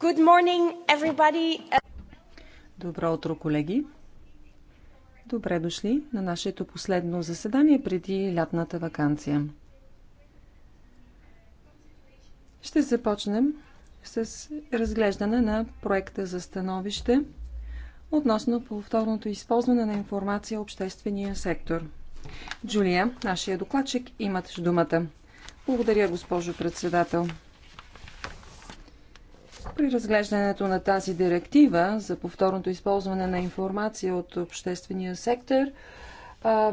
Good morning, everybody. Добро утро, колеги! Добре дошли на нашето последно заседание преди лятната вакансия. Ще започнем с разглеждане на проекта за становище относно повторното използване на информация в обществения сектор. Джулия, нашия докладчик, имат думата. Благодаря, госпожо председател. При разглеждането на тази директива за повторното използване на информация от обществения сектор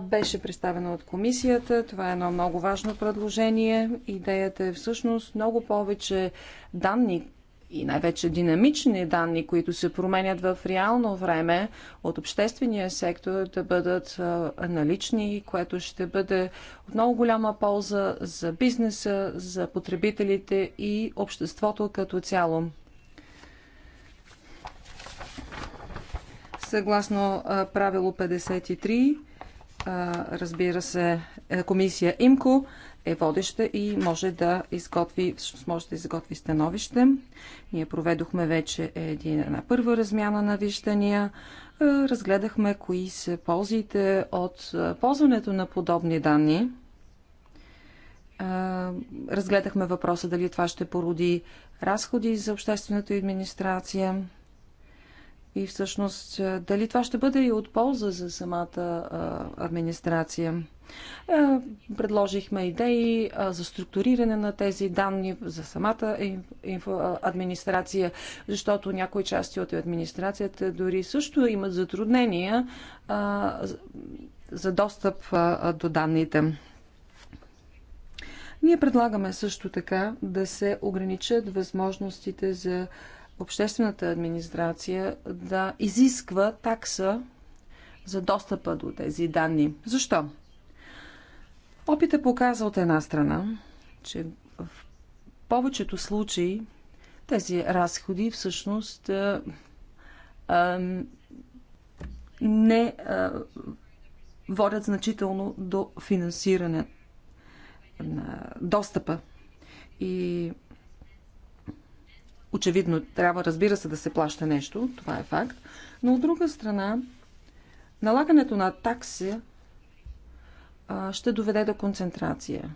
беше представена от комисията. Това е едно много важно предложение. Идеята е всъщност много повече данни, и най-вече динамични данни, които се променят в реално време от обществения сектор да бъдат налични, което ще бъде от много голяма полза за бизнеса, за потребителите и обществото като цяло. Съгласно правило 53, разбира се, е, комисия ИМКО е водеща и може да изготви, може да изготви становище. Ние проведохме вече една първа размяна на виждания. Разгледахме кои са ползите от ползването на подобни данни. Разгледахме въпроса дали това ще породи разходи за обществената администрация. И всъщност дали това ще бъде и от полза за самата администрация. Е, предложихме идеи за структуриране на тези данни за самата администрация, защото някои части от администрацията дори също имат затруднения за достъп до данните. Ние предлагаме също така да се ограничат възможностите за обществената администрация да изисква такса за достъпа до тези данни. Защо? Опита показа от една страна, че в повечето случаи тези разходи всъщност а, е, а, е, не а, е, водят значително до финансиране на достъпа. И Очевидно, трябва, разбира се, да се плаща нещо, това е факт. Но от друга страна, налагането на такси а, ще доведе до концентрация.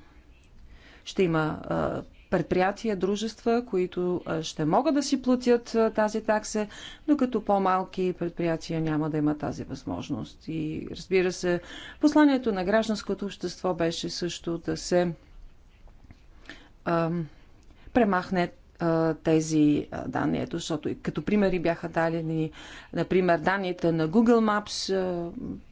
Ще има а, предприятия, дружества, които ще могат да си платят тази такса, докато по-малки предприятия няма да имат тази възможност. И разбира се, посланието на гражданското общество беше също да се а, премахне тези данни. Ето, защото като примери бяха дадени, например, данните на Google Maps.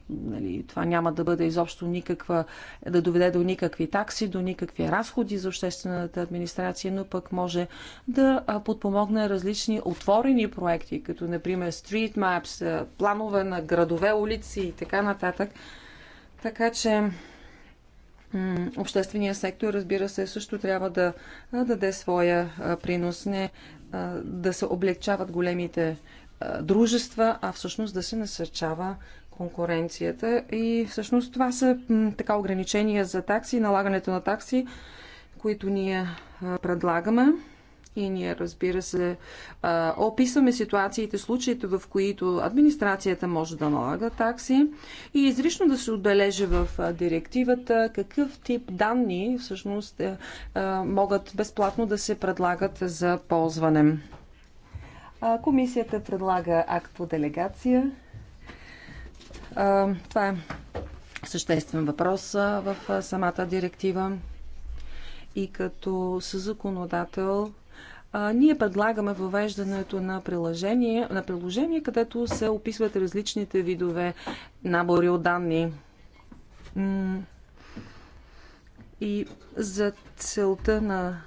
Нали, това няма да бъде изобщо никаква, да доведе до никакви такси, до никакви разходи за обществената администрация, но пък може да подпомогне различни отворени проекти, като например Street Maps, планове на градове, улици и така нататък. Така че обществения сектор, разбира се, също трябва да даде своя принос, не да се облегчават големите дружества, а всъщност да се насърчава конкуренцията. И всъщност това са така ограничения за такси, налагането на такси, които ние предлагаме. И ние, разбира се, описваме ситуациите, случаите, в които администрацията може да налага такси и изрично да се отбележи в директивата какъв тип данни всъщност е, могат безплатно да се предлагат за ползване. Комисията предлага акт по делегация. Това е съществен въпрос в самата директива. И като съзаконодател ние предлагаме въвеждането на приложение, на приложение, където се описват различните видове набори от данни. И за целта на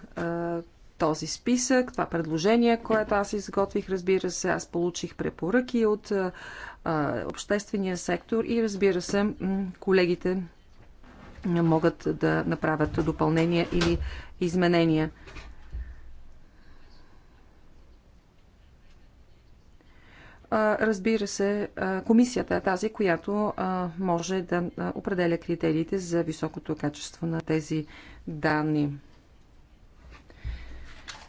този списък, това предложение, което аз изготвих, разбира се, аз получих препоръки от обществения сектор и разбира се, колегите могат да направят допълнения или изменения. Разбира се, комисията е тази, която може да определя критериите за високото качество на тези данни.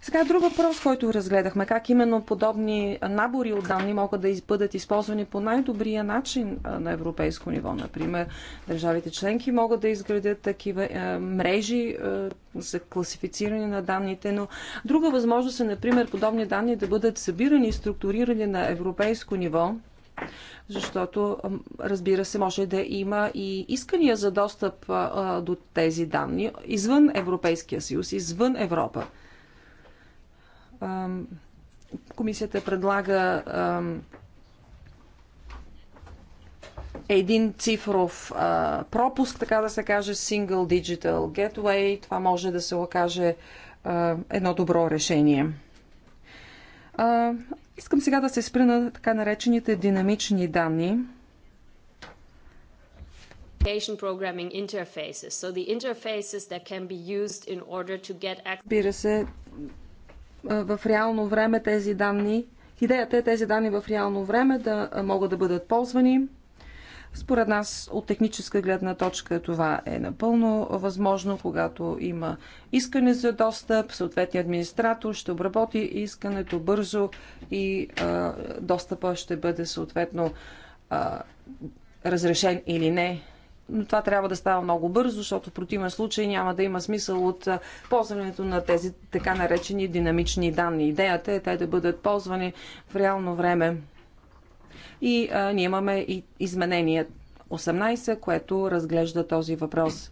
Сега друг въпрос, който разгледахме. Как именно подобни набори от данни могат да бъдат използвани по най-добрия начин на европейско ниво. Например, държавите членки могат да изградят такива е, мрежи е, за класифициране на данните, но друга възможност е, например, подобни данни да бъдат събирани и структурирани на европейско ниво, защото, разбира се, може да има и искания за достъп а, до тези данни извън Европейския съюз, извън Европа комисията предлага един цифров пропуск, така да се каже, Single Digital Gateway. Това може да се окаже едно добро решение. искам сега да се спра на така наречените динамични данни. Разбира so се, в реално време тези данни. Идеята е тези данни в реално време да могат да бъдат ползвани. Според нас от техническа гледна точка това е напълно възможно, когато има искане за достъп, съответният администратор ще обработи искането бързо и а, достъпа ще бъде съответно а, разрешен или не но това трябва да става много бързо, защото в противен случай няма да има смисъл от ползването на тези така наречени динамични данни. Идеята е те да бъдат ползвани в реално време. И а, ние имаме и изменение 18, което разглежда този въпрос.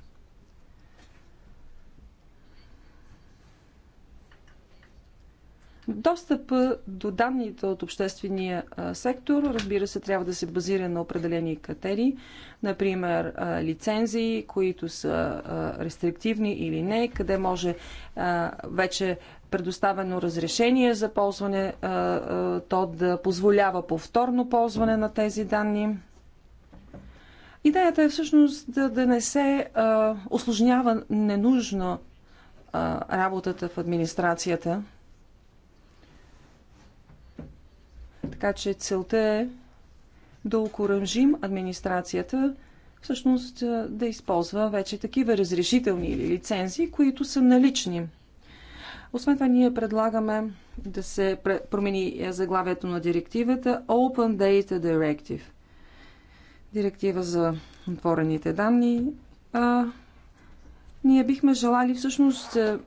Достъп до данните от обществения сектор, разбира се, трябва да се базира на определени критерии, например лицензии, които са рестриктивни или не, къде може вече предоставено разрешение за ползване, то да позволява повторно ползване на тези данни. Идеята е всъщност да, да не се осложнява ненужно работата в администрацията – Така че целта е да окоръмжим администрацията всъщност да използва вече такива разрешителни или лицензии, които са налични. Освен това, ние предлагаме да се промени е, заглавието на директивата Open Data Directive. Директива за отворените данни. А, ние бихме желали всъщност е,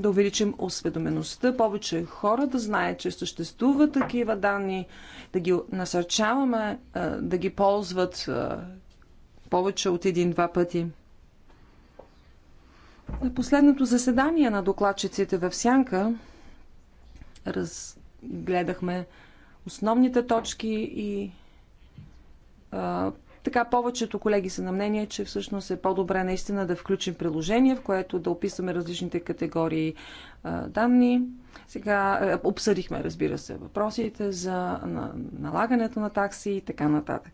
да увеличим осведомеността, повече хора да знаят, че съществуват такива данни, да ги насърчаваме е, да ги ползват е, повече от един-два пъти. На последното заседание на докладчиците в Сянка разгледахме основните точки и е, така повечето колеги са на мнение, че всъщност е по-добре наистина да включим приложение, в което да описваме различните категории а, данни. Сега а, обсъдихме, разбира се, въпросите за на, налагането на такси и така нататък.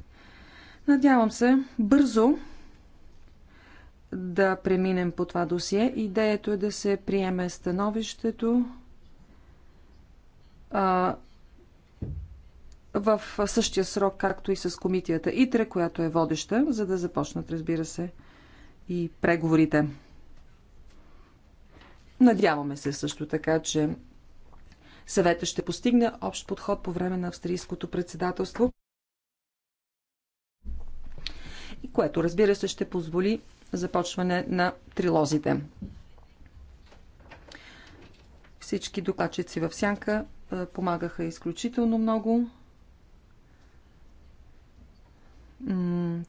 Надявам се бързо да преминем по това досие. Идеята е да се приеме становището а, в същия срок, както и с комитията ИТРЕ, която е водеща, за да започнат, разбира се, и преговорите. Надяваме се също така, че съвета ще постигне общ подход по време на австрийското председателство, и което, разбира се, ще позволи започване на трилозите. Всички докладчици в сянка помагаха изключително много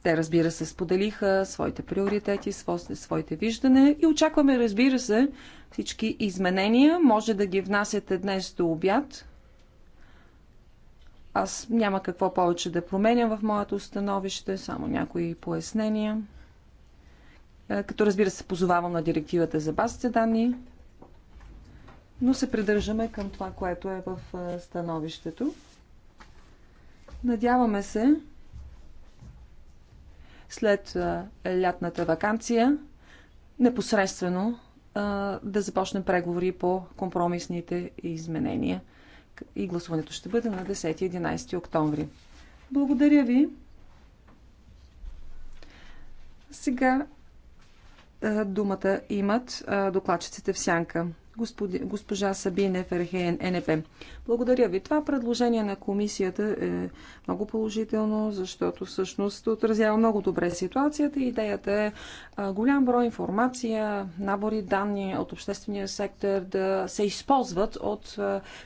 те, разбира се, споделиха своите приоритети, своите виждане и очакваме, разбира се, всички изменения. Може да ги внасяте днес до обяд. Аз няма какво повече да променям в моето установище, само някои пояснения. Е, като разбира се, позовавам на директивата за базите данни, но се придържаме към това, което е в е, становището. Надяваме се, след лятната вакансия непосредствено да започнем преговори по компромисните изменения. И гласуването ще бъде на 10-11 октомври. Благодаря ви. Сега думата имат докладчиците в сянка. Господи, госпожа Сабине Ферхейн, НП. Благодаря ви. Това предложение на комисията е много положително, защото всъщност отразява много добре ситуацията. Идеята е голям брой информация, набори данни от обществения сектор да се използват от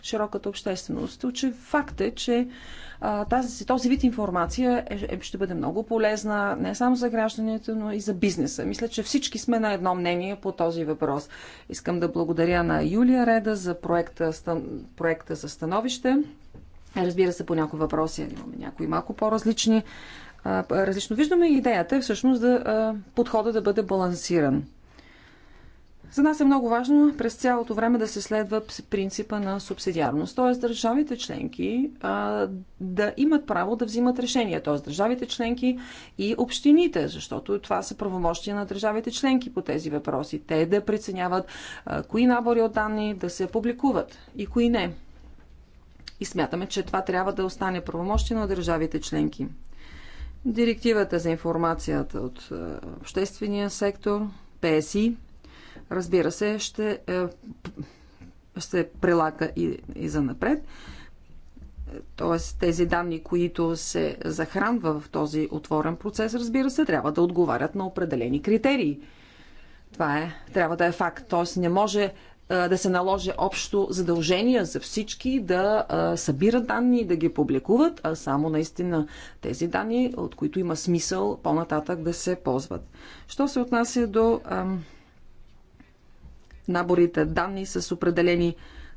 широката общественост. Че факт е, че тази, този вид информация е, е, ще бъде много полезна не само за гражданите, но и за бизнеса. Мисля, че всички сме на едно мнение по този въпрос. Искам да благодаря на Юлия Реда за проекта, стан, проекта за становище. Разбира се, по някои въпроси имаме някои малко по-различни. Различно виждаме и идеята е всъщност да подхода да бъде балансиран. За нас е много важно през цялото време да се следва принципа на субсидиарност, т.е. държавите членки а, да имат право да взимат решения, т.е. държавите членки и общините, защото това са правомощия на държавите членки по тези въпроси. Те да преценяват а, кои набори от данни да се публикуват и кои не. И смятаме, че това трябва да остане правомощие на държавите членки. Директивата за информацията от обществения сектор, ПСИ, разбира се, ще се прилага и, и за напред. Тоест, тези данни, които се захранва в този отворен процес, разбира се, трябва да отговарят на определени критерии. Това е, трябва да е факт. Тоест, не може е, да се наложи общо задължение за всички да е, събират данни и да ги публикуват, а само наистина тези данни, от които има смисъл по-нататък да се ползват. Що се отнася до ам, наборите данни с определени,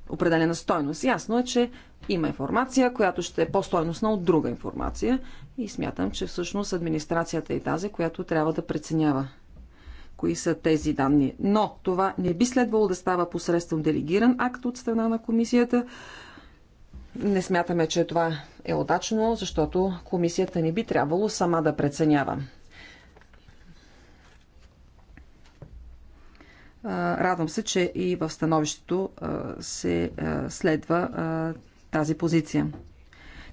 определена стойност. Ясно е, че има информация, която ще е по-стойностна от друга информация и смятам, че всъщност администрацията е тази, която трябва да преценява кои са тези данни. Но това не би следвало да става посредством делегиран акт от страна на комисията. Не смятаме, че това е удачно, защото комисията не би трябвало сама да преценява Радвам се, че и в становището се следва тази позиция.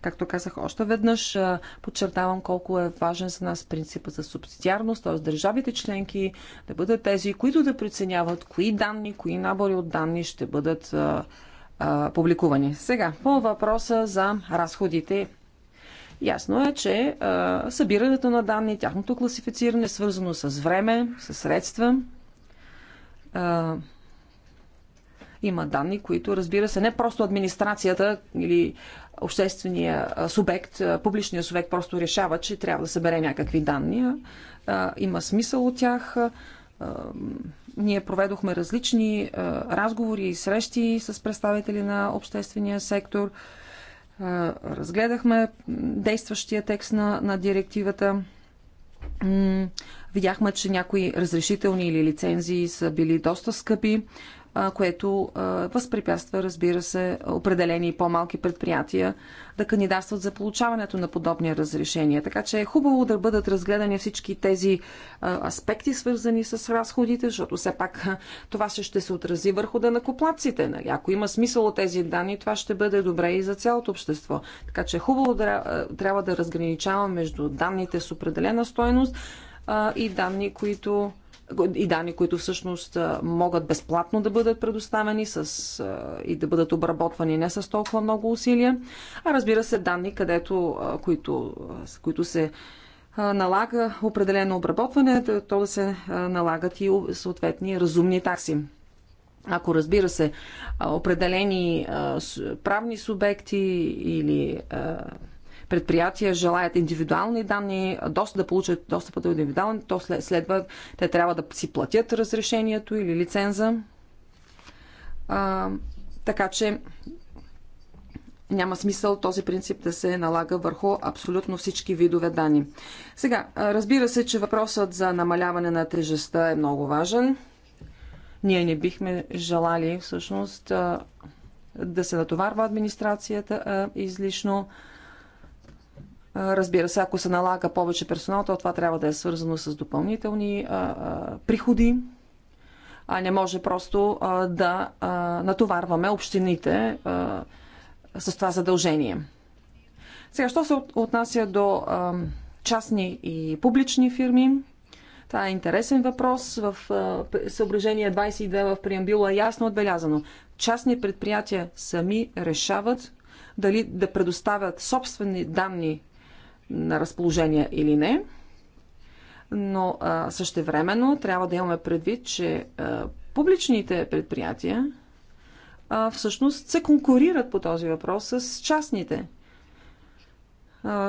Както казах още веднъж, подчертавам колко е важен за нас принципа за субсидиарност, т.е. държавите членки да бъдат тези, които да преценяват кои данни, кои набори от данни ще бъдат публикувани. Сега, по въпроса за разходите. Ясно е, че събирането на данни, тяхното класифициране е свързано с време, с средства, има данни, които разбира се не просто администрацията или обществения субект, публичния субект просто решава, че трябва да събере някакви данни. има смисъл от тях. ние проведохме различни разговори и срещи с представители на обществения сектор. разгледахме действащия текст на, на директивата. Видяхме, че някои разрешителни или лицензии са били доста скъпи което възпрепятства, разбира се, определени по-малки предприятия да кандидатстват за получаването на подобни разрешения. Така че е хубаво да бъдат разгледани всички тези аспекти, свързани с разходите, защото все пак това ще, се отрази върху данакоплаците. Нали? Ако има смисъл от тези данни, това ще бъде добре и за цялото общество. Така че е хубаво да, трябва да разграничаваме между данните с определена стойност и данни, които и данни, които всъщност могат безплатно да бъдат предоставени с, и да бъдат обработвани не с толкова много усилия, а разбира се данни, където, които, които се налага определено обработване, то да се налагат и съответни разумни такси. Ако разбира се, определени правни субекти или предприятия желаят индивидуални данни, доста да получат достъпа до индивидуални, то следва те трябва да си платят разрешението или лиценза. А, така че няма смисъл този принцип да се налага върху абсолютно всички видове данни. Сега, разбира се, че въпросът за намаляване на тежестта е много важен. Ние не бихме желали всъщност да се натоварва администрацията излишно. Разбира се, ако се налага повече персонал, то това трябва да е свързано с допълнителни приходи, а не може просто да натоварваме общините с това задължение. Сега, що се отнася до частни и публични фирми? Това е интересен въпрос. В съображение 22 в преамбюла е ясно отбелязано. Частни предприятия сами решават дали да предоставят собствени данни на разположение или не. Но също времено трябва да имаме предвид, че публичните предприятия всъщност се конкурират по този въпрос с частните.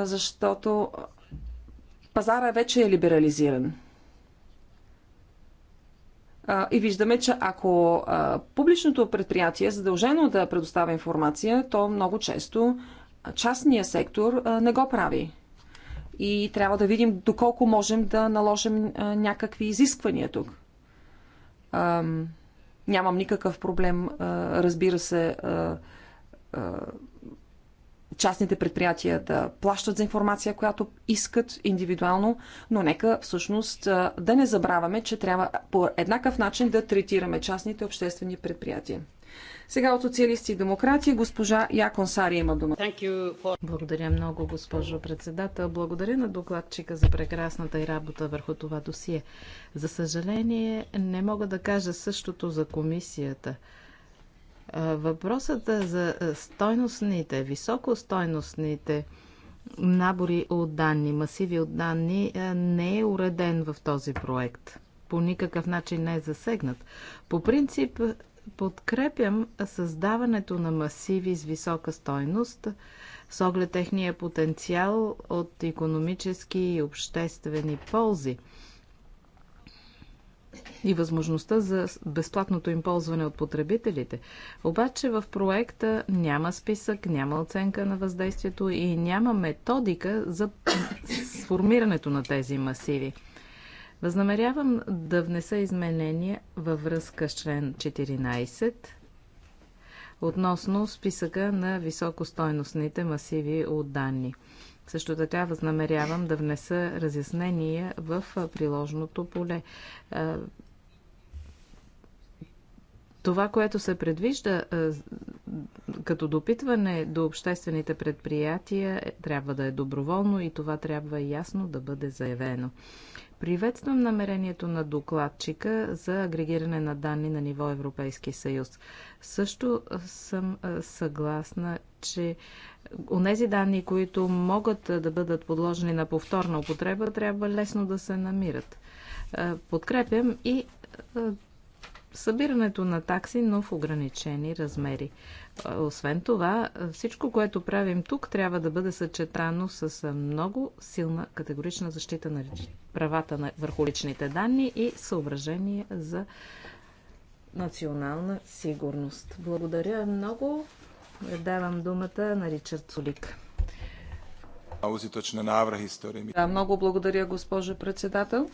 Защото пазара вече е либерализиран. И виждаме, че ако публичното предприятие е задължено да предоставя информация, то много често частния сектор не го прави и трябва да видим доколко можем да наложим някакви изисквания тук. Нямам никакъв проблем, разбира се, частните предприятия да плащат за информация, която искат индивидуално, но нека всъщност да не забравяме, че трябва по еднакъв начин да третираме частните обществени предприятия. Сега от социалисти и демократи госпожа Якон Сари има дума. Благодаря много, госпожо председател. Благодаря на докладчика за прекрасната и работа върху това досие. За съжаление, не мога да кажа същото за комисията. Въпросът за стойностните, високостойностните набори от данни, масиви от данни не е уреден в този проект. По никакъв начин не е засегнат. По принцип Подкрепям създаването на масиви с висока стойност с оглед техния потенциал от економически и обществени ползи и възможността за безплатното им ползване от потребителите. Обаче в проекта няма списък, няма оценка на въздействието и няма методика за сформирането на тези масиви. Възнамерявам да внеса изменения във връзка с член 14 относно списъка на високостойностните масиви от данни. Също така възнамерявам да внеса разяснения в приложното поле. Това, което се предвижда като допитване до обществените предприятия, е, трябва да е доброволно и това трябва ясно да бъде заявено. Приветствам намерението на докладчика за агрегиране на данни на ниво Европейски съюз. Също съм съгласна, че онези данни, които могат да бъдат подложени на повторна употреба, трябва лесно да се намират. Подкрепям и събирането на такси, но в ограничени размери. Освен това, всичко, което правим тук, трябва да бъде съчетано с много силна категорична защита на правата на, върху личните данни и съображение за национална сигурност. Благодаря много. Давам думата на Ричард Солик. Да, много благодаря, госпожо председател.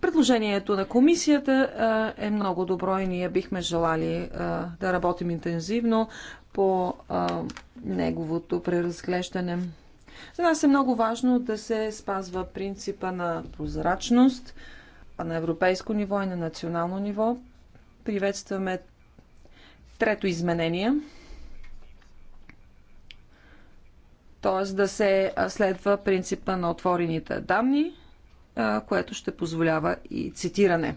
Предложението на комисията е много добро и ние бихме желали да работим интензивно по неговото преразглеждане. За нас е много важно да се спазва принципа на прозрачност на европейско ниво и на национално ниво. Приветстваме трето изменение, т.е. да се следва принципа на отворените данни което ще позволява и цитиране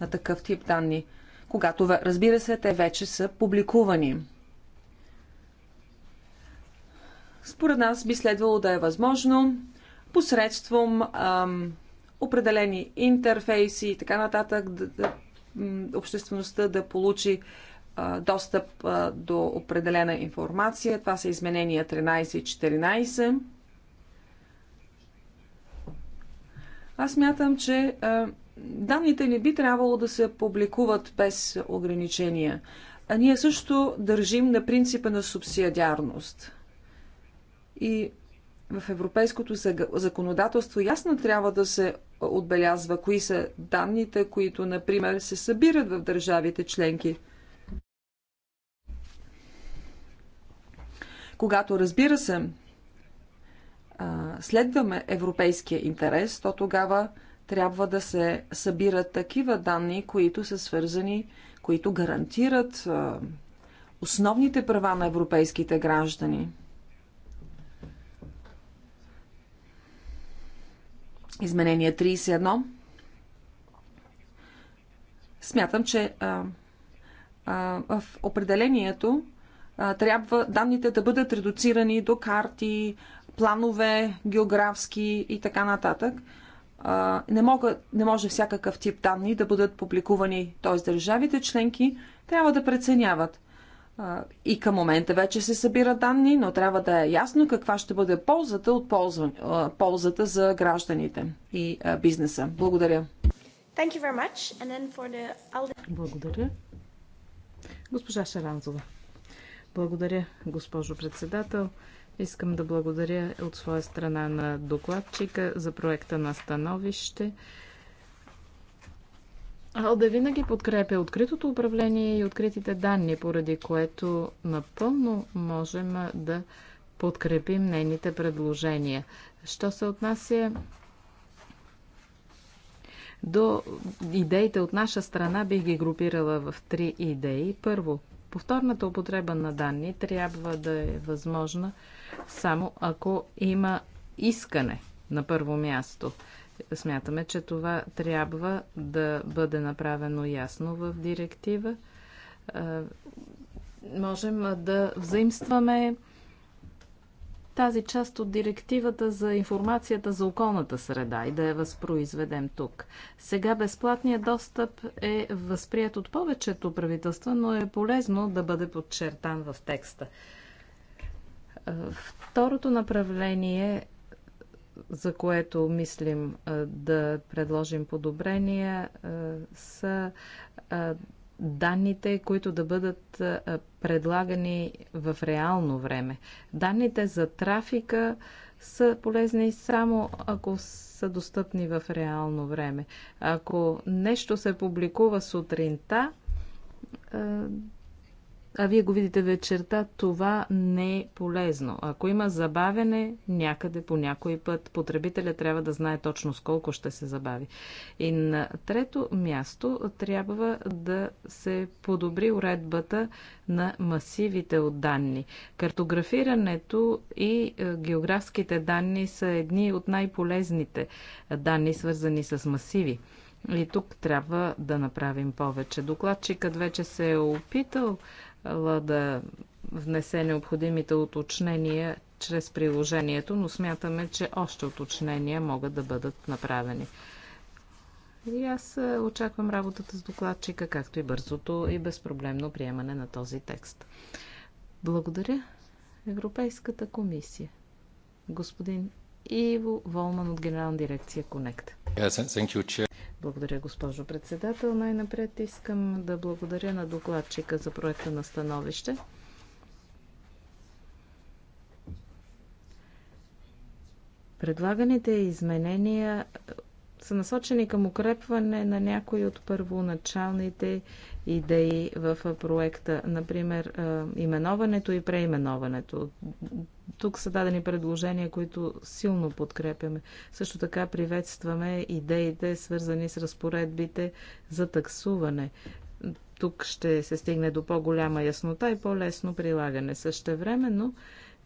на такъв тип данни, когато, разбира се, те вече са публикувани. Според нас би следвало да е възможно посредством ам, определени интерфейси и така нататък да, да, обществеността да получи а, достъп а, до определена информация. Това са изменения 13 и 14. Аз мятам, че данните не би трябвало да се публикуват без ограничения. А ние също държим на принципа на субсидиарност. И в европейското законодателство ясно трябва да се отбелязва кои са данните, които, например, се събират в държавите членки. Когато, разбира се, следваме европейския интерес, то тогава трябва да се събират такива данни, които са свързани, които гарантират основните права на европейските граждани. Изменение 31. Смятам, че а, а, в определението а, трябва данните да бъдат редуцирани до карти, планове, географски и така нататък. Не, мога, не може всякакъв тип данни да бъдат публикувани, т.е. държавите членки трябва да преценяват. И към момента вече се събира данни, но трябва да е ясно каква ще бъде ползата от ползван, ползата за гражданите и бизнеса. Благодаря. Thank you very much. And then for the... Благодаря. Госпожа Шаранзова. Благодаря, госпожо председател. Искам да благодаря от своя страна на докладчика за проекта на становище. Алда винаги подкрепя откритото управление и откритите данни, поради което напълно можем да подкрепим нейните предложения. Що се отнася до идеите от наша страна, бих ги групирала в три идеи. Първо, повторната употреба на данни трябва да е възможна само ако има искане на първо място. Смятаме, че това трябва да бъде направено ясно в директива. Можем да взаимстваме тази част от директивата за информацията за околната среда и да я възпроизведем тук. Сега безплатният достъп е възприят от повечето правителства, но е полезно да бъде подчертан в текста. Е, второто направление, за което мислим е, да предложим подобрения, е, са данните, които да бъдат предлагани в реално време. Данните за трафика са полезни само ако са достъпни в реално време. Ако нещо се публикува сутринта, а вие го видите вечерта, това не е полезно. Ако има забавене, някъде по някой път, потребителя трябва да знае точно с колко ще се забави. И на трето място трябва да се подобри уредбата на масивите от данни. Картографирането и е, географските данни са едни от най-полезните данни, свързани с масиви. И тук трябва да направим повече. Докладчикът вече се е опитал да внесе необходимите уточнения чрез приложението, но смятаме, че още уточнения могат да бъдат направени. И аз е, очаквам работата с докладчика, както и бързото и безпроблемно приемане на този текст. Благодаря. Европейската комисия. Господин Иво Волман от Генерална дирекция Конект. благодаря, госпожо председател. Най-напред искам да благодаря на докладчика за проекта на становище. Предлаганите изменения са насочени към укрепване на някои от първоначалните идеи в проекта, например именоването и преименоването. Тук са дадени предложения, които силно подкрепяме. Също така приветстваме идеите, свързани с разпоредбите за таксуване. Тук ще се стигне до по-голяма яснота и по-лесно прилагане. Същевременно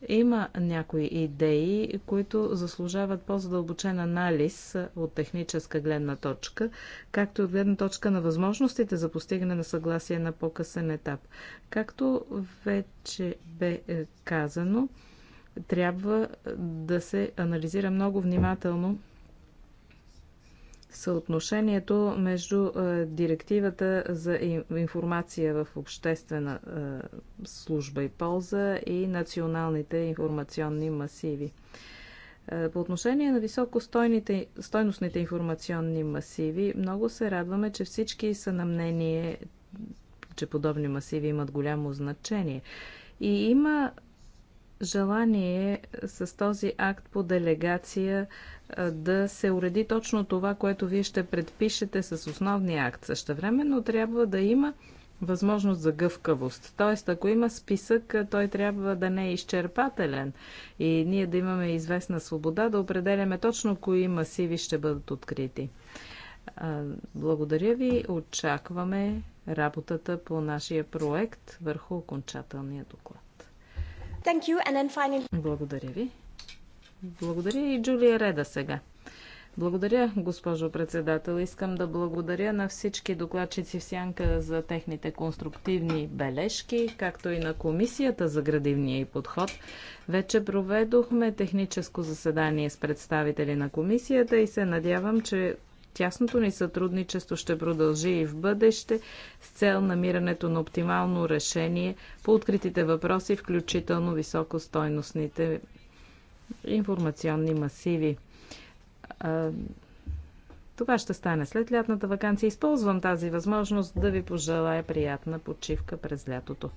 има някои идеи, които заслужават по-задълбочен анализ от техническа гледна точка, както и от гледна точка на възможностите за постигане на съгласие на по-късен етап. Както вече бе казано, трябва да се анализира много внимателно съотношението между е, директивата за информация в обществена е, служба и полза и националните информационни масиви. Е, по отношение на високостойностните информационни масиви, много се радваме, че всички са на мнение, че подобни масиви имат голямо значение. И има желание с този акт по делегация да се уреди точно това, което вие ще предпишете с основния акт. Същевременно трябва да има възможност за гъвкавост. Тоест, ако има списък, той трябва да не е изчерпателен и ние да имаме известна свобода да определяме точно кои масиви ще бъдат открити. Благодаря ви. Очакваме работата по нашия проект върху окончателния доклад. Finally... Благодаря ви. Благодаря и Джулия Реда сега. Благодаря, госпожо председател. Искам да благодаря на всички докладчици в Сянка за техните конструктивни бележки, както и на Комисията за градивния и подход. Вече проведохме техническо заседание с представители на Комисията и се надявам, че Тясното ни сътрудничество ще продължи и в бъдеще с цел намирането на оптимално решение по откритите въпроси, включително високостойностните информационни масиви. Това ще стане след лятната вакансия. Използвам тази възможност да ви пожелая приятна почивка през лятото.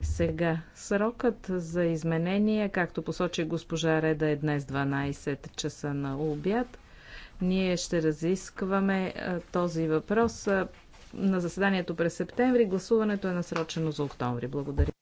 Сега, срокът за изменение, както посочи госпожа Реда, е днес 12 часа на обяд. Ние ще разискваме този въпрос на заседанието през септември. Гласуването е насрочено за октомври. Благодаря.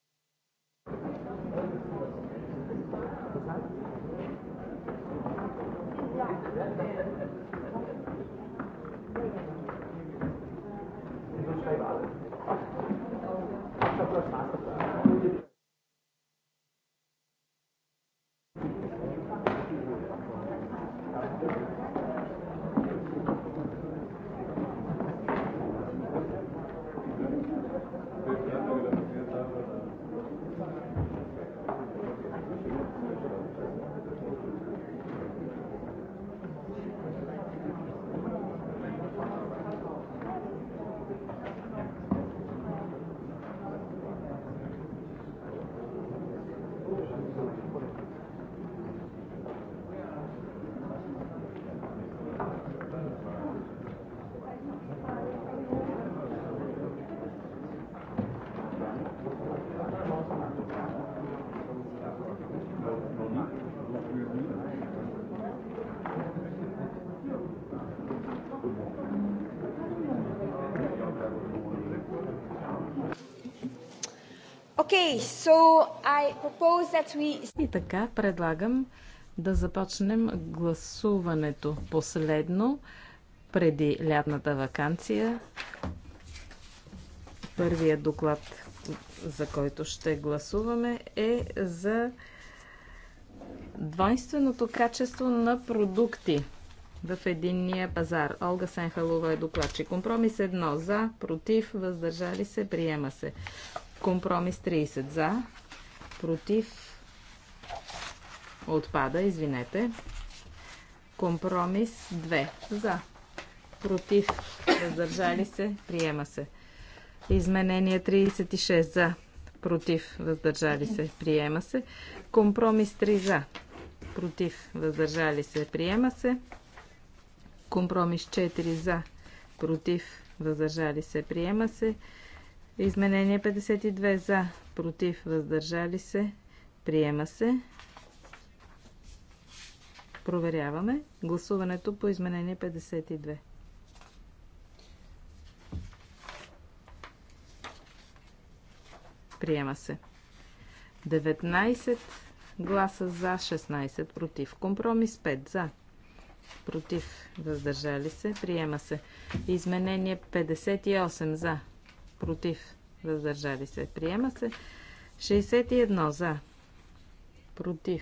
Okay, so I propose that we... И така предлагам да започнем гласуването последно преди лятната вакансия. Първият доклад, за който ще гласуваме, е за двойственото качество на продукти в единния пазар. Олга Сенхалова е докладчик. Компромис 1 за, против, въздържали се, приема се. Компромис 30 за, против, отпада, извинете. Компромис 2 за, против, въздържали се, приема се. Изменение 36 за, против, въздържали се, приема се. Компромис 3 за, против, въздържали се, приема се. Компромис 4 за, против, въздържали се, приема се. Изменение 52 за, против, въздържали се, приема се. Проверяваме гласуването по изменение 52. Приема се. 19 гласа за, 16 против. Компромис 5 за, против, въздържали се, приема се. Изменение 58 за, против, въздържали се, приема се. 61 за, против,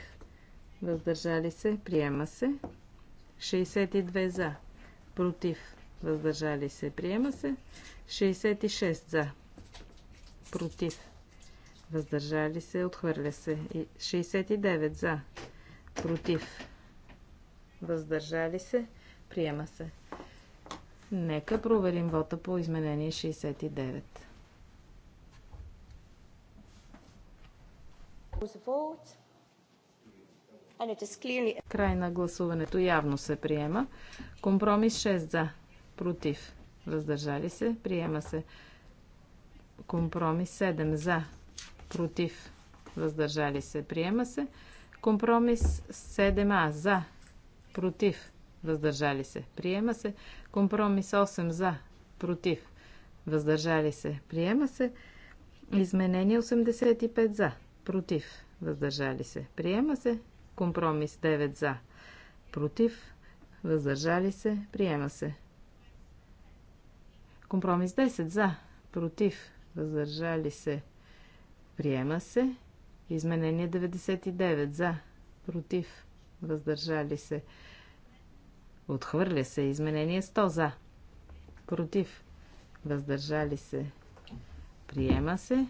въздържали се, приема се. 62 за, против, въздържали се, приема се. 66 за, против, въздържали се, отхвърля се. 69 за, против, въздържали се, приема се. Нека проверим вота по изменение 69. Край на гласуването явно се приема. Компромис 6 за, против, въздържали се, приема се. Компромис 7 за, против, въздържали се, приема се. Компромис 7а за, против, въздържали се, приема се. Компромис 8 за, против, въздържали се, приема се. Изменение 85 за, против, въздържали се, приема се. Компромис 9 за, против, въздържали се, приема се. Компромис 10 за, против, въздържали се, приема се. Изменение 99 за, против, въздържали се. Отхвърля се. Изменение 100 за. Против. Въздържали се. Приема се.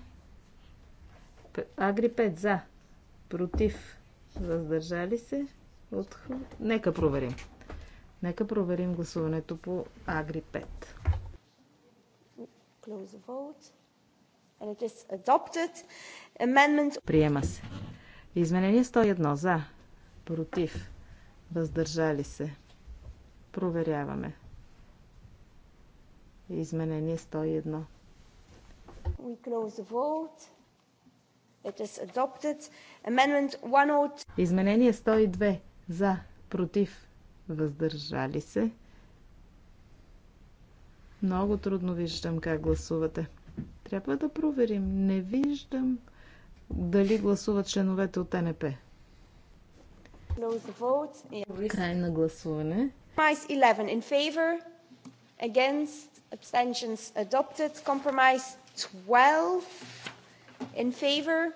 Агри 5 за. Против. Въздържали се. Отхвър... Нека проверим. Нека проверим гласуването по Агри 5. Close the vote. Приема се. Изменение 101 за против, въздържали се. Проверяваме. Изменение 101. We close the vote. It is adopted. Amendment 102. Изменение 102. За, против, въздържали се. Много трудно виждам как гласувате. Трябва да проверим. Не виждам дали гласуват членовете от НП. Край на гласуване. Compromise 11 in favor, against, abstentions adopted. Compromise 12 in favor,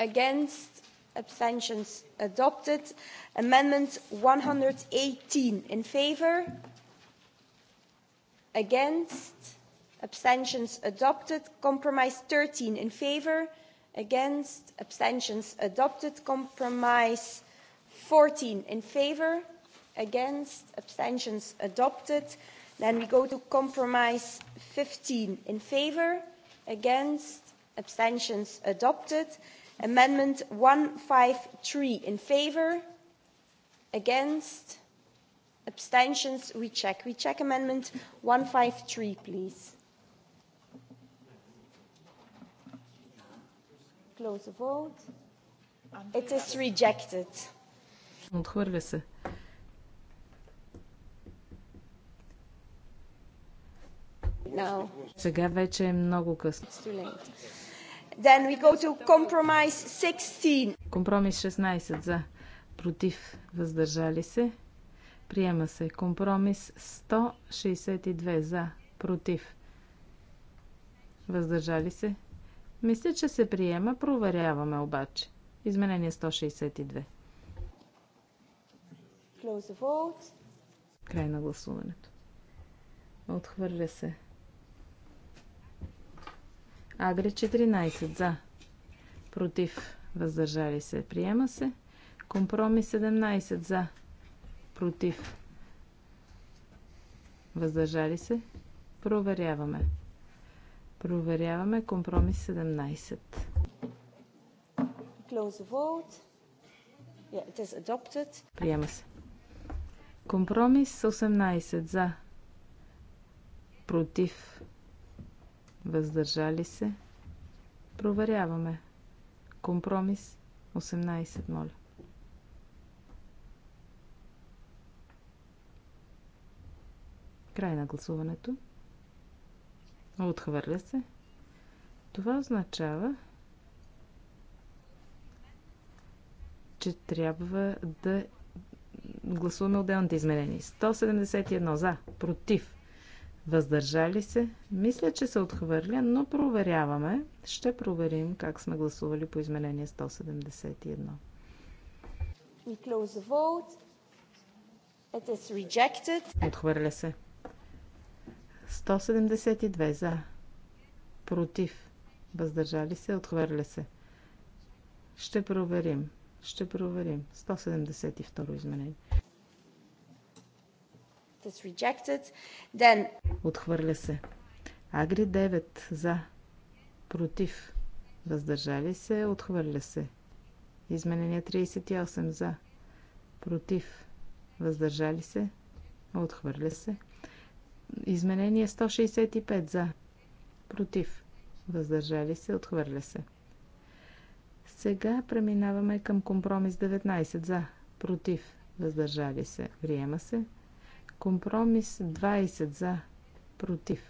against, abstentions adopted. Amendment 118 in favor, against, abstentions adopted. Compromise 13 in favor, against, abstentions adopted. Compromise 14 in favor, against, abstentions adopted. Then we go to compromise 15 in favor, against, abstentions adopted. Amendment 153 in favor, against, abstentions, we check. We check amendment 153, please. Close the vote. It is rejected. Отхвърля се. Now. Сега вече е много късно. Then we go to compromise 16. Компромис 16 за. Против. Въздържали се. Приема се. Компромис 162 за. Против. Въздържали се. Мисля, че се приема. Проверяваме обаче. Изменение 162. Край на гласуването. Отхвърля се. Агри 14 за. Против. Въздържали се. Приема се. Компромис 17 за. Против. Въздържали се. Проверяваме. Проверяваме компромис 17. Приема се. Компромис 18 за. Против. Въздържали се. Проверяваме. Компромис 18, моля. Край на гласуването. Отхвърля се. Това означава, че трябва да гласуваме отделните изменения. 171 за, против, въздържали се. Мисля, че се отхвърля, но проверяваме. Ще проверим как сме гласували по изменение 171. Отхвърля се. 172 за. Против. Въздържали се. Отхвърля се. Ще проверим. Ще проверим. 172 изменение. That's rejected. Then... Отхвърля се. Агри 9 за. Против. Въздържали се. Отхвърля се. Изменение 38 за. Против. Въздържали се. Отхвърля се. Изменение 165 за. Против. Въздържали се. Отхвърля се. Сега преминаваме към компромис 19 за. Против. Въздържали се. Приема се. Компромис 20 за, против,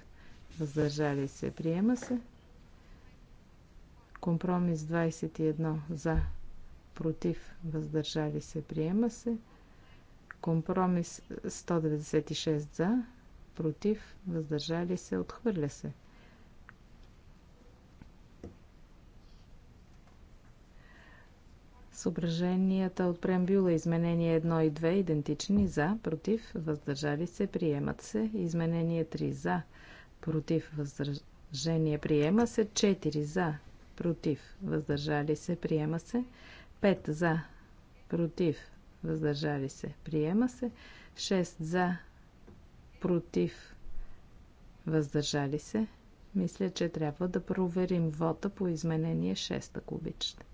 въздържали се, приема се. Компромис 21 за, против, въздържали се, приема се. Компромис 196 за, против, въздържали се, отхвърля се. Съображенията от преамбюла изменения 1 и 2 идентични за, против, въздържали се, приемат се. Изменение 3 за, против, въздържение, приема се. 4 за, против, въздържали се, приема се. 5 за, против, въздържали се, приема се. 6 за, против, въздържали се. Мисля, че трябва да проверим вота по изменение 6, ако обичате.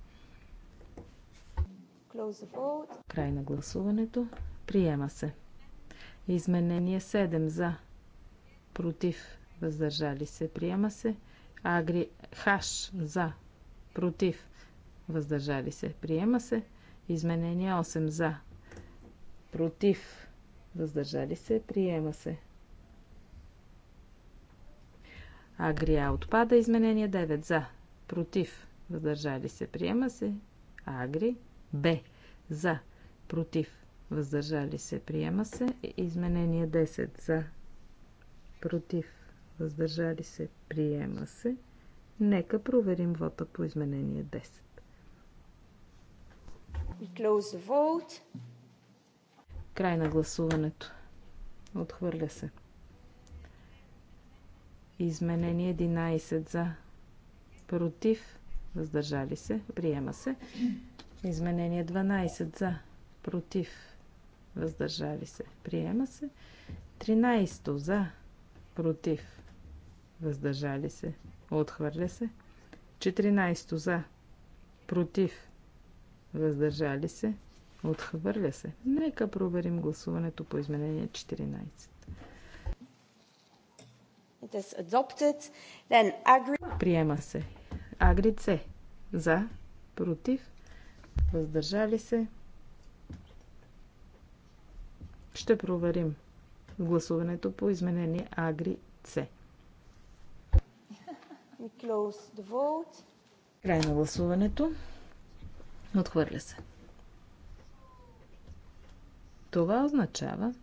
Край на гласуването. Приема се. Изменение 7 за. Против. Въздържали се. Приема се. Агри Хаш за. Против. Въздържали се. Приема се. Изменение 8 за. Против. Въздържали се. Приема се. Агрия отпада. Изменение 9 за. Против. Въздържали се. Приема се. Агри. Б. За. Против. Въздържали се. Приема се. Изменение 10. За. Против. Въздържали се. Приема се. Нека проверим вота по изменение 10. We close the vote. Край на гласуването. Отхвърля се. Изменение 11 за. Против. Въздържали се. Приема се. Изменение 12 за, против, въздържали се, приема се. 13 за, против, въздържали се, отхвърля се. 14 за, против, въздържали се, отхвърля се. Нека проверим гласуването по изменение 14. Приема се. Агри За. Против въздържали се. Ще проверим гласуването по изменение Агри С. Край на гласуването. Отхвърля се. Това означава,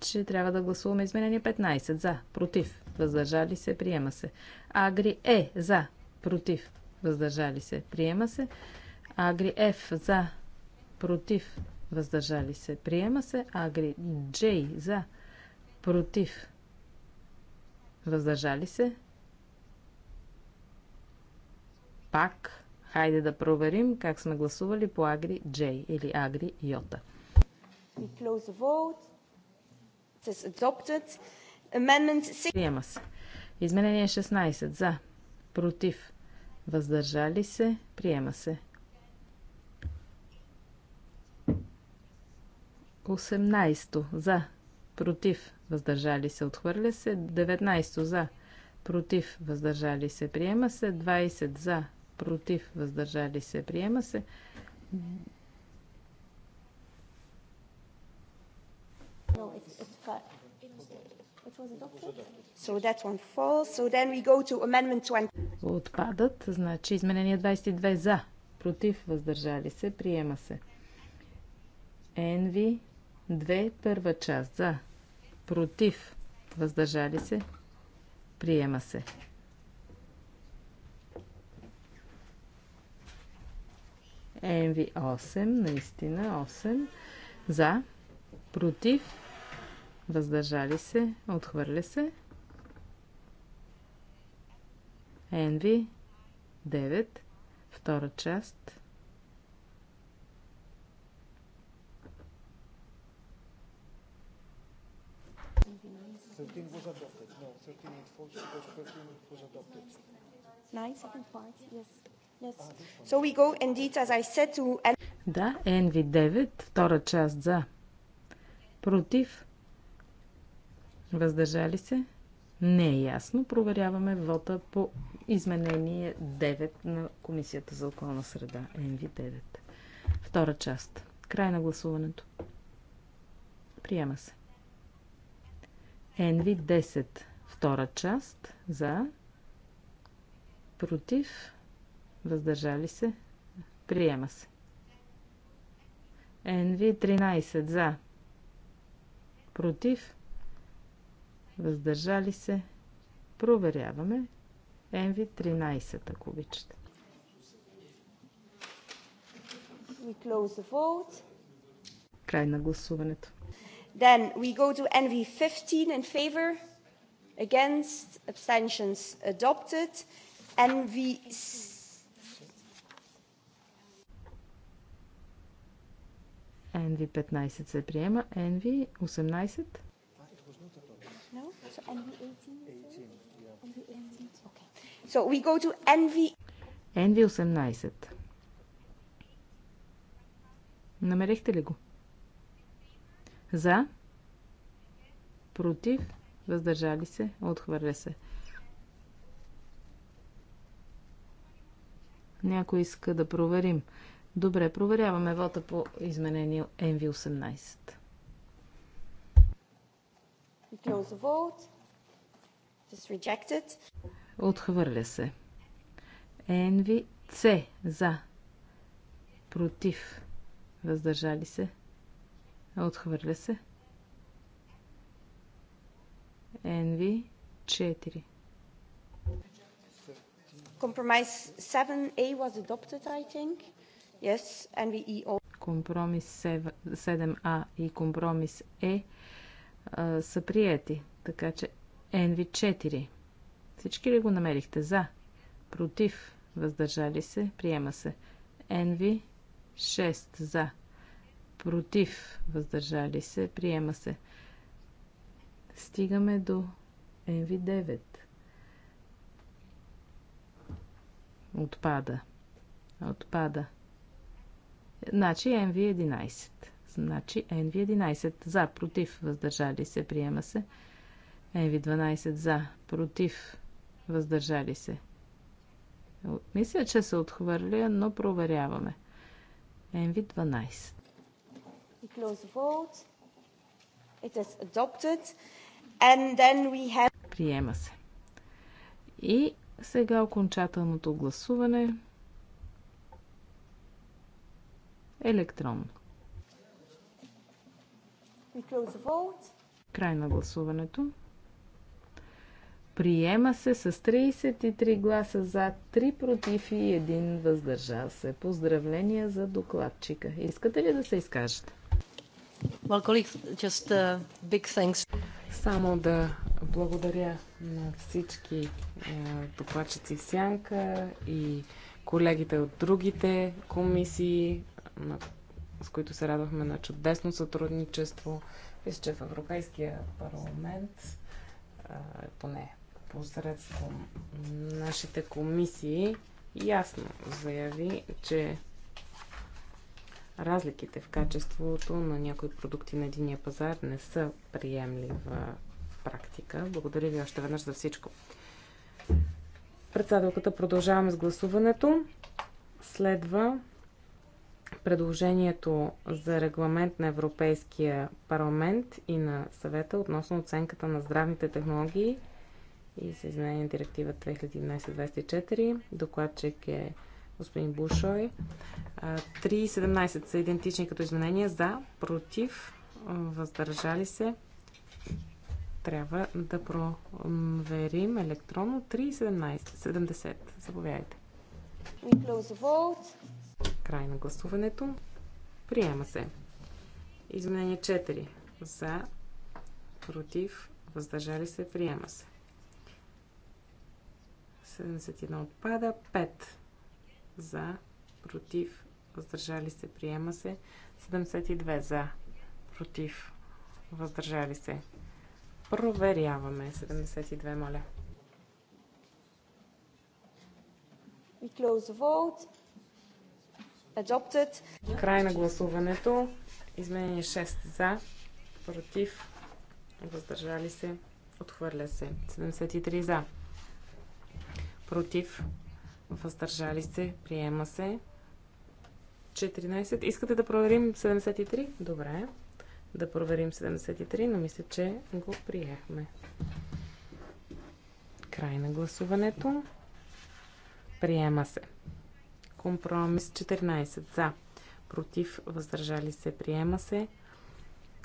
че трябва да гласуваме изменение 15. За, против, въздържали се, приема се. Агри Е, за, против, въздържали се, приема се. Агри Ф за, против, въздържали се, приема се. Агри Джей за, против, въздържали се. Пак, хайде да проверим как сме гласували по Агри Джей или Агри Йота. Приема се. Изменение 16 за, против, въздържали се, приема се. 18 за, против, въздържали се, отхвърля се. 19 за, против, въздържали се, приема се. 20 за, против, въздържали се, приема се. Отпадат, значи изменение 22 за, против, въздържали се, приема се. Енви 2, първа част за, против, въздържали се, приема се. ЕМВ 8, наистина 8, за, против, въздържали се, отхвърля се. Енви 9, втора част. Да, Енви 9 втора част за. Против. Въздържали се? Не е ясно. Проверяваме вота по изменение 9 на Комисията за околна среда. НВ9. Втора част. Край на гласуването. Приема се. НВ10. Втора част. За. Против. Въздържали се. Приема се. НВ13. За. Против въздържали се. Проверяваме. МВ 13, ако обичате. Край на гласуването. Then we go to NV 15 in favor, against, abstentions adopted. NV... NV 15 се приема. NV 18. So NV18? 18, yeah. 18 Okay. So we go to NV... NV18. Намерихте ли го? За? Против? Въздържали се? Отхвърля се. Някой иска да проверим. Добре, проверяваме вота по изменение NV18. Close the vote. Just rejected. Отхвърля се. Енви С за. Против. Въздържали се. Отхвърля се. Енви 4. Компромис 7A was adopted, I think. Yes, NVE. Компромис 7, 7A и компромис E а, са приети. Така че NV4. Всички ли го намерихте? За. Против. Въздържали се. Приема се. NV6. За. Против. Въздържали се. Приема се. Стигаме до NV9. Отпада. Отпада. Значи NV11. Значи NV11 за, против, въздържали се, приема се. NV12 за, против, въздържали се. Мисля, че се отхвърля, но проверяваме. NV12. Приема се. И сега окончателното гласуване електронно. Край на гласуването. Приема се с 33 гласа за, 3 против и 1 въздържал се. Поздравления за докладчика. Искате ли да се изкажете? Uh, Само да благодаря на всички докладчици в Сянка и колегите от другите комисии, на с които се радвахме на чудесно сътрудничество. Мисля, че в Европейския парламент, поне посредством нашите комисии, ясно заяви, че разликите в качеството на някои продукти на единия пазар не са приемлива практика. Благодаря ви още веднъж за всичко. Председателката продължаваме с гласуването. Следва предложението за регламент на Европейския парламент и на съвета относно оценката на здравните технологии и за изменение на директива 2011-24. Докладчик е господин Бушой. 3.17 са идентични като изменения за, против, въздържали се. Трябва да проверим електронно 3.17. 70. Заповядайте. We close the vote. Край на гласуването. Приема се. Изменение 4. За, против, въздържали се, приема се. 71 отпада. 5. За, против, въздържали се, приема се. 72 за, против, въздържали се. Проверяваме. 72, моля. We close the vote Adopted. Край на гласуването. Изменение 6 за, против, въздържали се, отхвърля се. 73 за, против, въздържали се, приема се. 14. Искате да проверим 73? Добре. Да проверим 73, но мисля, че го приехме. Край на гласуването. Приема се. Компромис 14 за. Против. Въздържали се. Приема се.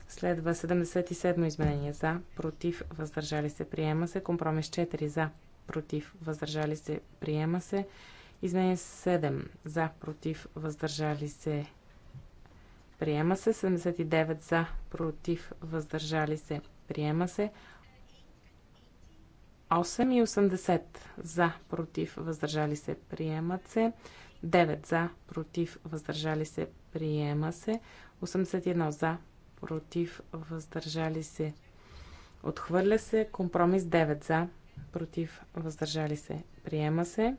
Следва 77 изменение за. Против. Въздържали се. Приема се. Компромис 4 за. Против. Въздържали се. Приема се. Изменение 7 за. Против. Въздържали се. Приема се. 79 за. Против. Въздържали се. Приема се. 8 и 80 за, против, въздържали се, приемат се. 9 за, против, въздържали се, приема се. 81 за, против, въздържали се, отхвърля се. Компромис 9 за, против, въздържали се, приема се.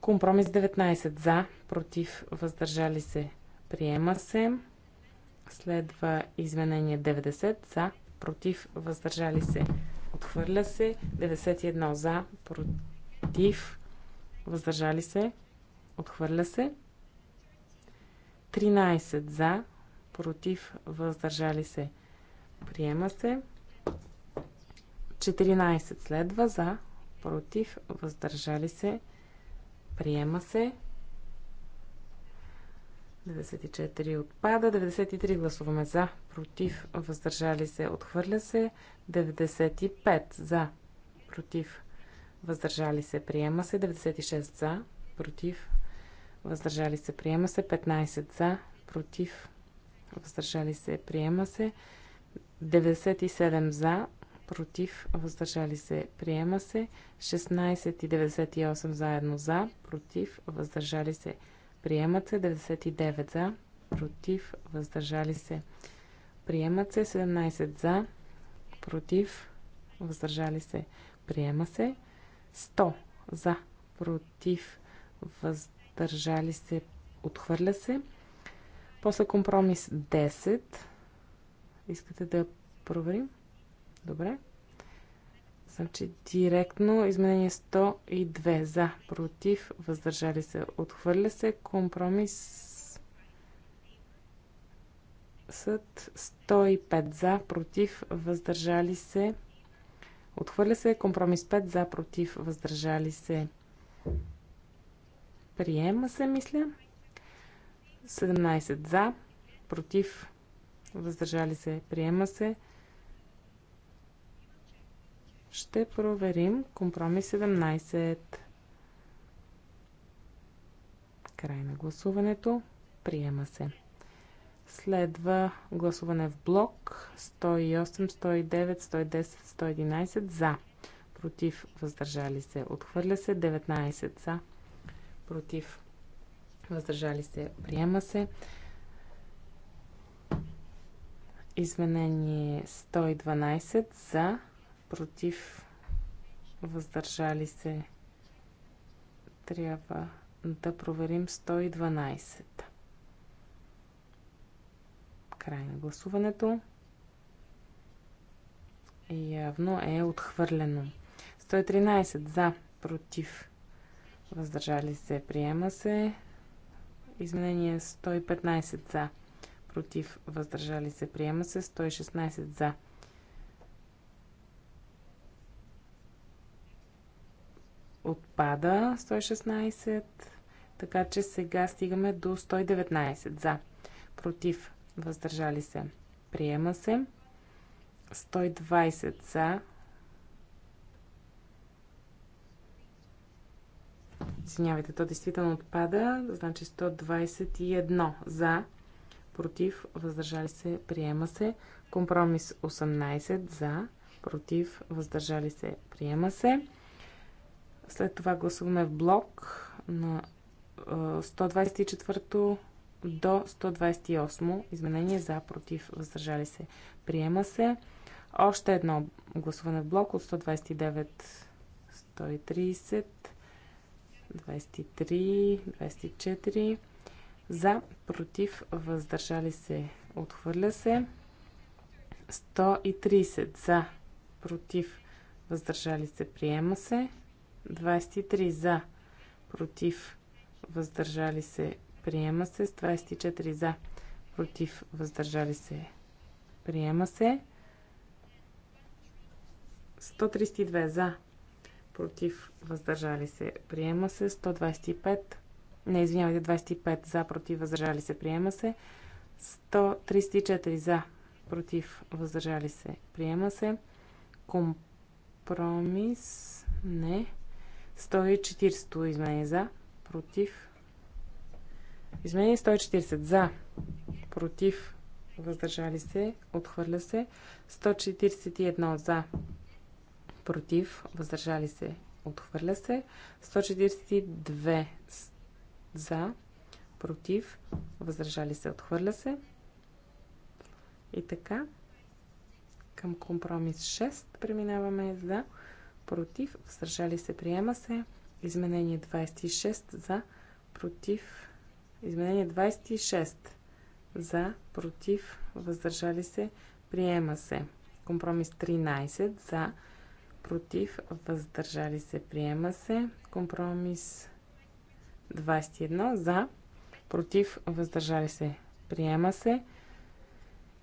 Компромис 19 за, против, въздържали се, приема се. Следва изменение 90 за, против, въздържали се, отхвърля се. 91 за, против, въздържали се, отхвърля се. 13 за, против, въздържали се, приема се. 14 следва за, против, въздържали се, приема се. 94 отпада, 93 гласуваме за, против, въздържали се, отхвърля се, 95 за, против, въздържали се, приема се 96 за, против, въздържали се, приема се 15 за, против, въздържали се, приема се 97 за, против, въздържали се, приема се 16 и 98 заедно за, против, въздържали се, приемат се 99 за, против, въздържали се, приемат се 17 за, против, въздържали се, приема се 100 за, против, въздържали се, отхвърля се. После компромис 10. Искате да проверим? Добре. Значи директно изменение 102 за, против, въздържали се, отхвърля се. Компромис съд 105 за, против, въздържали се, Отхвърля се компромис 5 за, против, въздържали се. Приема се, мисля. 17 за, против, въздържали се. Приема се. Ще проверим компромис 17. Край на гласуването. Приема се. Следва гласуване в блок 108, 109, 110, 111 за. Против въздържали се. Отхвърля се 19 за. Против въздържали се. Приема се. Изменение 112 за. Против въздържали се. Трябва да проверим 112. Край на гласуването. Явно е отхвърлено. 113 за, против, въздържали се, приема се. Изменение 115 за, против, въздържали се, приема се. 116 за. Отпада 116, така че сега стигаме до 119 за, против, въздържали се, приема се. 120 за, Извинявайте, то действително отпада. Значи 121 за, против, въздържали се, приема се. Компромис 18 за, против, въздържали се, приема се. След това гласуваме в блок на 124 до 128 изменение за, против, въздържали се, приема се. Още едно гласуване в блок от 129, 130, 23, 24 за, против, въздържали се, отхвърля се. 130 за, против, въздържали се, приема се. 23 за, против, въздържали се, Приема се с 24 за. Против. Въздържали се. Приема се. 132 за. Против. Въздържали се. Приема се. 125. Не, извинявайте, 25 за. Против. Въздържали се. Приема се. 134 за. Против. Въздържали се. Приема се. Компромис. Не. 140 изменение за. Против Изменение 140 за, против, въздържали се, отхвърля се. 141 за, против, въздържали се, отхвърля се. 142 за, против, въздържали се, отхвърля се. И така, към компромис 6 преминаваме за, против, въздържали се, приема се. Изменение 26 за, против, Изменение 26. За, против, въздържали се, приема се. Компромис 13. За, против, въздържали се, приема се. Компромис 21. За, против, въздържали се, приема се.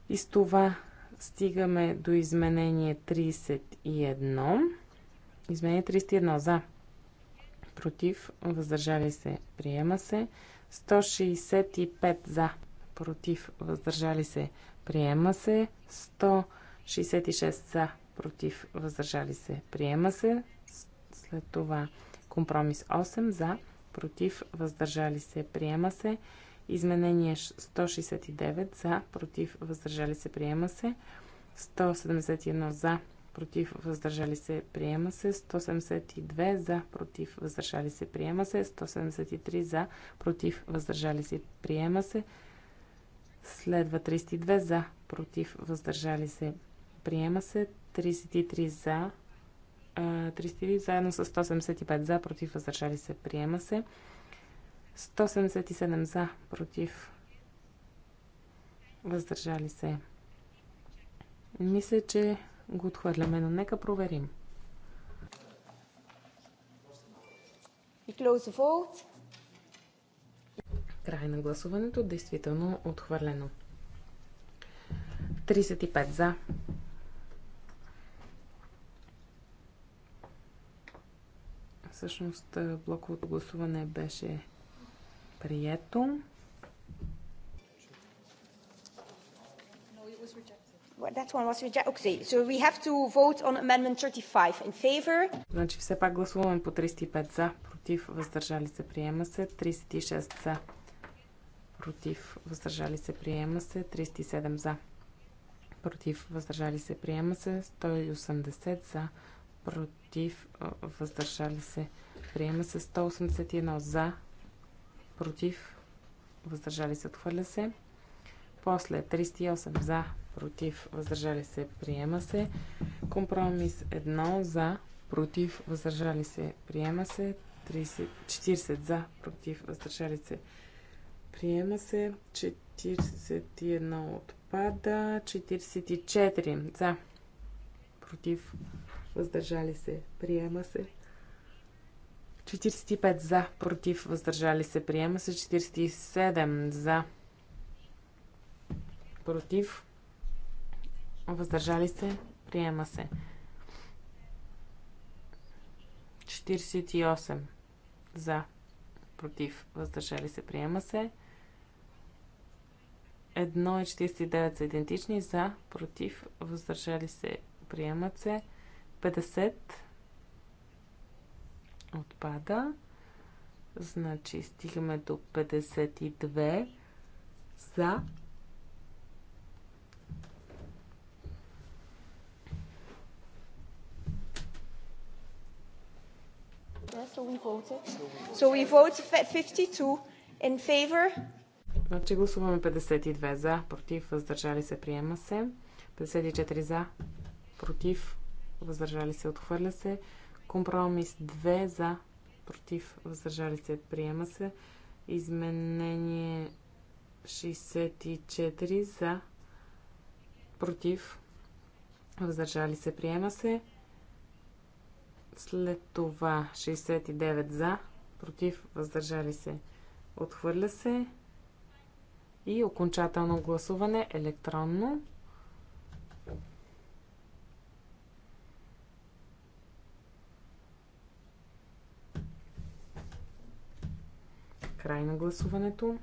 И с това стигаме до изменение 31. Изменение 31. За, против, въздържали се, приема се. 165 за, против, въздържали се, приема се. 166 за, против, въздържали се, приема се. След това компромис 8 за, против, въздържали се, приема се. Изменение 169 за, против, въздържали се, приема се. 171 за, против, въздържали се, приема се. 172 за, против, въздържали се, приема се. 173 за, против, въздържали се, приема се. Следва 32 за, против, въздържали се, приема се. 33 за, 33 заедно с 175 за, против, въздържали се, приема се. 177 за, против, въздържали се. Мисля, че го отхвърляме, но нека проверим. Край на гласуването. Действително отхвърлено. 35 за. Всъщност блоковото гласуване беше прието. that one was rejected. Okay, so we have to vote on amendment 35 in favor. Значи все пак гласуваме по 35 за, против, въздържали се, приема се. 36 за, против, въздържали се, приема се. 37 за, против, въздържали се, приема се. 180 за, против, въздържали се, приема се. 181 за, против, въздържали се, отхвърля се. После 38 за, против, въздържали се, приема се. Компромис 1 за, против, въздържали се, приема се. 30, 40 за, против, въздържали се, приема се. 41 отпада. 44 за, против, въздържали се, приема се. 45 за, против, въздържали се, приема се. 47 за, против, въздържали се, приема се. 48 за, против, въздържали се, приема се. 1 и 49 са идентични, за, против, въздържали се, приемат се. 50 отпада. Значи стигаме до 52 за, so we voted. So we vote 52 in favor. Значи гласуваме 52 за, против, въздържали се, приема се. 54 за, против, въздържали се, отхвърля се. Компромис 2 за, против, въздържали се, приема се. Изменение 64 за, против, въздържали се, приема се. След това 69 за, против, въздържали се, отхвърля се. И окончателно гласуване електронно. Край на гласуването.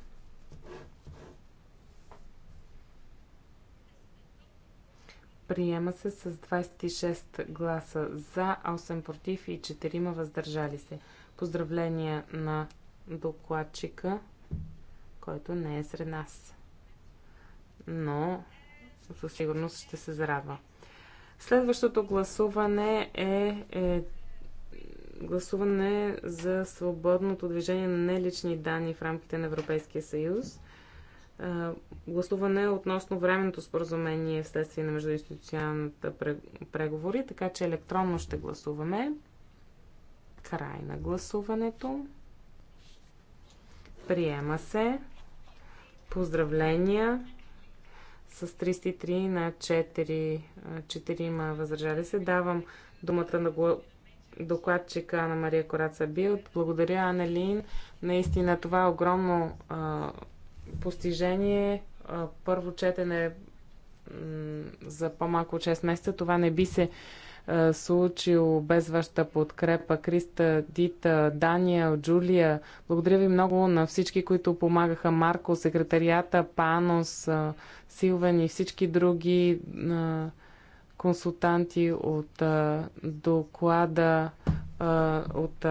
Приема се с 26 гласа за, 8 против и 4 въздържали се. Поздравления на докладчика, който не е сред нас. Но със сигурност ще се зарадва. Следващото гласуване е, е гласуване за свободното движение на нелични данни в рамките на Европейския съюз гласуване относно временното споразумение вследствие на междуинституционалната преговори, така че електронно ще гласуваме. Край на гласуването. Приема се. Поздравления с 303 на 4, 4 ма възражали се. Давам думата на докладчика на Мария Кораца Билт. Благодаря, Анелин. Наистина това е огромно а, постижение. Първо четене за по-малко от 6 месеца. Това не би се случило без вашата подкрепа. Криста, Дита, Дания, Джулия. Благодаря ви много на всички, които помагаха. Марко, секретарията, Панос, Силвен и всички други консултанти от доклада от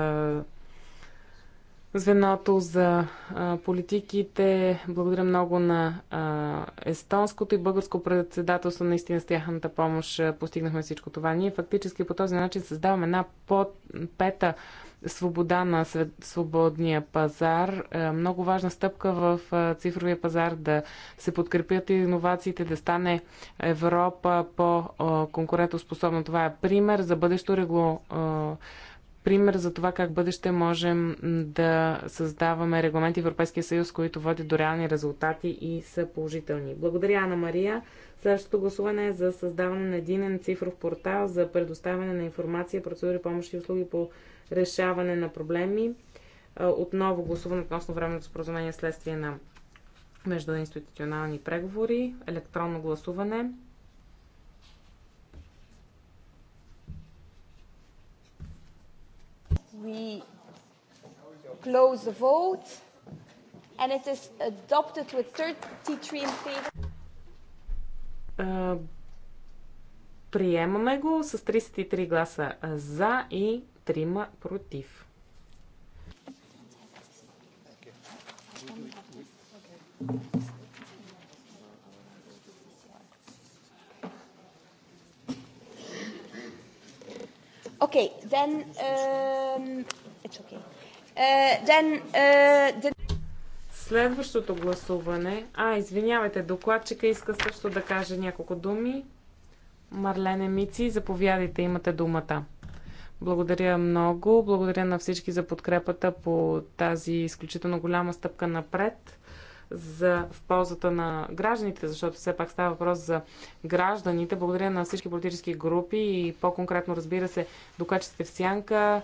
звеното за а, политиките. Благодаря много на а, естонското и българско председателство. Наистина с тяхната помощ постигнахме всичко това. Ние фактически по този начин създаваме една под, пета свобода на свед, свободния пазар. А, много важна стъпка в а, цифровия пазар да се подкрепят иновациите, да стане Европа по-конкурентоспособна. Това е пример за бъдещо А, пример за това как бъдеще можем да създаваме регламенти Европейския съюз, които водят до реални резултати и са положителни. Благодаря, Ана Мария. Следващото гласуване е за създаване на единен цифров портал за предоставяне на информация, процедури, помощи и услуги по решаване на проблеми. Отново гласуване относно временното споразумение следствие на междуинституционални преговори, електронно гласуване. We close the vote. And it is adopted with 33 in favor. приемаме го с 33 гласа за и 3 против. Thank you. Okay, then um, it's okay. Uh, then uh, the... Следващото гласуване. А, извинявайте, докладчика иска също да каже няколко думи. Марлене Мици, заповядайте, имате думата. Благодаря много. Благодаря на всички за подкрепата по тази изключително голяма стъпка напред за в ползата на гражданите, защото все пак става въпрос за гражданите. Благодаря на всички политически групи и по-конкретно, разбира се, докачите в сянка,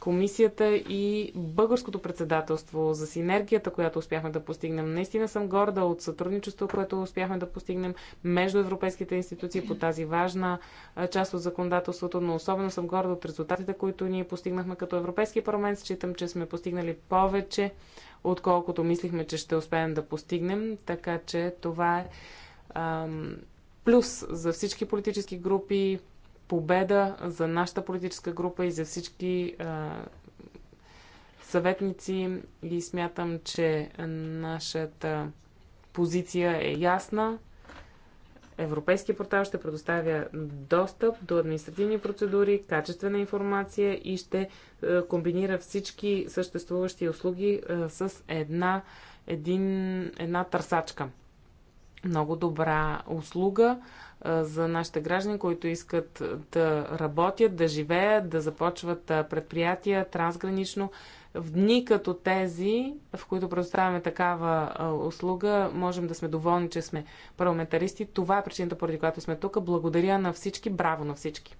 комисията и българското председателство за синергията, която успяхме да постигнем. Наистина съм горда от сътрудничество, което успяхме да постигнем между европейските институции по тази важна част от законодателството, но особено съм горда от резултатите, които ние постигнахме като Европейски парламент. Считам, че сме постигнали повече отколкото мислихме, че ще успеем да постигнем. Така че това е ам, плюс за всички политически групи, победа за нашата политическа група и за всички а, съветници. И смятам, че нашата позиция е ясна Европейския портал ще предоставя достъп до административни процедури, качествена информация и ще е, комбинира всички съществуващи услуги е, с една, един, една търсачка. Много добра услуга е, за нашите граждани, които искат да работят, да живеят, да започват предприятия трансгранично в дни като тези, в които предоставяме такава услуга, можем да сме доволни, че сме парламентаристи. Това е причината, поради която сме тук. Благодаря на всички. Браво на всички!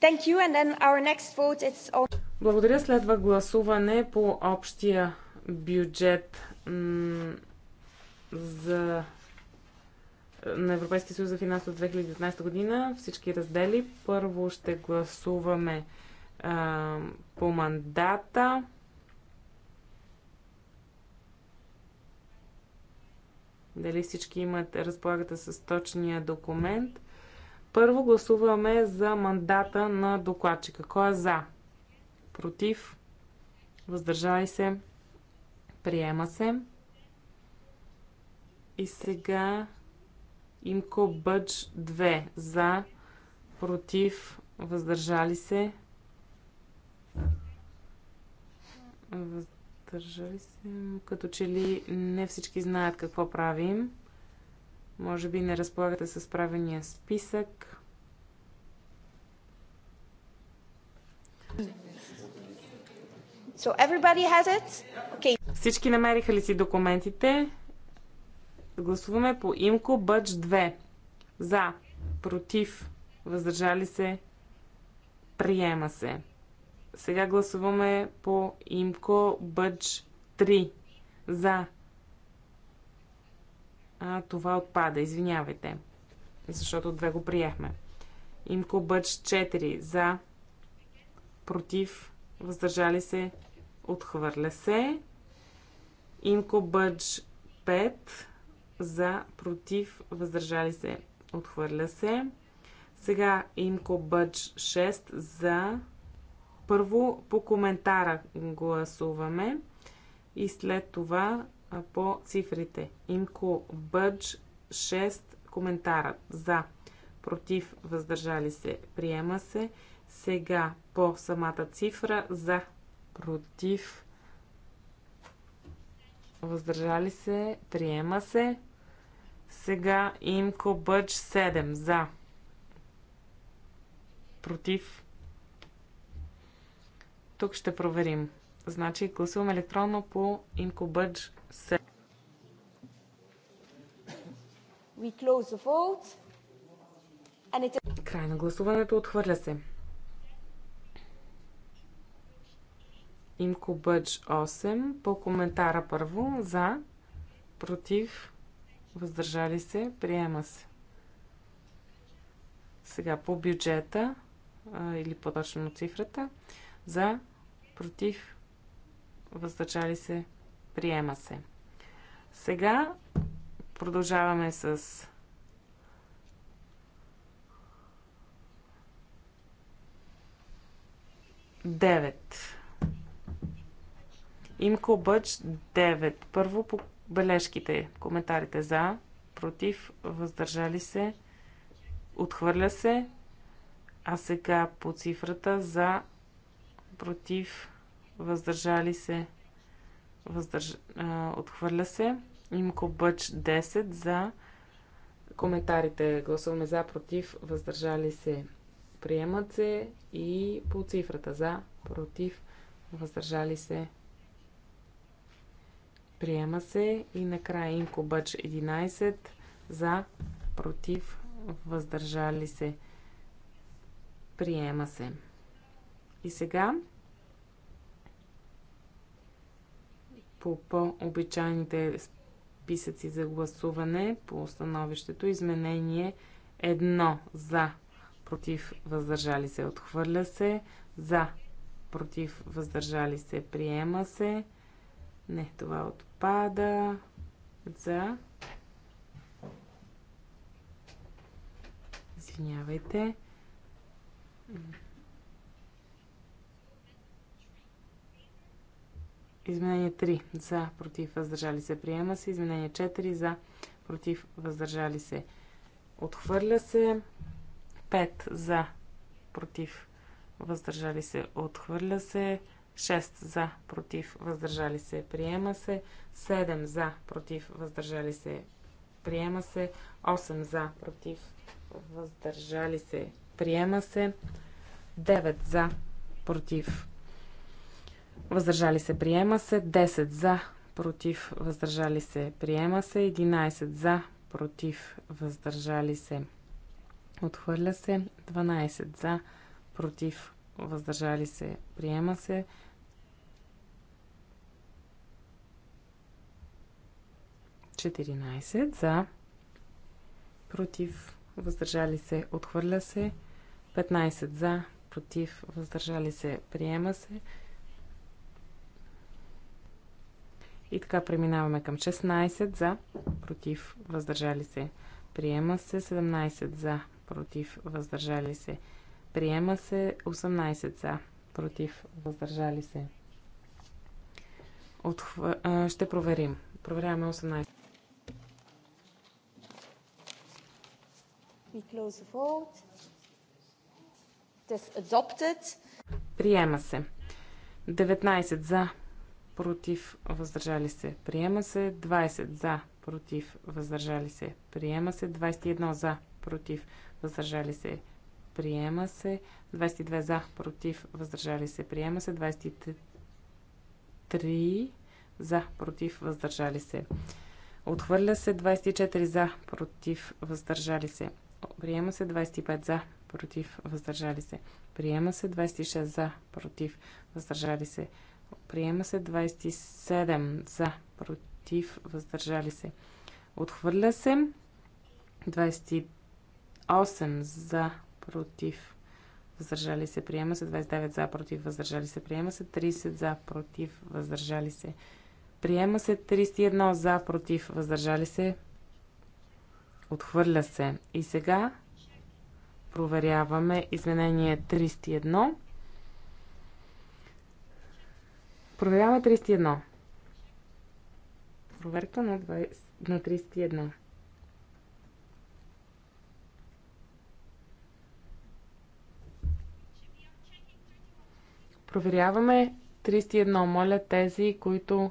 Thank you. And then our next vote Благодаря. Следва гласуване по общия бюджет за на Европейския съюз за финансово 2019 година. Всички раздели. Първо ще гласуваме по мандата. Дали всички имат, разполагате с точния документ. Първо гласуваме за мандата на докладчика. Кой е за? Против? Въздържали се? Приема се. И сега Имко Бъдж 2 за, против, въздържали се, Въздържали се. Като че ли не всички знаят какво правим. Може би не разполагате с правения списък. So everybody has it? Okay. Всички намериха ли си документите? Гласуваме по имко бъч 2. За, против, въздържали се, приема се. Сега гласуваме по имко бъдж 3. За. А, това отпада, извинявайте. Защото две го приехме. Имко бъдж 4. За. Против. Въздържали се. Отхвърля се. Имко бъдж 5. За. Против. Въздържали се. Отхвърля се. Сега имко бъдж 6. За първо по коментара гласуваме и след това по цифрите. Имко Бъдж 6 коментара. За, против, въздържали се, приема се. Сега по самата цифра за, против, въздържали се, приема се. Сега Имко Бъдж 7 за, против, тук ще проверим. Значи гласувам електронно по Инкобъдж 7. We close the vote. And it... Край на гласуването отхвърля се. Имко Бъдж 8 по коментара първо за, против, въздържали се, приема се. Сега по бюджета или по-точно цифрата за, против, въздържали се, приема се. Сега продължаваме с девет. Имко Бъч 9. Първо по бележките, коментарите за, против, въздържали се, отхвърля се, а сега по цифрата за против, въздържали се, въздърж... а, отхвърля се. Имко Бъч 10 за коментарите. Гласуваме за, против, въздържали се, приемат се и по цифрата за, против, въздържали се, приема се и накрая Имко Бъч 11 за, против, въздържали се, приема се. И сега по по-обичайните списъци за гласуване по становището. Изменение 1 за, против, въздържали се, отхвърля се, за, против, въздържали се, приема се. Не, това отпада. За. Извинявайте. Изменение 3 за, против, въздържали се, приема се. Изменение 4 за, против, въздържали се, отхвърля се. 5 за, против, въздържали се, отхвърля се. 6 за, против, въздържали се, приема се. 7 за, против, въздържали се, приема се. 8 за, против, въздържали се, приема се. 9 за, против, въздържали се, приема се. 10 за, против, въздържали се, приема се. 11 за, против, въздържали се, отхвърля се. 12 за, против, въздържали се, приема се. Четиринайсет за, против, въздържали се, отхвърля се. 15 за, против, въздържали се, приема се. И така преминаваме към 16 за, против, въздържали се. Приема се 17 за, против, въздържали се. Приема се 18 за, против, въздържали се. Отхва... Ще проверим. Проверяваме 18. Приема се. 19 за, против, въздържали се, приема се 20 за, против, въздържали се, приема се 21 за, против, въздържали се, приема се 22 за, против, въздържали се, приема се 23 за, против, въздържали се. Отхвърля се 24 за, против, въздържали се. Приема се 25 за, против, въздържали се. Приема се 26 за, против, въздържали се. Приема се 27 за, против, въздържали се. Отхвърля се 28 за, против, въздържали се. Приема се 29 за, против, въздържали се. Приема се 30 за, против, въздържали се. Приема се 31 за, против, въздържали се. Отхвърля се. И сега проверяваме изменение 301. Проверяваме 31. Проверка на, 20, на 31. Проверяваме 31. Моля тези, които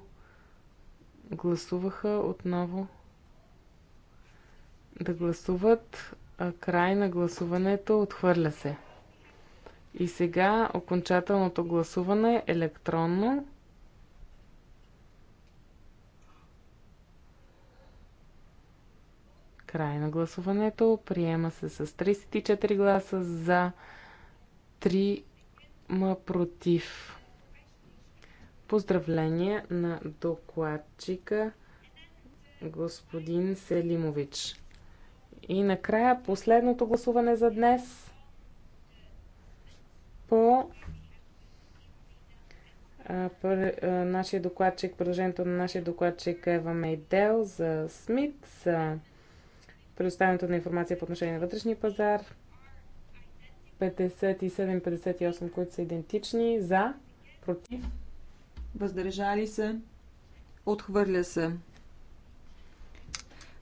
гласуваха отново да гласуват. Край на гласуването отхвърля се. И сега окончателното гласуване електронно. Край на гласуването. Приема се с 34 гласа за 3 ма против. Поздравление на докладчика господин Селимович. И накрая последното гласуване за днес по нашия докладчик, продължението на нашия докладчик Ева Мейдел за Смит, за предоставянето на информация по отношение на вътрешния пазар. 57-58, които са идентични. За, против. Въздържали се. Отхвърля се.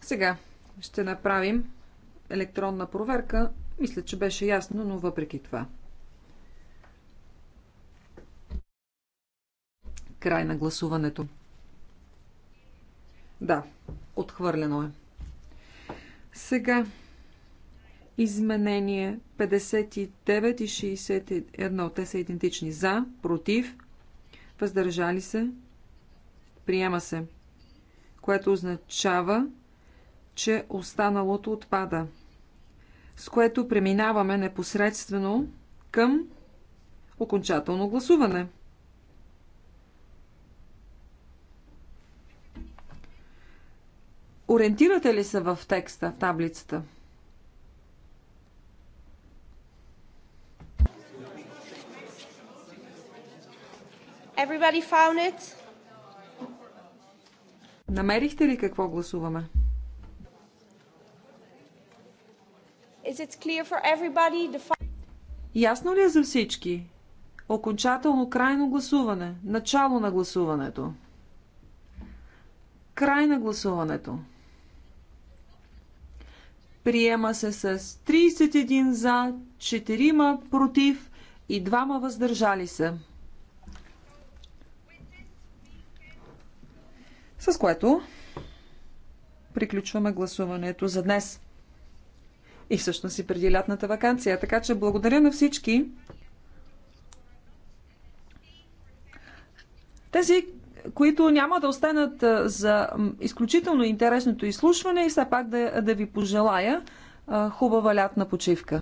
Сега ще направим електронна проверка. Мисля, че беше ясно, но въпреки това. Край на гласуването. Да, отхвърлено е. Сега изменение 59 и 61. Те са идентични. За, против, въздържали се, приема се. Което означава, че останалото отпада. С което преминаваме непосредствено към окончателно гласуване. Ориентирате ли се в текста, в таблицата? Everybody found it? Намерихте ли какво гласуваме? Is it clear for everybody? The... Ясно ли е за всички? Окончателно крайно гласуване. Начало на гласуването. Край на гласуването. Приема се с 31 за, 4 против и 2 въздържали се. С което приключваме гласуването за днес. И всъщност и преди лятната вакансия. Така че благодаря на всички. Тези, които няма да останат за изключително интересното изслушване и все пак да, да ви пожелая хубава лятна почивка.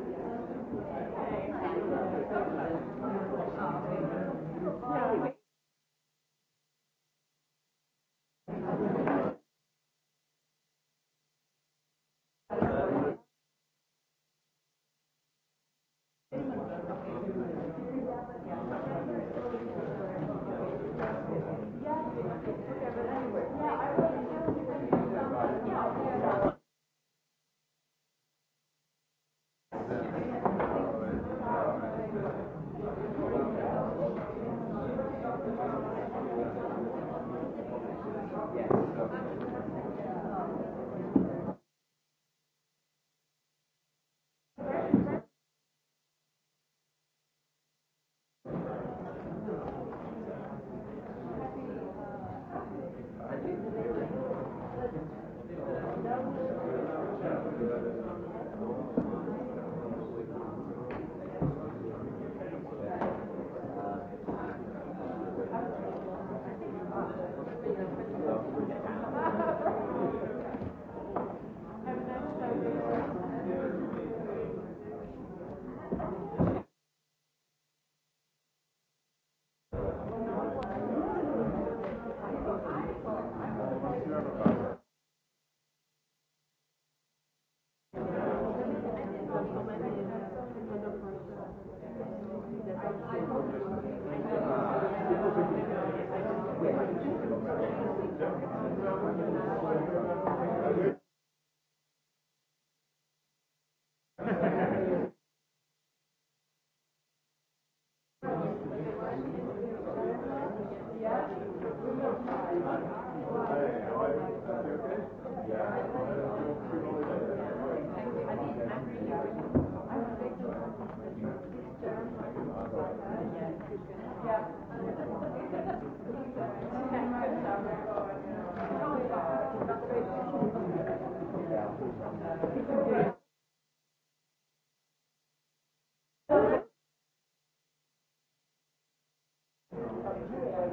Yeah. you.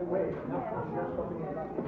away. Now,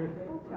Thank you.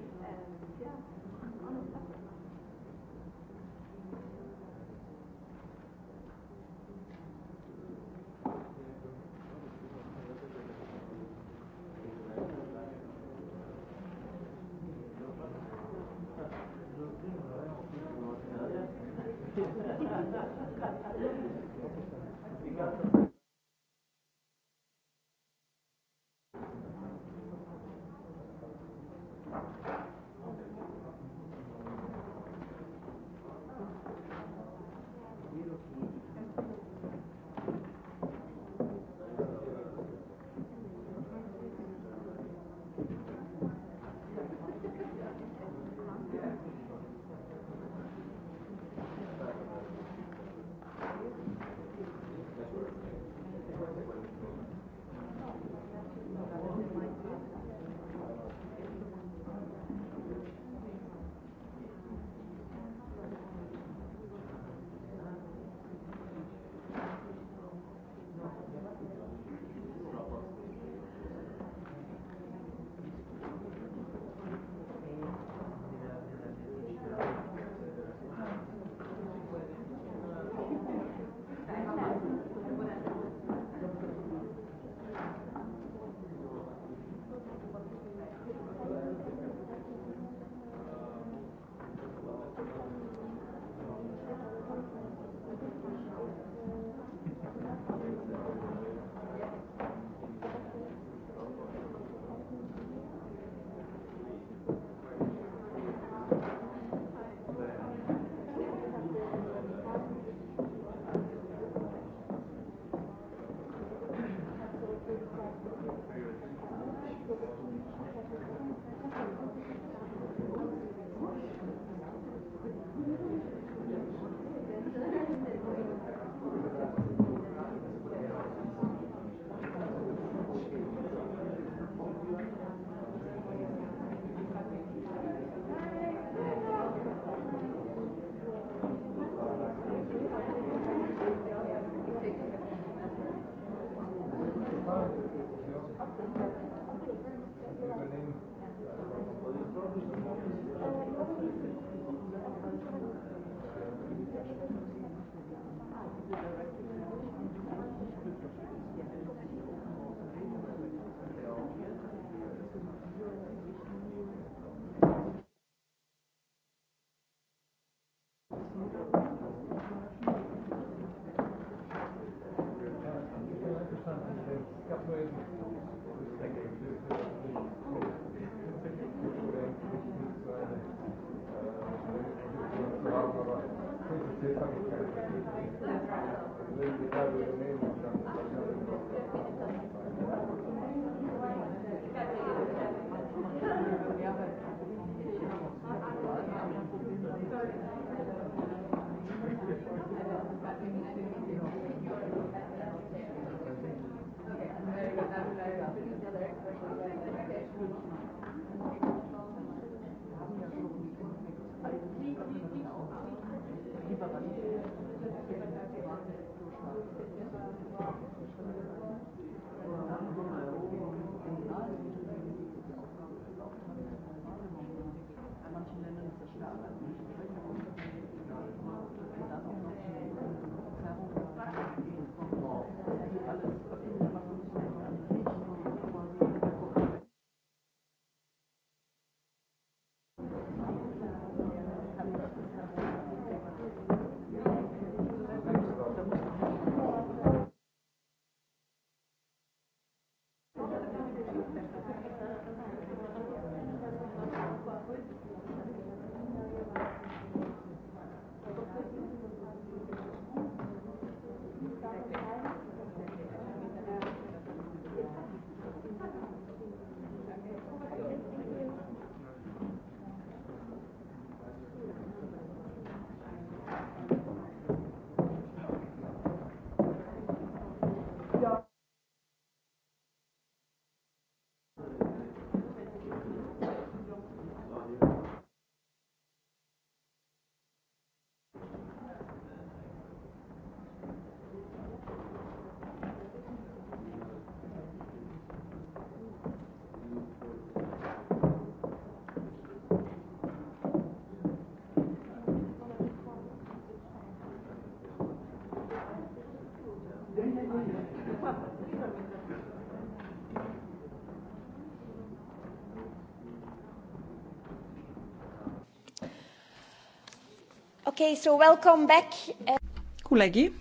Okay, so welcome back. Uh, Колеги,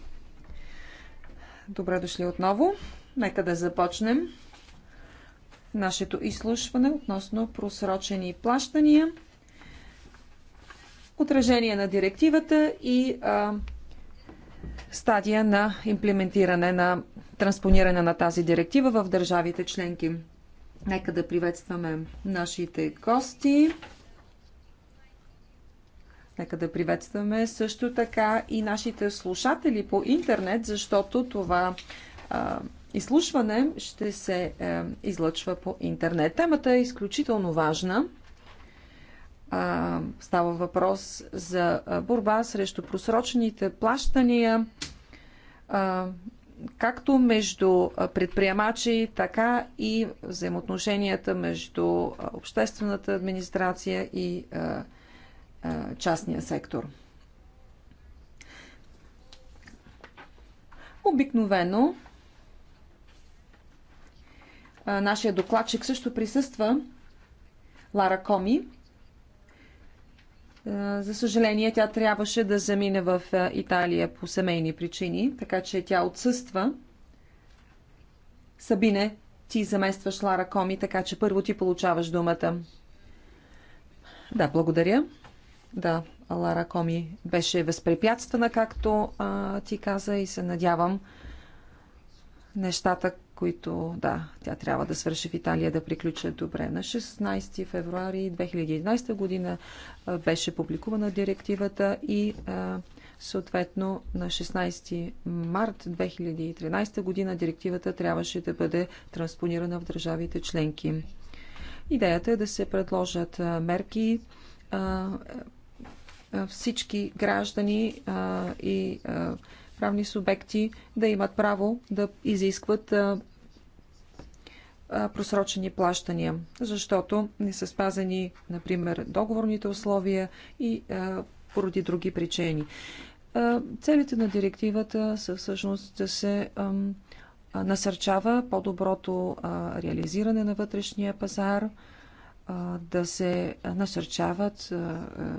добре дошли отново. Нека да започнем нашето изслушване относно просрочени плащания, отражение на директивата и а, стадия на имплементиране на транспониране на тази директива в държавите членки. Нека да приветстваме нашите гости. Нека да приветстваме също така и нашите слушатели по интернет, защото това а, изслушване ще се а, е, излъчва по интернет. Темата е изключително важна. А, става въпрос за борба срещу просрочените плащания, а, както между предприемачи, така и взаимоотношенията между обществената администрация и а, частния сектор. Обикновено нашия докладчик също присъства Лара Коми. За съжаление, тя трябваше да замине в Италия по семейни причини, така че тя отсъства. Сабине, ти заместваш Лара Коми, така че първо ти получаваш думата. Да, благодаря. Да, Лара Коми беше възпрепятствана, както а, ти каза, и се надявам нещата, които, да, тя трябва да свърши в Италия, да приключат добре. На 16 февруари 2011 година а, беше публикувана директивата и а, съответно на 16 март 2013 година директивата трябваше да бъде транспонирана в държавите членки. Идеята е да се предложат мерки, всички граждани и правни субекти да имат право да изискват просрочени плащания, защото не са спазени, например, договорните условия и поради други причини. Целите на директивата са всъщност да се насърчава по-доброто реализиране на вътрешния пазар – да се насърчават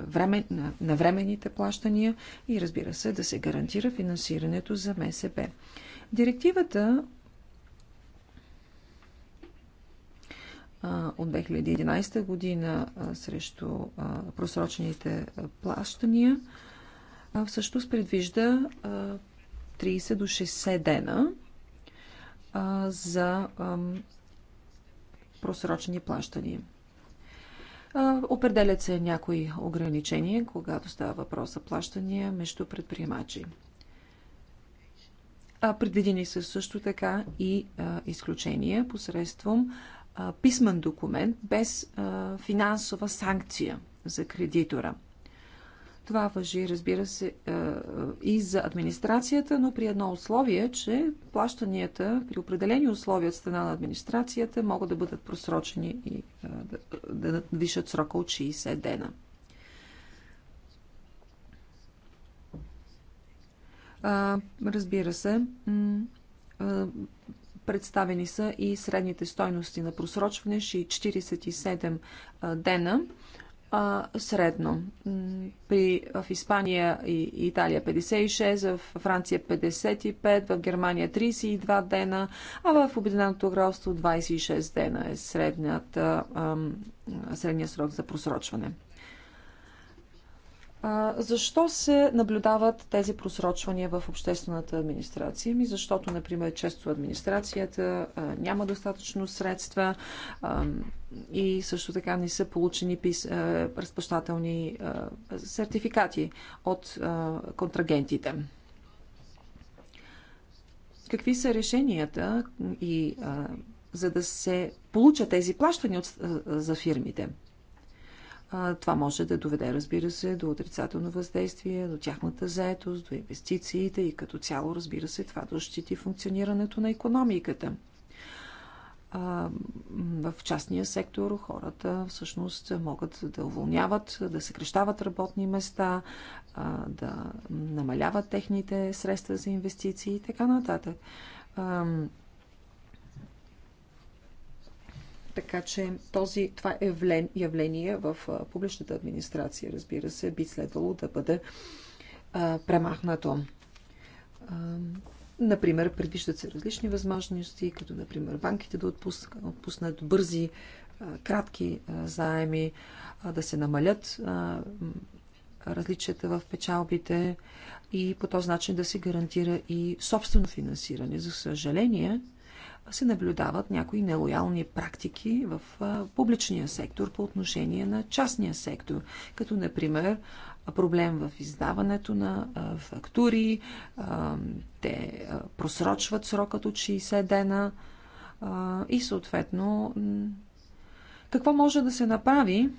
време, навременните плащания и разбира се да се гарантира финансирането за МСП. Директивата от 2011 година срещу просрочените плащания всъщност предвижда 30 до 60 дена за просрочени плащания. Определят се някои ограничения, когато става въпрос за плащания между предприемачи. Предвидени са също така и изключения посредством писмен документ без финансова санкция за кредитора – това въжи, разбира се, е, е, и за администрацията, но при едно условие, че плащанията при определени условия от страна на администрацията могат да бъдат просрочени и е, да надвишат срока от 60 дена. Разбира се, представени са и средните стойности на просрочване 47 дена а, средно. При, в Испания и Италия 56, в Франция 55, в Германия 32 дена, а в Обединеното кралство 26 дена е средният, а, средният срок за просрочване. Защо се наблюдават тези просрочвания в обществената администрация? Ми защото, например, често администрацията няма достатъчно средства и също така не са получени пис... разплащателни сертификати от контрагентите. Какви са решенията и за да се получат тези плащания за фирмите? Това може да доведе, разбира се, до отрицателно въздействие, до тяхната заетост, до инвестициите и като цяло, разбира се, това защити функционирането на економиката. В частния сектор хората всъщност могат да уволняват, да съкрещават работни места, да намаляват техните средства за инвестиции и така нататък Така че този, това явление в публичната администрация, разбира се, би следвало да бъде а, премахнато. А, например, предвиждат се различни възможности, като например банките да отпуснат, отпуснат бързи, а, кратки а, заеми, а, да се намалят а, различията в печалбите и по този начин да се гарантира и собствено финансиране. За съжаление, се наблюдават някои нелоялни практики в публичния сектор по отношение на частния сектор, като например проблем в издаването на фактури, те просрочват срокът от 60 дена и съответно какво може да се направи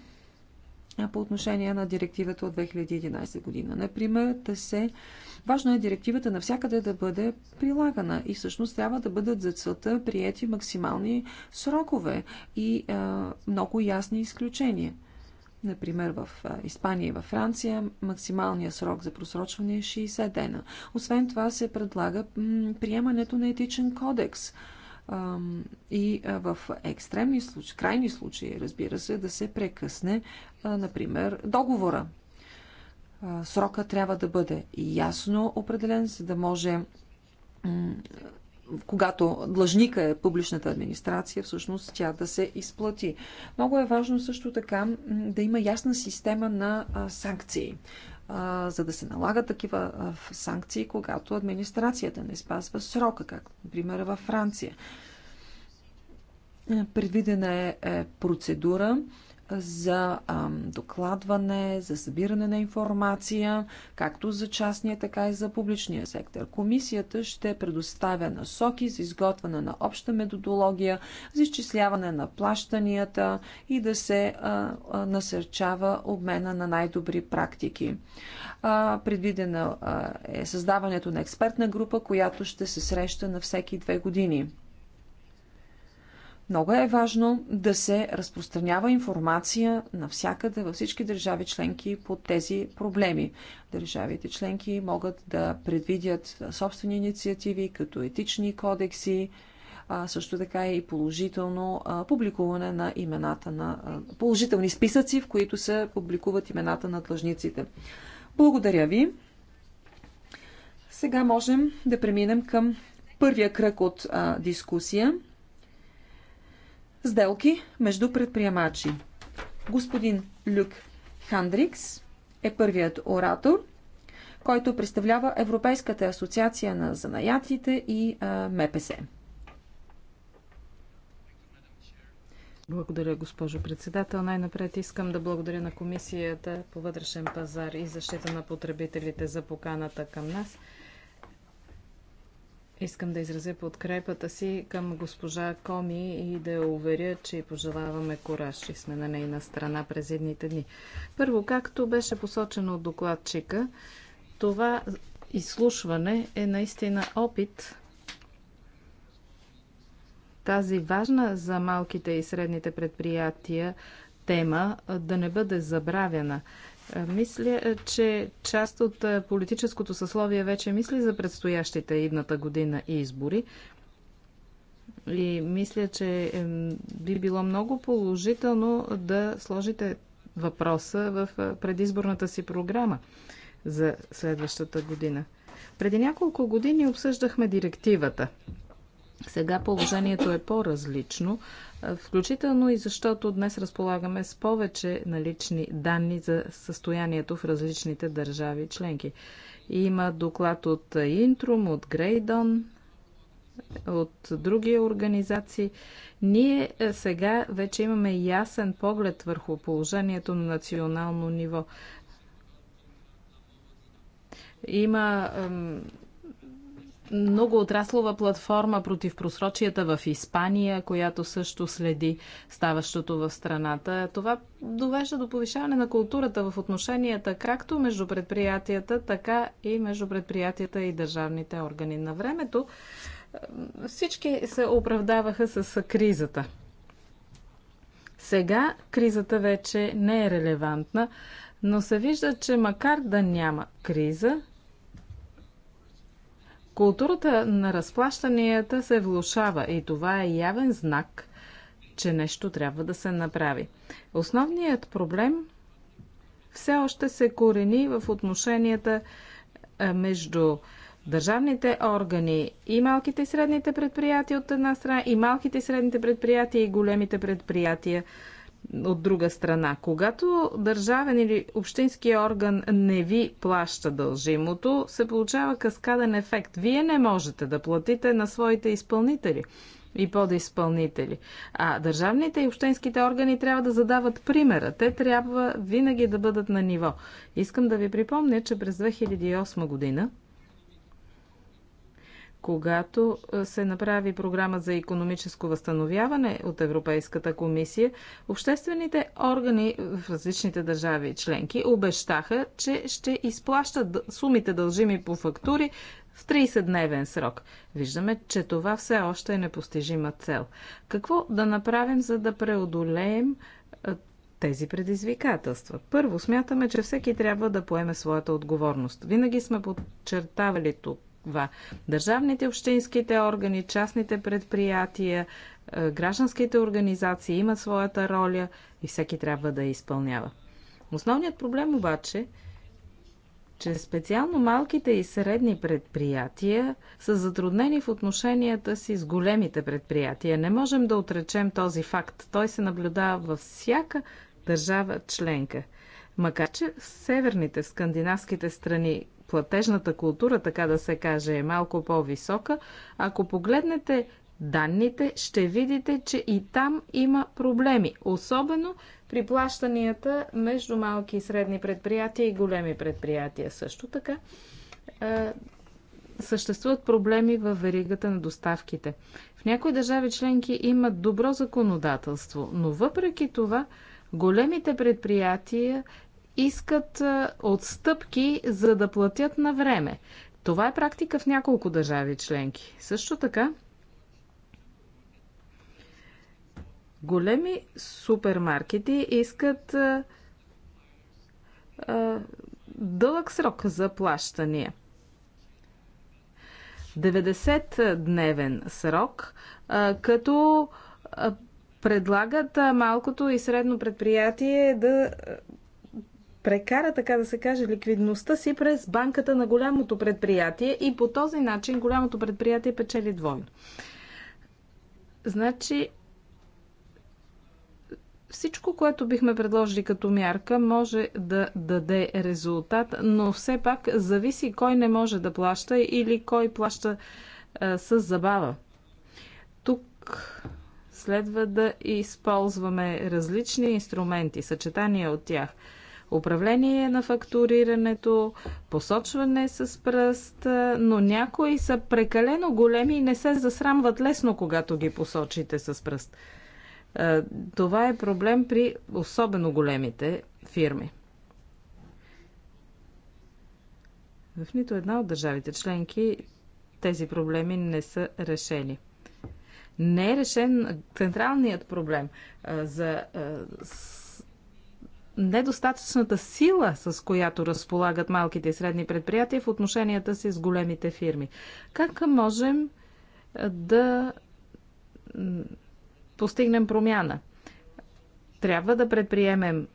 по отношение на директивата от 2011 година. Например, да се... Важно е директивата навсякъде да бъде прилагана и всъщност трябва да бъдат за целта приети максимални срокове и а, много ясни изключения. Например, в Испания и във Франция максималният срок за просрочване е 60 дена. Освен това се предлага приемането на етичен кодекс – и в екстремни случаи, крайни случаи, разбира се, да се прекъсне, например, договора. Срока трябва да бъде ясно определен, за да може когато длъжника е публичната администрация, всъщност тя да се изплати. Много е важно също така да има ясна система на санкции за да се налагат такива санкции, когато администрацията не спазва срока, както например във Франция. Е, предвидена е, е процедура за докладване, за събиране на информация, както за частния, така и за публичния сектор. Комисията ще предоставя насоки за изготвяне на обща методология, за изчисляване на плащанията и да се насърчава обмена на най-добри практики. Предвидено е създаването на експертна група, която ще се среща на всеки две години. Много е важно да се разпространява информация навсякъде, във всички държави членки по тези проблеми. Държавите членки могат да предвидят собствени инициативи, като етични кодекси, а също така и положително публикуване на имената на положителни списъци, в които се публикуват имената на длъжниците. Благодаря ви. Сега можем да преминем към първия кръг от а, дискусия. Сделки между предприемачи. Господин Люк Хандрикс е първият оратор, който представлява Европейската асоциация на занаятите и МПС. Благодаря, госпожо председател. Най-напред искам да благодаря на Комисията по вътрешен пазар и защита на потребителите за поканата към нас. Искам да изразя подкрепата си към госпожа Коми и да я уверя, че пожелаваме кораж и сме на нейна страна през едните дни. Първо, както беше посочено от докладчика, това изслушване е наистина опит тази важна за малките и средните предприятия тема да не бъде забравена. Е, мисля, е, че част от е, политическото съсловие вече мисли за предстоящите идната година и избори. И мисля, че би било много положително да сложите въпроса в предизборната си програма за следващата година. Преди няколко години обсъждахме директивата. Сега положението е по-различно включително и защото днес разполагаме с повече налични данни за състоянието в различните държави членки. Има доклад от Интрум, от Грейдон, от други организации. Ние е, сега вече имаме ясен поглед върху положението на национално ниво. Има многоотраслова платформа против просрочията в Испания, която също следи ставащото в страната. Това довежда до повишаване на културата в отношенията както между предприятията, така и между предприятията и държавните органи. На времето е, всички се оправдаваха с кризата. Сега кризата вече не е релевантна, но се вижда, че макар да няма криза, Културата на разплащанията се влушава и това е явен знак, че нещо трябва да се направи. Основният проблем все още се корени в отношенията е, между държавните органи и малките и средните предприятия от една страна и малките и средните предприятия и големите предприятия от друга страна. Когато държавен или общински орган не ви плаща дължимото, се получава каскаден ефект. Вие не можете да платите на своите изпълнители и подизпълнители. А държавните и общинските органи трябва да задават примера. Те трябва винаги да бъдат на ниво. Искам да ви припомня, че през 2008 година когато се направи програма за економическо възстановяване от Европейската комисия, обществените органи в различните държави членки обещаха, че ще изплащат сумите дължими по фактури в 30-дневен срок. Виждаме, че това все още е непостижима цел. Какво да направим, за да преодолеем тези предизвикателства. Първо, смятаме, че всеки трябва да поеме своята отговорност. Винаги сме подчертавали тук това. Държавните, общинските органи, частните предприятия, е, гражданските организации имат своята роля и всеки трябва да я изпълнява. Основният проблем обаче че специално малките и средни предприятия са затруднени в отношенията си с големите предприятия. Не можем да отречем този факт. Той се наблюдава във всяка държава членка. Макар, че в северните, в скандинавските страни платежната култура, така да се каже, е малко по-висока, ако погледнете данните, ще видите, че и там има проблеми, особено при плащанията между малки и средни предприятия и големи предприятия. Също така съществуват проблеми в веригата на доставките. В някои държави членки имат добро законодателство, но въпреки това големите предприятия искат отстъпки, за да платят на време. Това е практика в няколко държави членки. Също така, големи супермаркети искат а, а, дълъг срок за плащания. 90-дневен срок, а, като предлагат малкото и средно предприятие да прекара, така да се каже, ликвидността си през банката на голямото предприятие и по този начин голямото предприятие печели двойно. Значи, всичко, което бихме предложили като мярка, може да даде резултат, но все пак зависи кой не може да плаща или кой плаща а, с забава. Тук следва да използваме различни инструменти, съчетания от тях – управление на фактурирането, посочване с пръст, но някои са прекалено големи и не се засрамват лесно, когато ги посочите с пръст. Това е проблем при особено големите фирми. В нито една от държавите членки тези проблеми не са решени. Не е решен централният проблем за недостатъчната сила, с която разполагат малките и средни предприятия в отношенията си с големите фирми. Как можем да постигнем промяна? Трябва да предприемем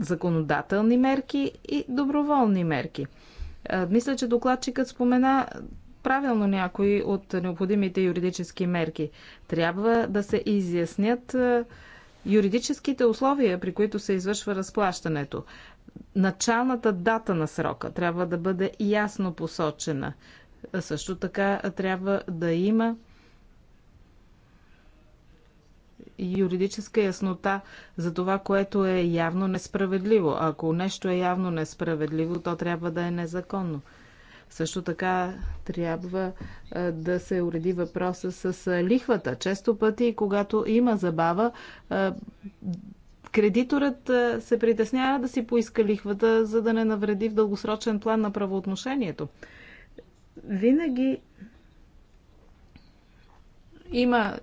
законодателни мерки и доброволни мерки. Мисля, че докладчикът спомена правилно някои от необходимите юридически мерки. Трябва да се изяснят юридическите условия, при които се извършва разплащането. Началната дата на срока трябва да бъде ясно посочена. Също така трябва да има юридическа яснота за това, което е явно несправедливо. Ако нещо е явно несправедливо, то трябва да е незаконно. Също така трябва да се уреди въпроса с лихвата. Често пъти, когато има забава, кредиторът се притеснява да си поиска лихвата, за да не навреди в дългосрочен план на правоотношението. Винаги има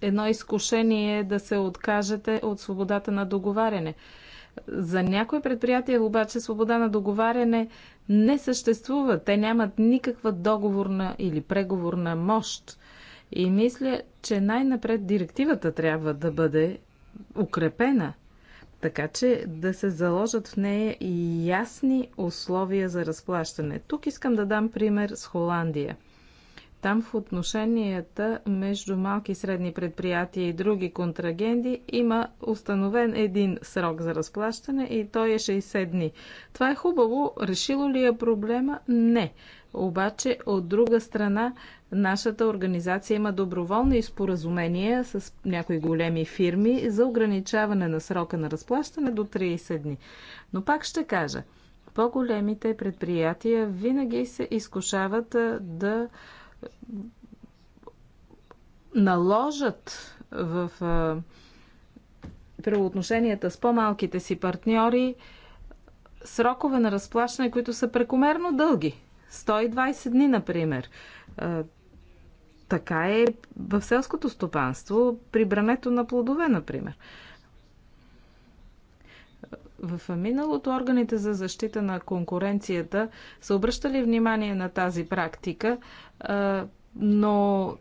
едно изкушение да се откажете от свободата на договаряне. За някои предприятия обаче свобода на договаряне не съществува. Те нямат никаква договорна или преговорна мощ. И мисля, че най-напред директивата трябва да бъде укрепена, така че да се заложат в нея и ясни условия за разплащане. Тук искам да дам пример с Холандия – там в отношенията между малки и средни предприятия и други контрагенди има установен един срок за разплащане и той е 60 дни. Това е хубаво. Решило ли е проблема? Не. Обаче, от друга страна, нашата организация има доброволни споразумения с някои големи фирми за ограничаване на срока на разплащане до 30 дни. Но пак ще кажа, по-големите предприятия винаги се изкушават да наложат в правоотношенията с по-малките си партньори срокове на разплащане, които са прекомерно дълги. 120 дни, например. Така е в селското стопанство при брането на плодове, например. В миналото органите за защита на конкуренцията са обръщали внимание на тази практика, но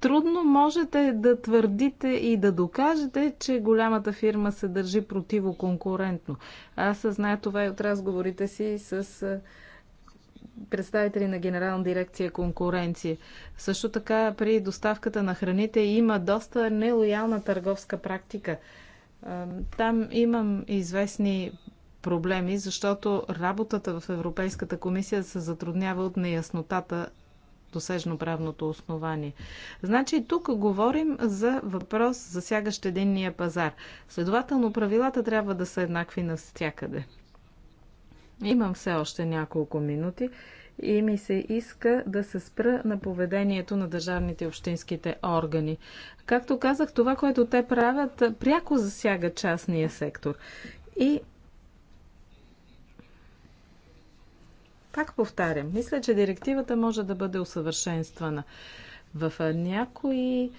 трудно можете да твърдите и да докажете, че голямата фирма се държи противоконкурентно. Аз съзная това и от разговорите си с представители на Генерална дирекция конкуренция. Също така при доставката на храните има доста нелоялна търговска практика – там имам известни проблеми, защото работата в Европейската комисия се затруднява от неяснотата досежно правното основание. Значи тук говорим за въпрос засягащ единния пазар. Следователно правилата трябва да са еднакви навсякъде. Имам все още няколко минути и ми се иска да се спра на поведението на държавните и общинските органи. Както казах, това, което те правят, пряко засяга частния сектор. И пак повтарям, мисля, че директивата може да бъде усъвършенствана. В някои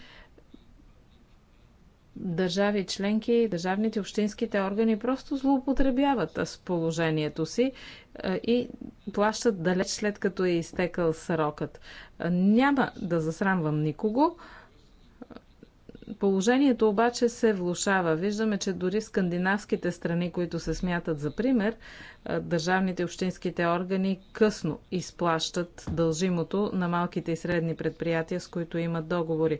държави членки, държавните общинските органи просто злоупотребяват с положението си е, и плащат далеч след като е изтекал срокът. Е, няма да засрамвам никого. Положението обаче се влушава. Виждаме, че дори скандинавските страни, които се смятат за пример, е, държавните общинските органи късно изплащат дължимото на малките и средни предприятия, с които имат договори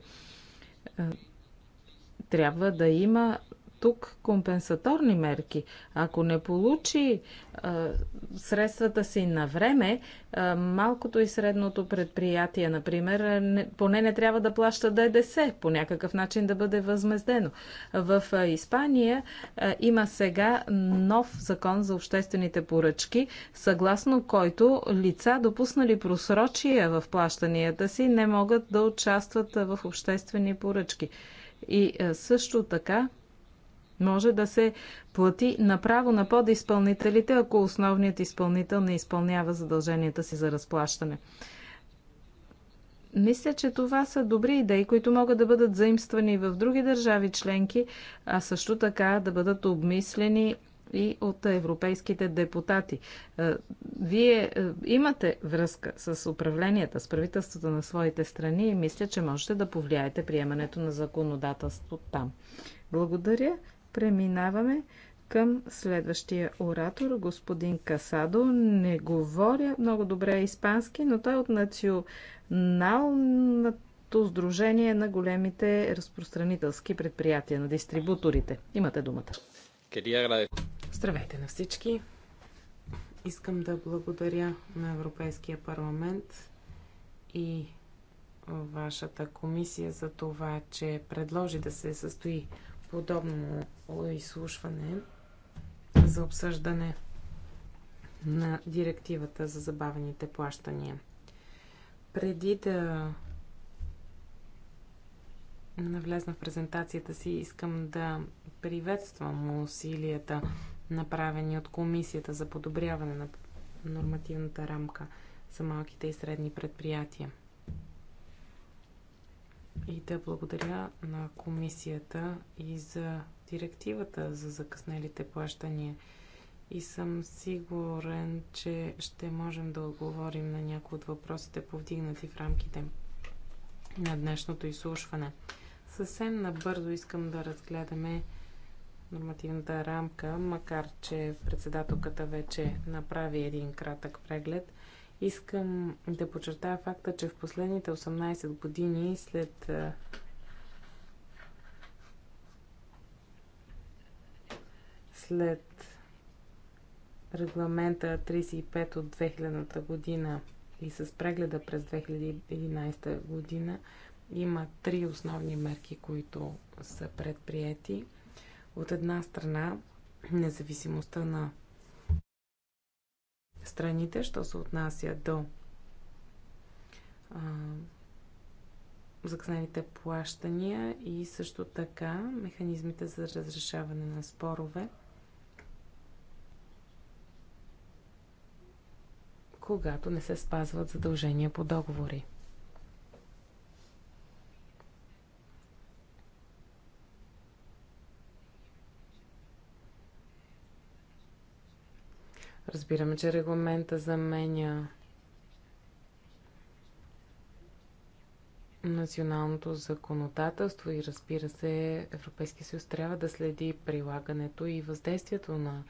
трябва да има тук компенсаторни мерки. Ако не получи а, средствата си на време, а, малкото и средното предприятие, например, не, поне не трябва да плаща ДДС, по някакъв начин да бъде възмездено. В а, Испания а, има сега нов закон за обществените поръчки, съгласно който лица, допуснали просрочия в плащанията си, не могат да участват в обществени поръчки. И е, също така може да се плати направо на подизпълнителите, ако основният изпълнител не изпълнява задълженията си за разплащане. Мисля, че това са добри идеи, които могат да бъдат заимствани в други държави членки, а също така да бъдат обмислени и от европейските депутати. Е, вие е, имате връзка с управленията, с правителствата на своите страни и мисля, че можете да повлияете приемането на законодателство там. Благодаря. Преминаваме към следващия оратор, господин Касадо. Не говоря много добре испански, но той е от националната сдружение на големите разпространителски предприятия, на дистрибуторите. Имате думата. Здравейте на всички! Искам да благодаря на Европейския парламент и вашата комисия за това, че предложи да се състои подобно изслушване за обсъждане на директивата за забавените плащания. Преди да навлезна в презентацията си, искам да приветствам усилията направени от Комисията за подобряване на нормативната рамка за малките и средни предприятия. И да благодаря на Комисията и за директивата за закъснелите плащания. И съм сигурен, че ще можем да отговорим на някои от въпросите, повдигнати в рамките на днешното изслушване. Съвсем набързо искам да разгледаме нормативната рамка, макар че председателката вече направи един кратък преглед, искам да подчертая факта, че в последните 18 години след след регламента 35 от 2000 година и с прегледа през 2011 година има три основни мерки, които са предприяти – от една страна, независимостта на страните, що се отнася до закъснените плащания и също така механизмите за разрешаване на спорове, когато не се спазват задължения по договори. Разбираме, че регламента заменя националното законодателство и разбира се, Европейския съюз трябва да следи прилагането и въздействието на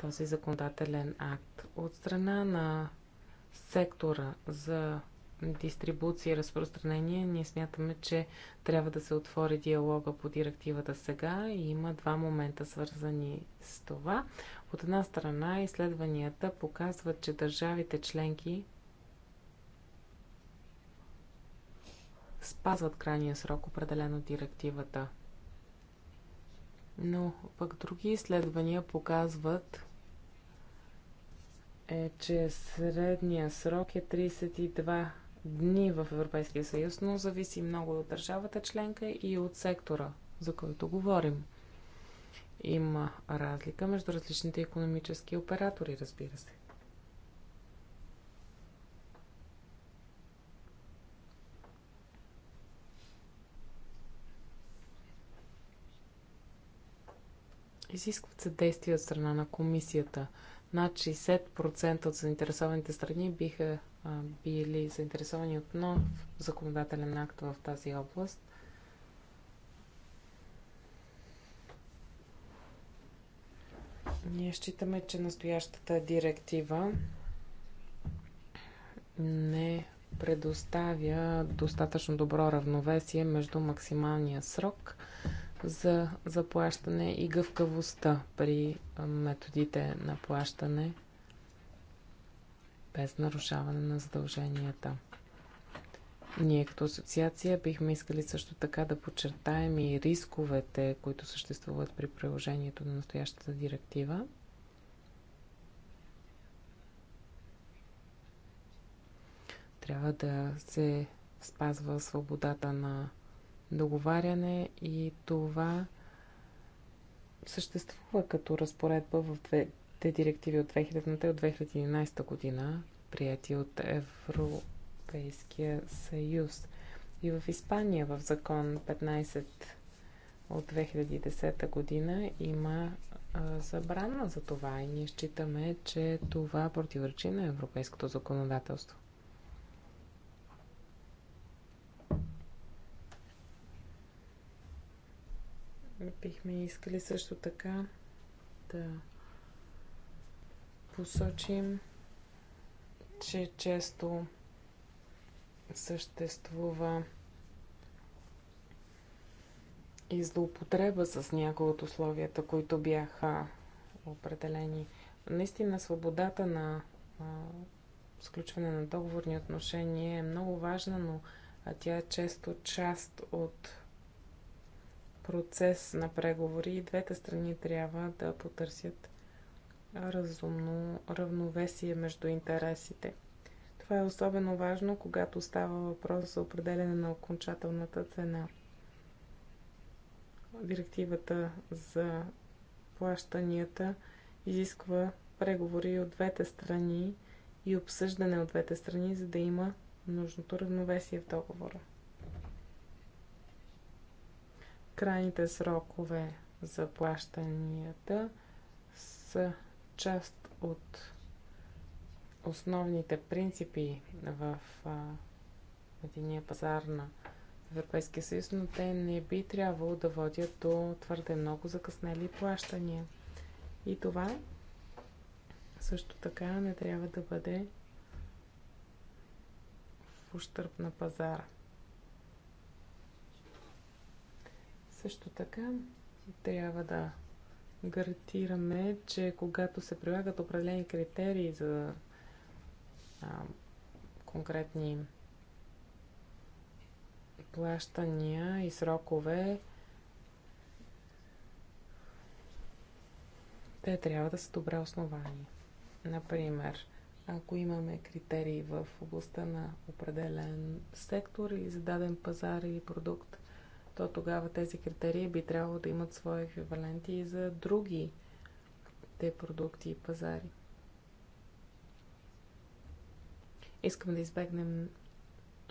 този законодателен акт. От страна на сектора за дистрибуция и разпространение, ние смятаме, че трябва да се отвори диалога по директивата сега и има два момента свързани с това. От една страна, изследванията показват, че държавите членки спазват крайния срок, определено от директивата. Но пък други изследвания показват, е, че средния срок е 32 дни в Европейския съюз, но зависи много от държавата членка и от сектора, за който говорим. Има разлика между различните економически оператори, разбира се. Изискват се действия от страна на комисията – над 60% от заинтересованите страни биха а, били заинтересовани от нов законодателен акт в тази област. Ние считаме, че настоящата директива не предоставя достатъчно добро равновесие между максималния срок за заплащане и гъвкавостта при методите на плащане без нарушаване на задълженията. Ние като асоциация бихме искали също така да подчертаем и рисковете, които съществуват при приложението на настоящата директива. Трябва да се спазва свободата на договаряне и това съществува като разпоредба в двете директиви от 2000-та и от 2011 година, прияти от Европейския съюз. И в Испания в закон 15 от 2010 година има забрана за това и ние считаме, че това противоречи на европейското законодателство. Бихме искали също така да посочим, че често съществува и злоупотреба с някои от условията, които бяха определени. Наистина свободата на а, сключване на договорни отношения е много важна, но тя е често част от процес на преговори и двете страни трябва да потърсят разумно равновесие между интересите. Това е особено важно, когато става въпрос за определене на окончателната цена. Директивата за плащанията изисква преговори от двете страни и обсъждане от двете страни, за да има нужното равновесие в договора. Крайните срокове за плащанията са част от основните принципи в единия пазар на Европейския съюз, но те не би трябвало да водят до твърде много закъснели плащания. И това също така не трябва да бъде в ущърп на пазара. Също така трябва да гарантираме, че когато се прилагат определени критерии за а, конкретни плащания и срокове, те трябва да са добре основани. Например, ако имаме критерии в областта на определен сектор или зададен пазар или продукт, то тогава тези критерии би трябвало да имат свои еквиваленти и за други те продукти и пазари. Искам да избегнем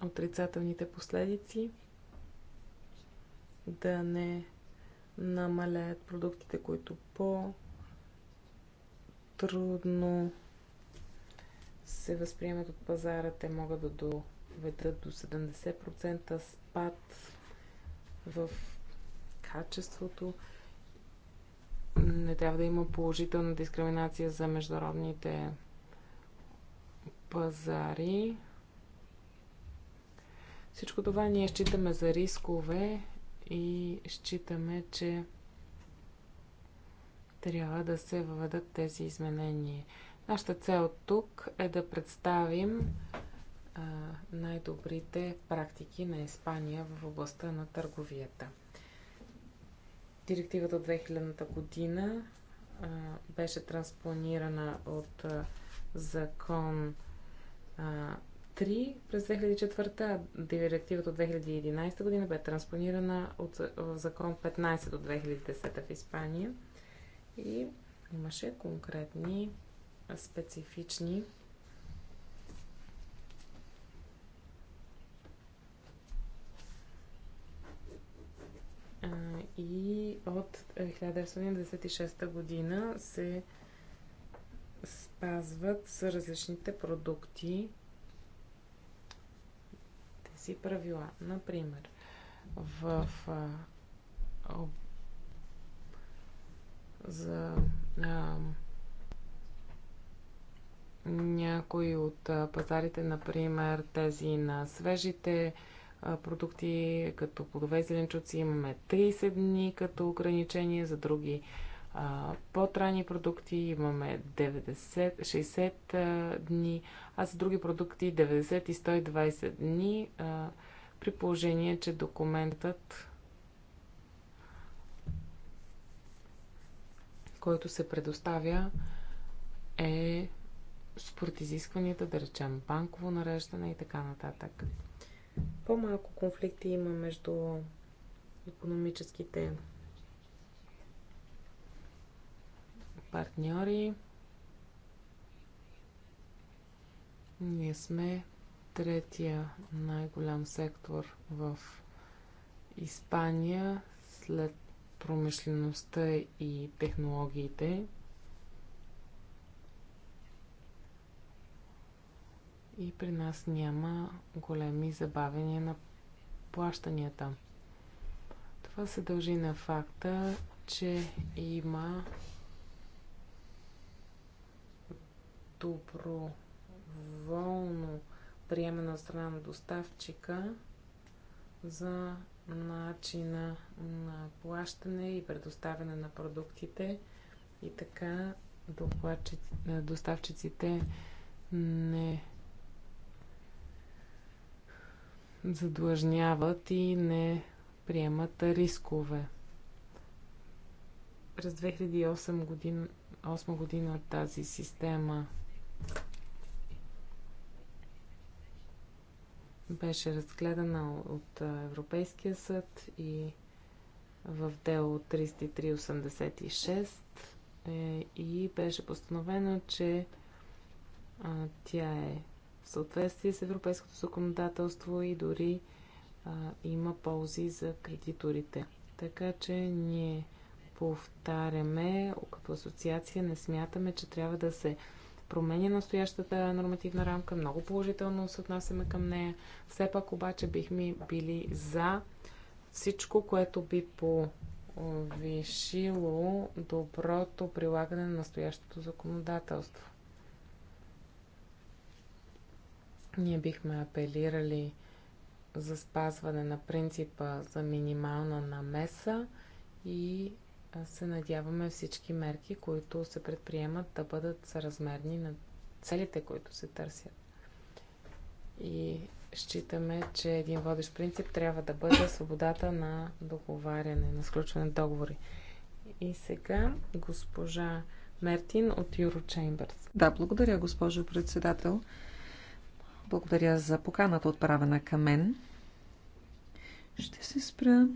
отрицателните последици, да не намаляят продуктите, които по трудно се възприемат от пазара. Те могат да доведат до 70% спад в качеството. Не трябва да има положителна дискриминация за международните пазари. Всичко това ние считаме за рискове и считаме, че трябва да се въведат тези изменения. Нашата цел тук е да представим най-добрите практики на Испания в областта на търговията. Директивата от 2000-та година а, беше транспонирана от а, закон а, 3 през 2004, а директивата от 2011 година бе транспонирана от в закон 15 от 2010 в Испания и имаше конкретни специфични и от 1996 е, година се спазват с различните продукти тези правила. Например, в за а, някои от пазарите, например тези на свежите продукти, като плодове и зеленчуци имаме 30 дни като ограничение, за други по-трайни продукти имаме 90, 60 дни, а за други продукти 90 и 120 дни, при положение, че документът който се предоставя е според изискванията, да речем банково нареждане и така нататък. По-малко конфликти има между економическите партньори. Ние сме третия най-голям сектор в Испания след промишлеността и технологиите. и при нас няма големи забавения на плащанията. Това се дължи на факта, че има доброволно приемена страна на доставчика за начина на плащане и предоставяне на продуктите и така доставчиците не задлъжняват и не приемат рискове. През 2008 година, 2008 година тази система беше разгледана от Европейския съд и в дело 3386 е, и беше постановено, че тя е съответствие с европейското законодателство и дори а, има ползи за кредиторите. Така че ние повтаряме, като асоциация не смятаме, че трябва да се променя настоящата нормативна рамка. Много положително се отнасяме към нея. Все пак обаче бихме били за всичко, което би повишило доброто прилагане на настоящото законодателство. Ние бихме апелирали за спазване на принципа за минимална намеса и се надяваме всички мерки, които се предприемат, да бъдат съразмерни на целите, които се търсят. И считаме, че един водещ принцип трябва да бъде свободата на договаряне, на сключване на договори. И сега госпожа Мертин от Eurochambers. Да, благодаря, госпожо председател. Благодаря за поканата отправена към мен. Ще се спра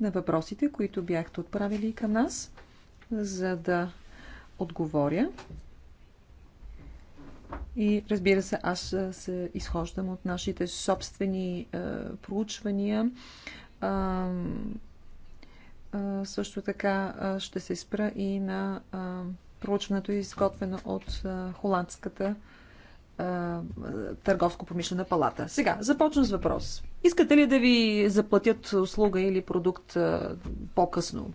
на въпросите, които бяхте отправили към нас, за да отговоря. И разбира се, аз се изхождам от нашите собствени е, проучвания. Е, е, също така ще се спра и на проучването, изготвено от холандската Търговско-промишлена палата. Сега, започвам с въпрос. Искате ли да ви заплатят услуга или продукт по-късно?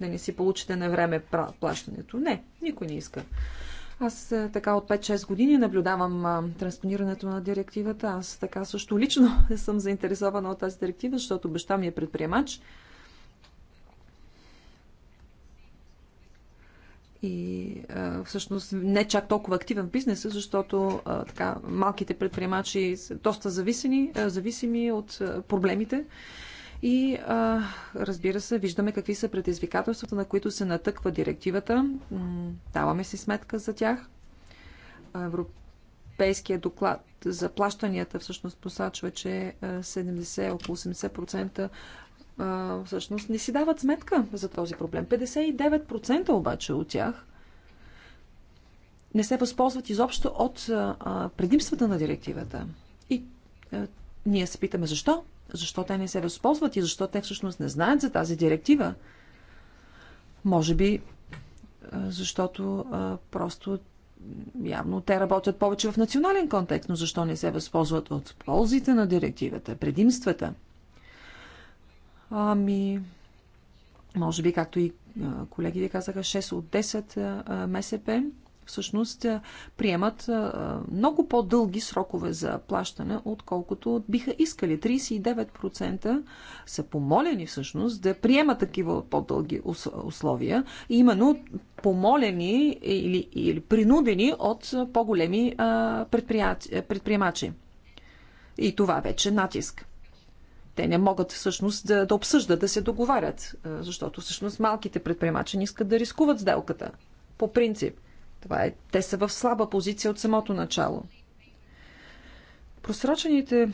Да не си получите на време плащането? Не, никой не иска. Аз така от 5-6 години наблюдавам а, транспонирането на директивата. Аз така също лично съм заинтересована от тази директива, защото баща ми е предприемач. и а, всъщност не чак толкова активен в бизнеса, защото а, така, малките предприемачи са доста зависени, а, зависими от а, проблемите. И а, разбира се, виждаме какви са предизвикателствата, на които се натъква директивата. даваме си сметка за тях. Европейския доклад за плащанията всъщност посачва, че 70, около 70% а, всъщност не си дават сметка за този проблем. 59% обаче от тях не се възползват изобщо от а, предимствата на директивата. И а, ние се питаме защо? Защо те не се възползват и защо те всъщност не знаят за тази директива? Може би, а, защото а, просто явно те работят повече в национален контекст, но защо не се възползват от ползите на директивата, предимствата? Ами, може би, както и колегите казаха, 6 от 10 МСП всъщност приемат много по-дълги срокове за плащане, отколкото биха искали. 39% са помолени всъщност да приемат такива по-дълги условия, именно помолени или, или принудени от по-големи предприемачи. И това вече натиск те не могат всъщност да, да обсъждат, да се договарят, е, защото всъщност малките предприемачи не искат да рискуват сделката. По принцип. Това е, те са в слаба позиция от самото начало. Просрочените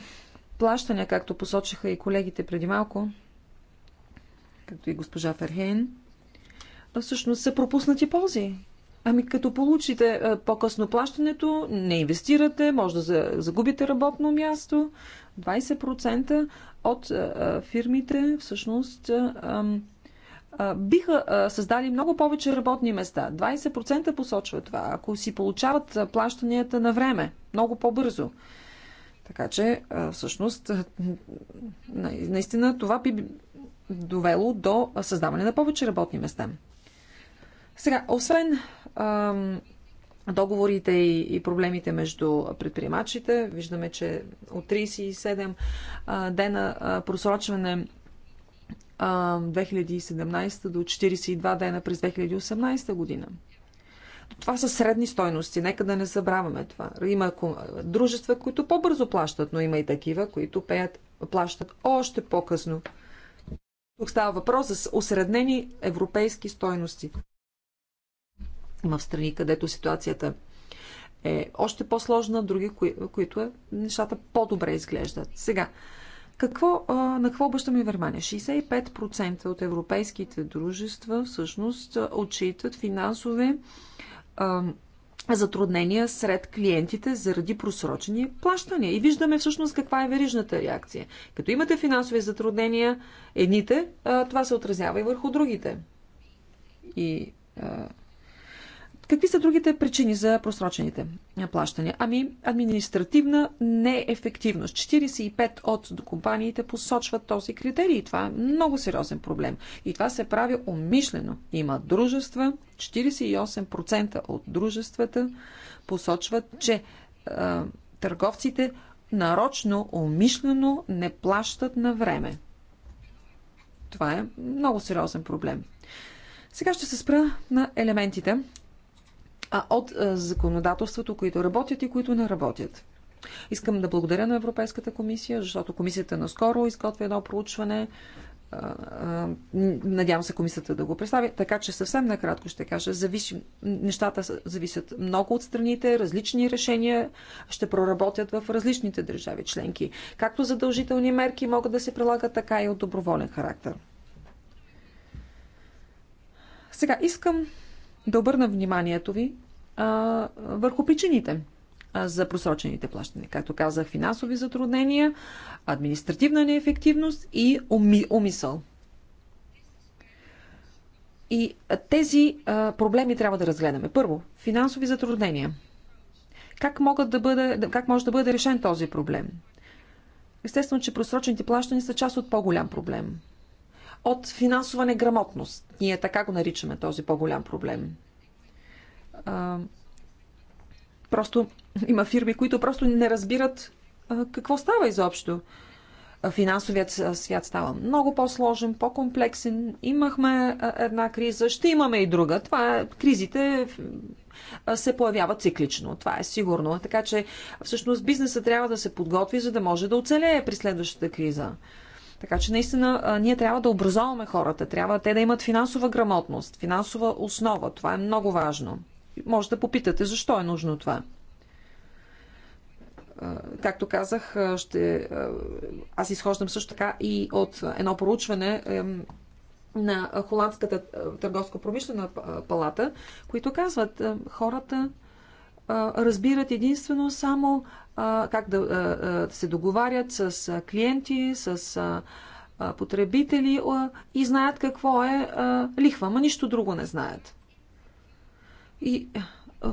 плащания, както посочиха и колегите преди малко, както и госпожа Ферхейн, всъщност са пропуснати ползи. Ами като получите е, по-късно плащането, не инвестирате, може да загубите работно място. 20% от е, е, фирмите всъщност биха създали много повече работни места. 20% посочва това, ако си получават плащанията на време, много по-бързо. Така че, всъщност, наистина това би довело до създаване на повече работни места. Сега, освен договорите и, проблемите между предприемачите. Виждаме, че от 37 дена просрочване 2017 до 42 дена през 2018 година. Това са средни стойности, нека да не забравяме това. Има дружества, които по-бързо плащат, но има и такива, които пеят, плащат още по-късно. Тук става въпрос за осреднени европейски стойности. Има в страни, където ситуацията е още по-сложна, други, кои, които е, нещата по-добре изглеждат. Сега, какво, а, на какво обръщаме внимание? 65% от европейските дружества всъщност отчитат финансови а, затруднения сред клиентите заради просрочени плащания. И виждаме всъщност каква е верижната реакция. Като имате финансови затруднения, едните, а, това се отразява и върху другите. И а, Какви са другите причини за просрочените плащания? Ами, административна неефективност. 45 от компаниите посочват този критерий. Това е много сериозен проблем. И това се прави умишлено. Има дружества, 48% от дружествата посочват, че а, е, търговците нарочно, умишлено не плащат на време. Това е много сериозен проблем. Сега ще се спра на елементите, а от законодателството, които работят и които не работят. Искам да благодаря на Европейската комисия, защото комисията наскоро изготвя едно проучване. Надявам се комисията да го представи. Така че съвсем накратко ще кажа, зависи, нещата зависят много от страните, различни решения ще проработят в различните държави членки. Както задължителни мерки могат да се прилагат, така и от доброволен характер. Сега искам да обърна вниманието ви а, върху причините за просрочените плащания. Както казах, финансови затруднения, административна неефективност и уми, умисъл. И тези а, проблеми трябва да разгледаме. Първо, финансови затруднения. Как, могат да бъде, как може да бъде решен този проблем? Естествено, че просрочените плащания са част от по-голям проблем от финансова неграмотност. Ние така го наричаме този по-голям проблем. А, просто има фирми, които просто не разбират а, какво става изобщо. Финансовият свят става много по-сложен, по-комплексен. Имахме една криза, ще имаме и друга. Това е, кризите се появяват циклично. Това е сигурно. Така че всъщност бизнеса трябва да се подготви, за да може да оцелее при следващата криза. Така че наистина а, ние трябва да образоваме хората, трябва те да имат финансова грамотност, финансова основа. Това е много важно. Може да попитате защо е нужно това. както казах, ще, аз изхождам също така и от едно проучване на Холандската търговско-промишлена палата, които казват, хората разбират единствено само как да се договарят с клиенти, с потребители и знаят какво е лихва, но нищо друго не знаят. И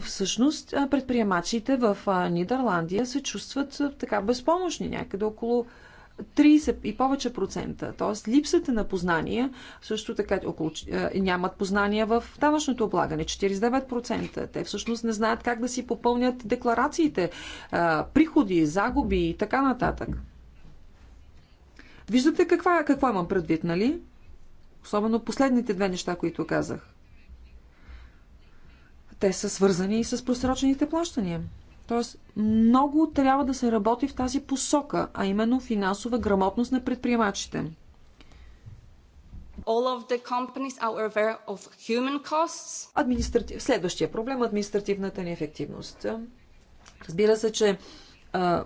всъщност предприемачите в Нидерландия се чувстват така безпомощни някъде около 30 и повече процента. т.е. липсата на познания, също така около, е, нямат познания в данъчното облагане. 49%. Те всъщност не знаят как да си попълнят декларациите, е, приходи, загуби и така нататък. Виждате каква, какво имам предвид, нали? Особено последните две неща, които казах. Те са свързани и с просрочените плащания. Тоест, много трябва да се работи в тази посока, а именно финансова грамотност на предприемачите. Административ... Следващия проблем – административната неефективност. Разбира се, че а,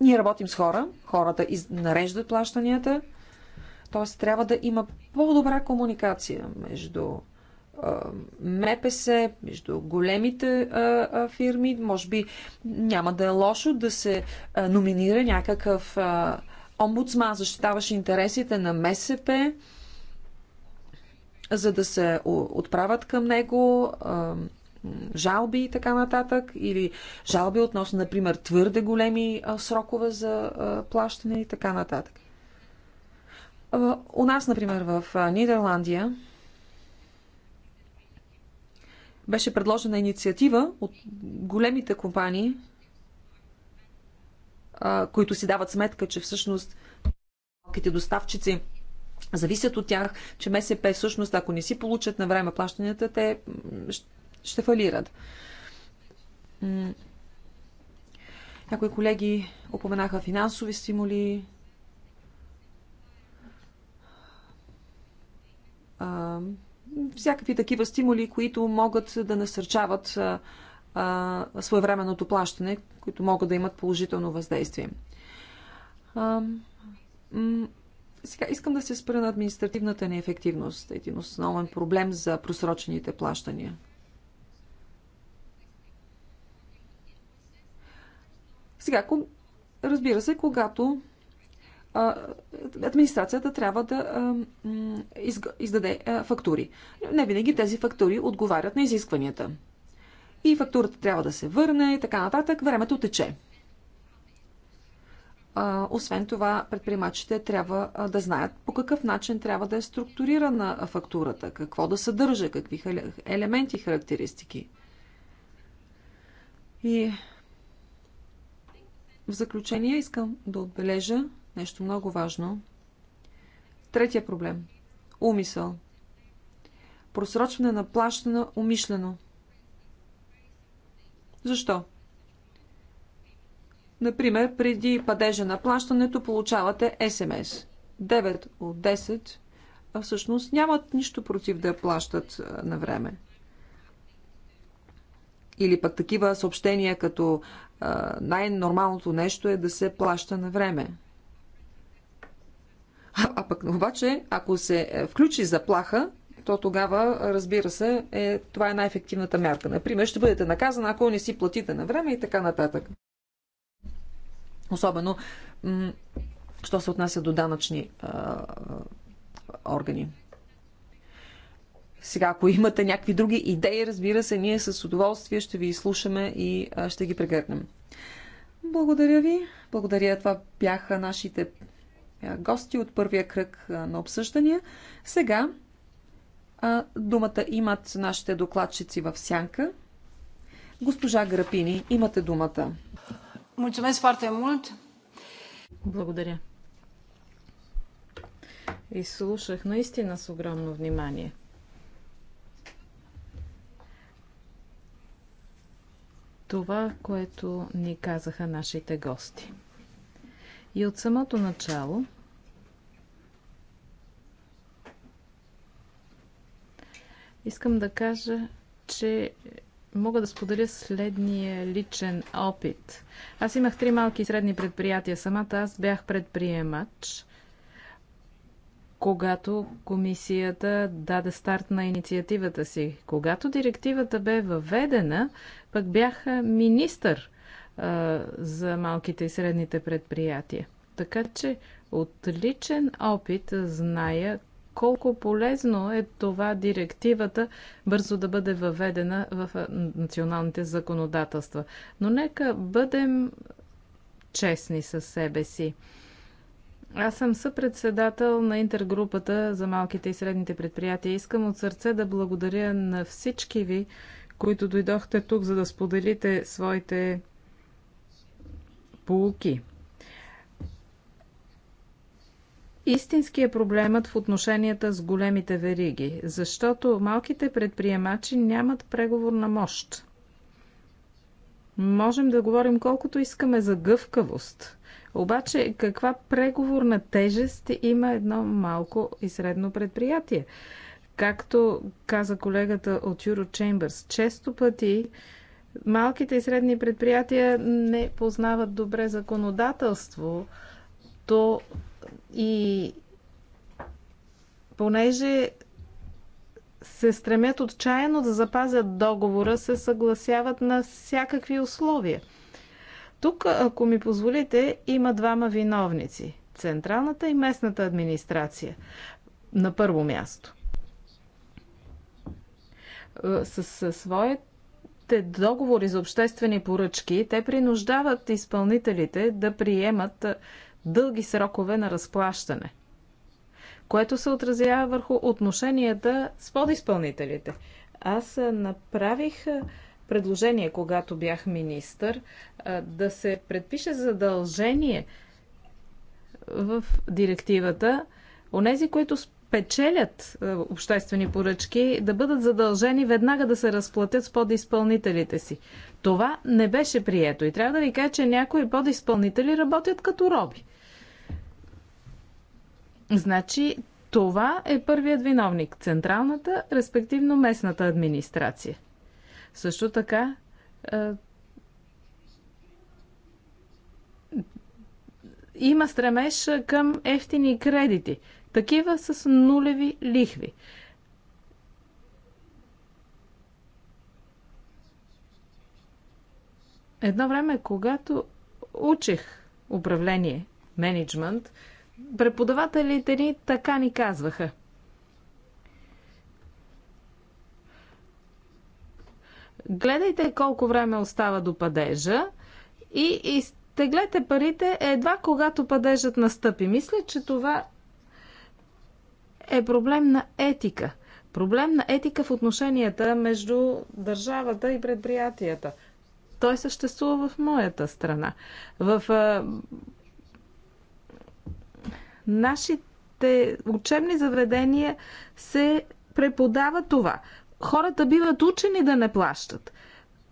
ние работим с хора, хората из... нареждат плащанията, т.е. трябва да има по-добра комуникация между МПС, между големите фирми. Може би няма да е лошо да се номинира някакъв омбудсман, защитаващ интересите на МСП, за да се отправят към него жалби и така нататък, или жалби относно, например, твърде големи срокове за плащане и така нататък. У нас, например, в Нидерландия, беше предложена инициатива от големите компании, които си дават сметка, че всъщност малките доставчици зависят от тях, че МСП всъщност, ако не си получат на време плащанията, те ще фалират. Някои колеги упоменаха финансови стимули. А, всякакви такива стимули, които могат да насърчават своевременното плащане, които могат да имат положително въздействие. сега искам да се спра на административната неефективност. Един основен проблем за просрочените плащания. Сега, разбира се, когато администрацията трябва да издаде фактури. Не винаги тези фактури отговарят на изискванията. И фактурата трябва да се върне и така нататък. Времето тече. Освен това, предприемачите трябва да знаят по какъв начин трябва да е структурирана фактурата, какво да съдържа, какви елементи, характеристики. И в заключение искам да отбележа, Нещо много важно. Третия проблем. Умисъл. Просрочване на плащане умишлено. Защо? Например, преди падежа на плащането получавате СМС. 9 от 10 всъщност нямат нищо против да плащат на време. Или пък такива съобщения, като най-нормалното нещо е да се плаща на време. А пък обаче, ако се е, включи заплаха, то тогава, разбира се, е, това е най-ефективната мярка. Например, ще бъдете наказани, ако не си платите на време и така нататък. Особено, що се отнася до данъчни а, а, органи. Сега, ако имате някакви други идеи, разбира се, ние с удоволствие ще ви изслушаме и а, ще ги прегърнем. Благодаря ви. Благодаря. Това бяха нашите е, гости от първия кръг е, на обсъждания. Сега е, думата имат нашите докладчици в сянка. Госпожа Грапини, имате думата. Мулțumesc foarte mult. Благодаря. И слушах наистина с огромно внимание. Това, което ни казаха нашите гости. И от самото начало искам да кажа, че мога да споделя следния личен опит. Аз имах три малки и средни предприятия. Самата аз бях предприемач, когато комисията даде старт на инициативата си. Когато директивата бе въведена, пък бях министър за малките и средните предприятия. Така че от личен опит зная колко полезно е това директивата бързо да бъде въведена в националните законодателства. Но нека бъдем честни със себе си. Аз съм съпредседател на интергрупата за малките и средните предприятия. Искам от сърце да благодаря на всички ви, които дойдохте тук, за да споделите своите полуки. Истински е проблемът в отношенията с големите вериги, защото малките предприемачи нямат преговор на мощ. Можем да говорим колкото искаме за гъвкавост. Обаче каква преговорна тежест има едно малко и средно предприятие? Както каза колегата от Euro Chambers, често пъти Малките и средни предприятия не познават добре законодателство, то и понеже се стремят отчаяно да запазят договора, се съгласяват на всякакви условия. Тук, ако ми позволите, има двама виновници централната и местната администрация на първо място. Със своят новите договори за обществени поръчки, те принуждават изпълнителите да приемат дълги срокове на разплащане, което се отразява върху отношенията с подизпълнителите. Аз направих предложение, когато бях министър, да се предпише задължение в директивата онези, които печелят е, обществени поръчки, да бъдат задължени веднага да се разплатят с подизпълнителите си. Това не беше прието. И трябва да ви кажа, че някои подизпълнители работят като роби. Значи, това е първият виновник централната, респективно местната администрация. Също така, е, има стремеж към ефтини кредити. Такива с нулеви лихви. Едно време, когато учих управление, менеджмент, преподавателите ни така ни казваха. Гледайте колко време остава до падежа и изтеглете парите едва когато падежът настъпи. Мисля, че това е проблем на етика. Проблем на етика в отношенията между държавата и предприятията. Той съществува в моята страна. В а, нашите учебни заведения се преподава това. Хората биват учени да не плащат.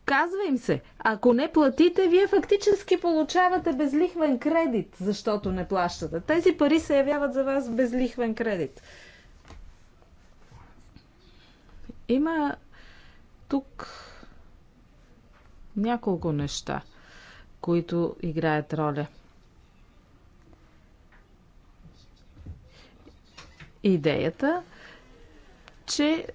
Казва им се, ако не платите, вие фактически получавате безлихвен кредит, защото не плащате. Тези пари се явяват за вас безлихвен кредит. Има тук няколко неща, които играят роля. Идеята, че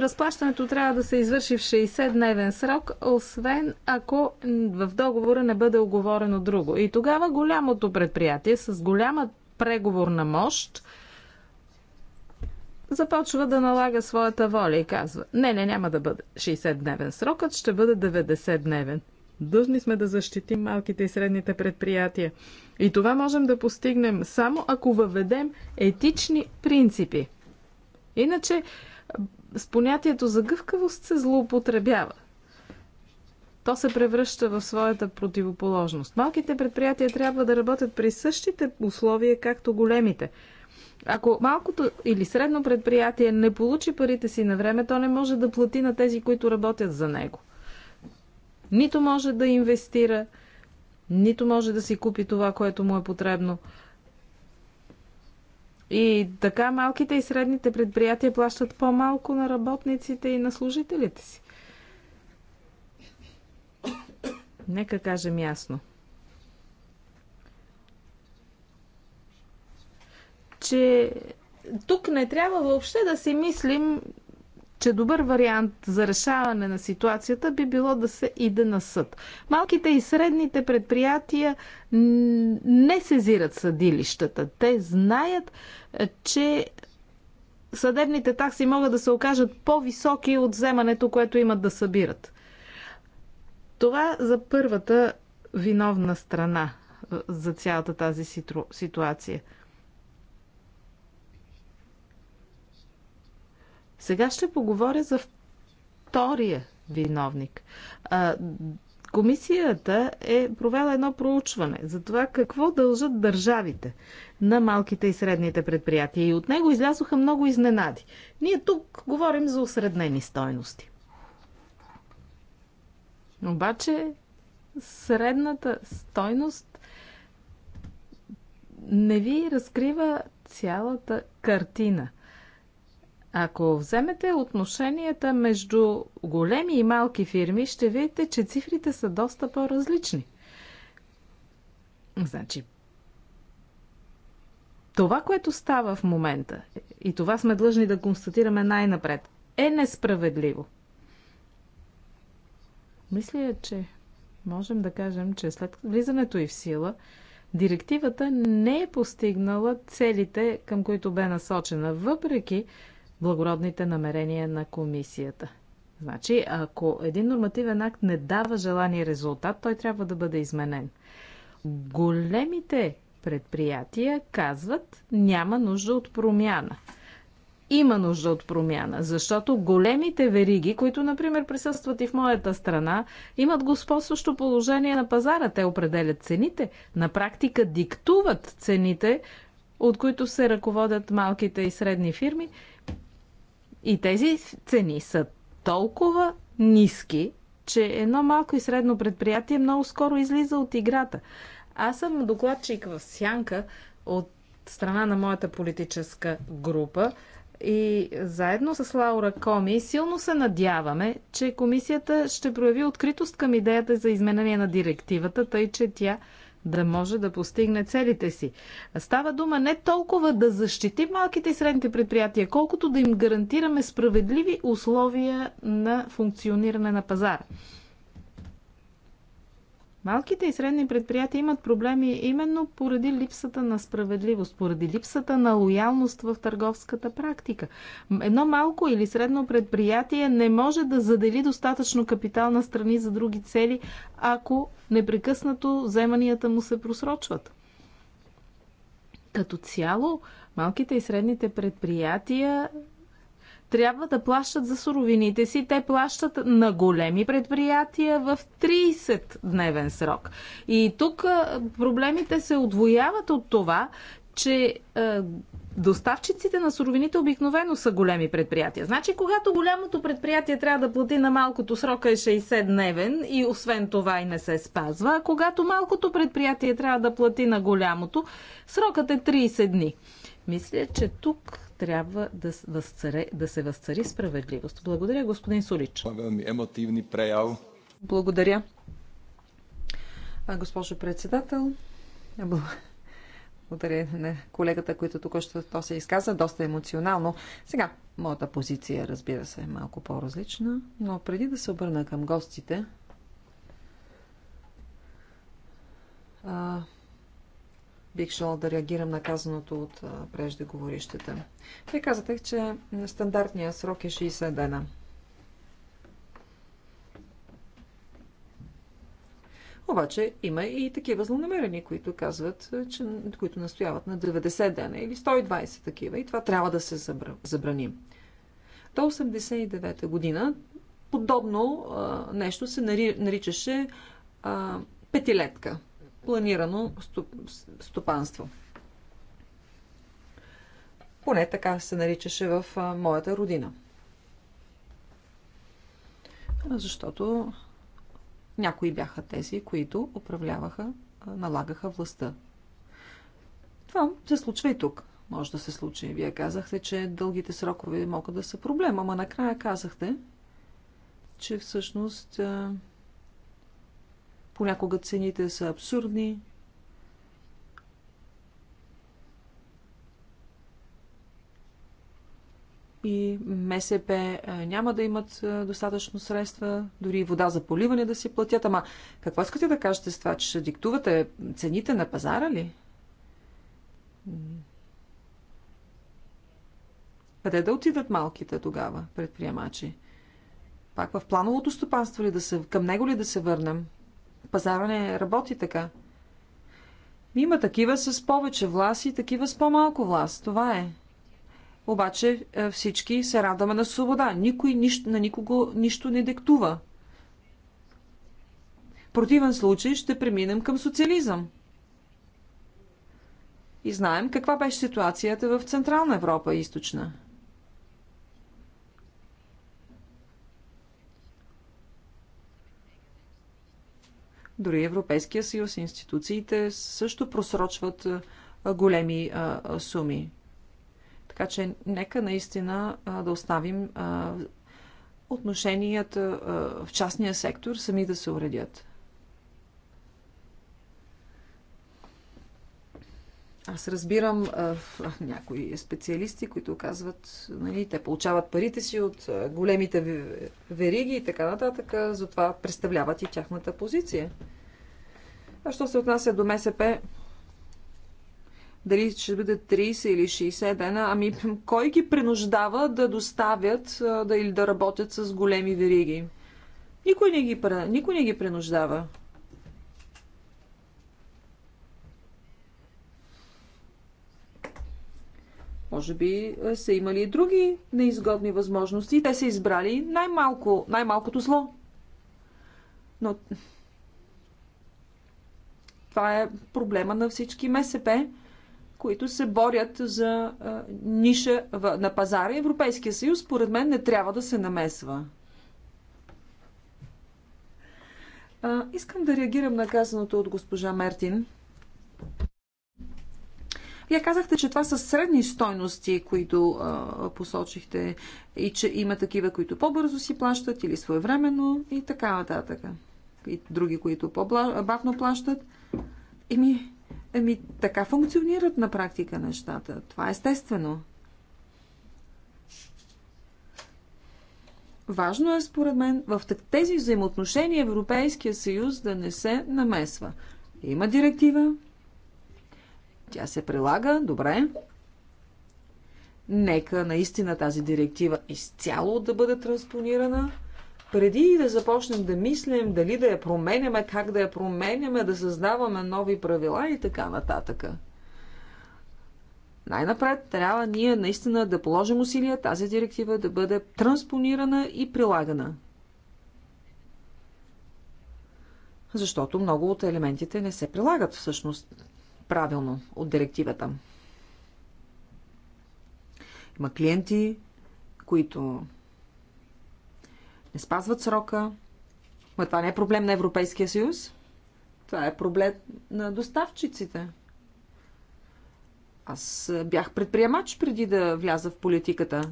разплащането трябва да се извърши в 60-дневен срок, освен ако в договора не бъде оговорено друго. И тогава голямото предприятие с голяма преговорна мощ започва да налага своята воля и казва не, не, няма да бъде 60-дневен срокът, ще бъде 90-дневен. Дължни сме да защитим малките и средните предприятия. И това можем да постигнем само ако въведем етични принципи. Иначе с понятието за гъвкавост се злоупотребява. То се превръща в своята противоположност. Малките предприятия трябва да работят при същите условия, както големите. Ако малкото или средно предприятие не получи парите си на време, то не може да плати на тези, които работят за него. Нито може да инвестира, нито може да си купи това, което му е потребно. И така малките и средните предприятия плащат по-малко на работниците и на служителите си. Нека кажем ясно. Че тук не трябва въобще да си мислим че добър вариант за решаване на ситуацията би било да се иде на съд. Малките и средните предприятия не сезират съдилищата. Те знаят, е, че съдебните такси могат да се окажат по-високи от вземането, което имат да събират. Това за първата виновна страна е, за цялата тази ситуация. Сега ще поговоря за втория виновник. А, комисията е провела едно проучване за това какво дължат държавите на малките и средните предприятия. И от него излязоха много изненади. Ние тук говорим за осреднени стойности. Обаче средната стойност не ви разкрива цялата картина – ако вземете отношенията между големи и малки фирми, ще видите, че цифрите са доста по-различни. Значи, това, което става в момента, и това сме длъжни да констатираме най-напред, е несправедливо. Мисля, че можем да кажем, че след влизането и в сила, директивата не е постигнала целите, към които бе насочена, въпреки благородните намерения на комисията. Значи, ако един нормативен акт не дава желания резултат, той трябва да бъде изменен. Големите предприятия казват, няма нужда от промяна. Има нужда от промяна, защото големите вериги, които, например, присъстват и в моята страна, имат господстващо положение на пазара. Те определят цените, на практика диктуват цените, от които се ръководят малките и средни фирми – и тези цени са толкова ниски, че едно малко и средно предприятие много скоро излиза от играта. Аз съм докладчик в Сянка от страна на моята политическа група и заедно с Лаура Коми силно се надяваме, че комисията ще прояви откритост към идеята за изменение на директивата, тъй че тя да може да постигне целите си. Става дума не толкова да защитим малките и средните предприятия, колкото да им гарантираме справедливи условия на функциониране на пазара. Малките и средни предприятия имат проблеми именно поради липсата на справедливост, поради липсата на лоялност в търговската практика. Едно малко или средно предприятие не може да задели достатъчно капитал на страни за други цели, ако непрекъснато вземанията му се просрочват. Като цяло, малките и средните предприятия трябва да плащат за суровините си. Те плащат на големи предприятия в 30-дневен срок. И тук проблемите се отвояват от това, че доставчиците на суровините обикновено са големи предприятия. Значи, когато голямото предприятие трябва да плати на малкото, срока е 60-дневен и освен това и не се спазва, а когато малкото предприятие трябва да плати на голямото, срокът е 30 дни. Мисля, че тук трябва да, възцаре, да се възцари справедливост. Благодаря, господин Сулич. Емотивни Благодаря. А, госпожо председател, благодаря на колегата, които тук още то се изказа, доста емоционално. Сега, моята позиция, разбира се, е малко по-различна, но преди да се обърна към гостите, а, бих желал да реагирам на казаното от преждеговорищата. Вие казате, че стандартният срок е 60 дена. Обаче има и такива злонамерени, които казват, че, които настояват на 90 дена или 120 такива и това трябва да се забрани. До 89-та година подобно а, нещо се наричаше а, петилетка – планирано стопанство. Поне така се наричаше в моята родина. Защото някои бяха тези, които управляваха, налагаха властта. Това се случва и тук. Може да се случи. Вие казахте, че дългите срокове могат да са проблем, ама накрая казахте, че всъщност Понякога цените са абсурдни. И МСП е, няма да имат е, достатъчно средства, дори вода за поливане да си платят. Ама какво искате да кажете с това, че ще диктувате цените на пазара ли? Къде да отидат малките тогава предприемачи? Пак в плановото стопанство ли да се, към него ли да се върнем? Пазара не работи така. Има такива с повече власт и такива с по-малко власт. Това е. Обаче е, всички се радваме на свобода. Никой нищо, на никого нищо не диктува. В противен случай ще преминем към социализъм. И знаем каква беше ситуацията в Централна Европа, източна. Дори Европейския съюз, институциите също просрочват големи суми. Така че нека наистина да оставим отношенията в частния сектор сами да се уредят. Аз разбирам а, някои специалисти, които казват, нали, те получават парите си от големите вериги и така нататък, затова представляват и тяхната позиция. А що се отнася до МСП, дали ще бъде 30 или 60 дена, ами кой ги принуждава да доставят да, или да работят с големи вериги? Никой не ги, никой не ги принуждава. Може би е, са имали и други неизгодни възможности. Те са избрали най-малко, най-малкото зло. Но това е проблема на всички МСП, които се борят за а, е, ниша в, на пазара. Европейския съюз, според мен, не трябва да се намесва. А, е, искам да реагирам на казаното от госпожа Мертин. Вие казахте, че това са средни стойности, които а, посочихте и че има такива, които по-бързо си плащат или своевременно и така нататък. И други, които по-бавно плащат. Еми, еми, така функционират на практика нещата. Това е естествено. Важно е, според мен, в тези взаимоотношения Европейския съюз да не се намесва. Има директива, тя се прилага, добре. Нека наистина тази директива изцяло да бъде транспонирана. Преди да започнем да мислим дали да я променяме, как да я променяме, да създаваме нови правила и така нататък. Най-напред трябва ние наистина да положим усилия тази директива да бъде транспонирана и прилагана. Защото много от елементите не се прилагат всъщност правилно от директивата. Има клиенти, които не спазват срока. Но това не е проблем на Европейския съюз. Това е проблем на доставчиците. Аз е, бях предприемач преди да вляза в политиката.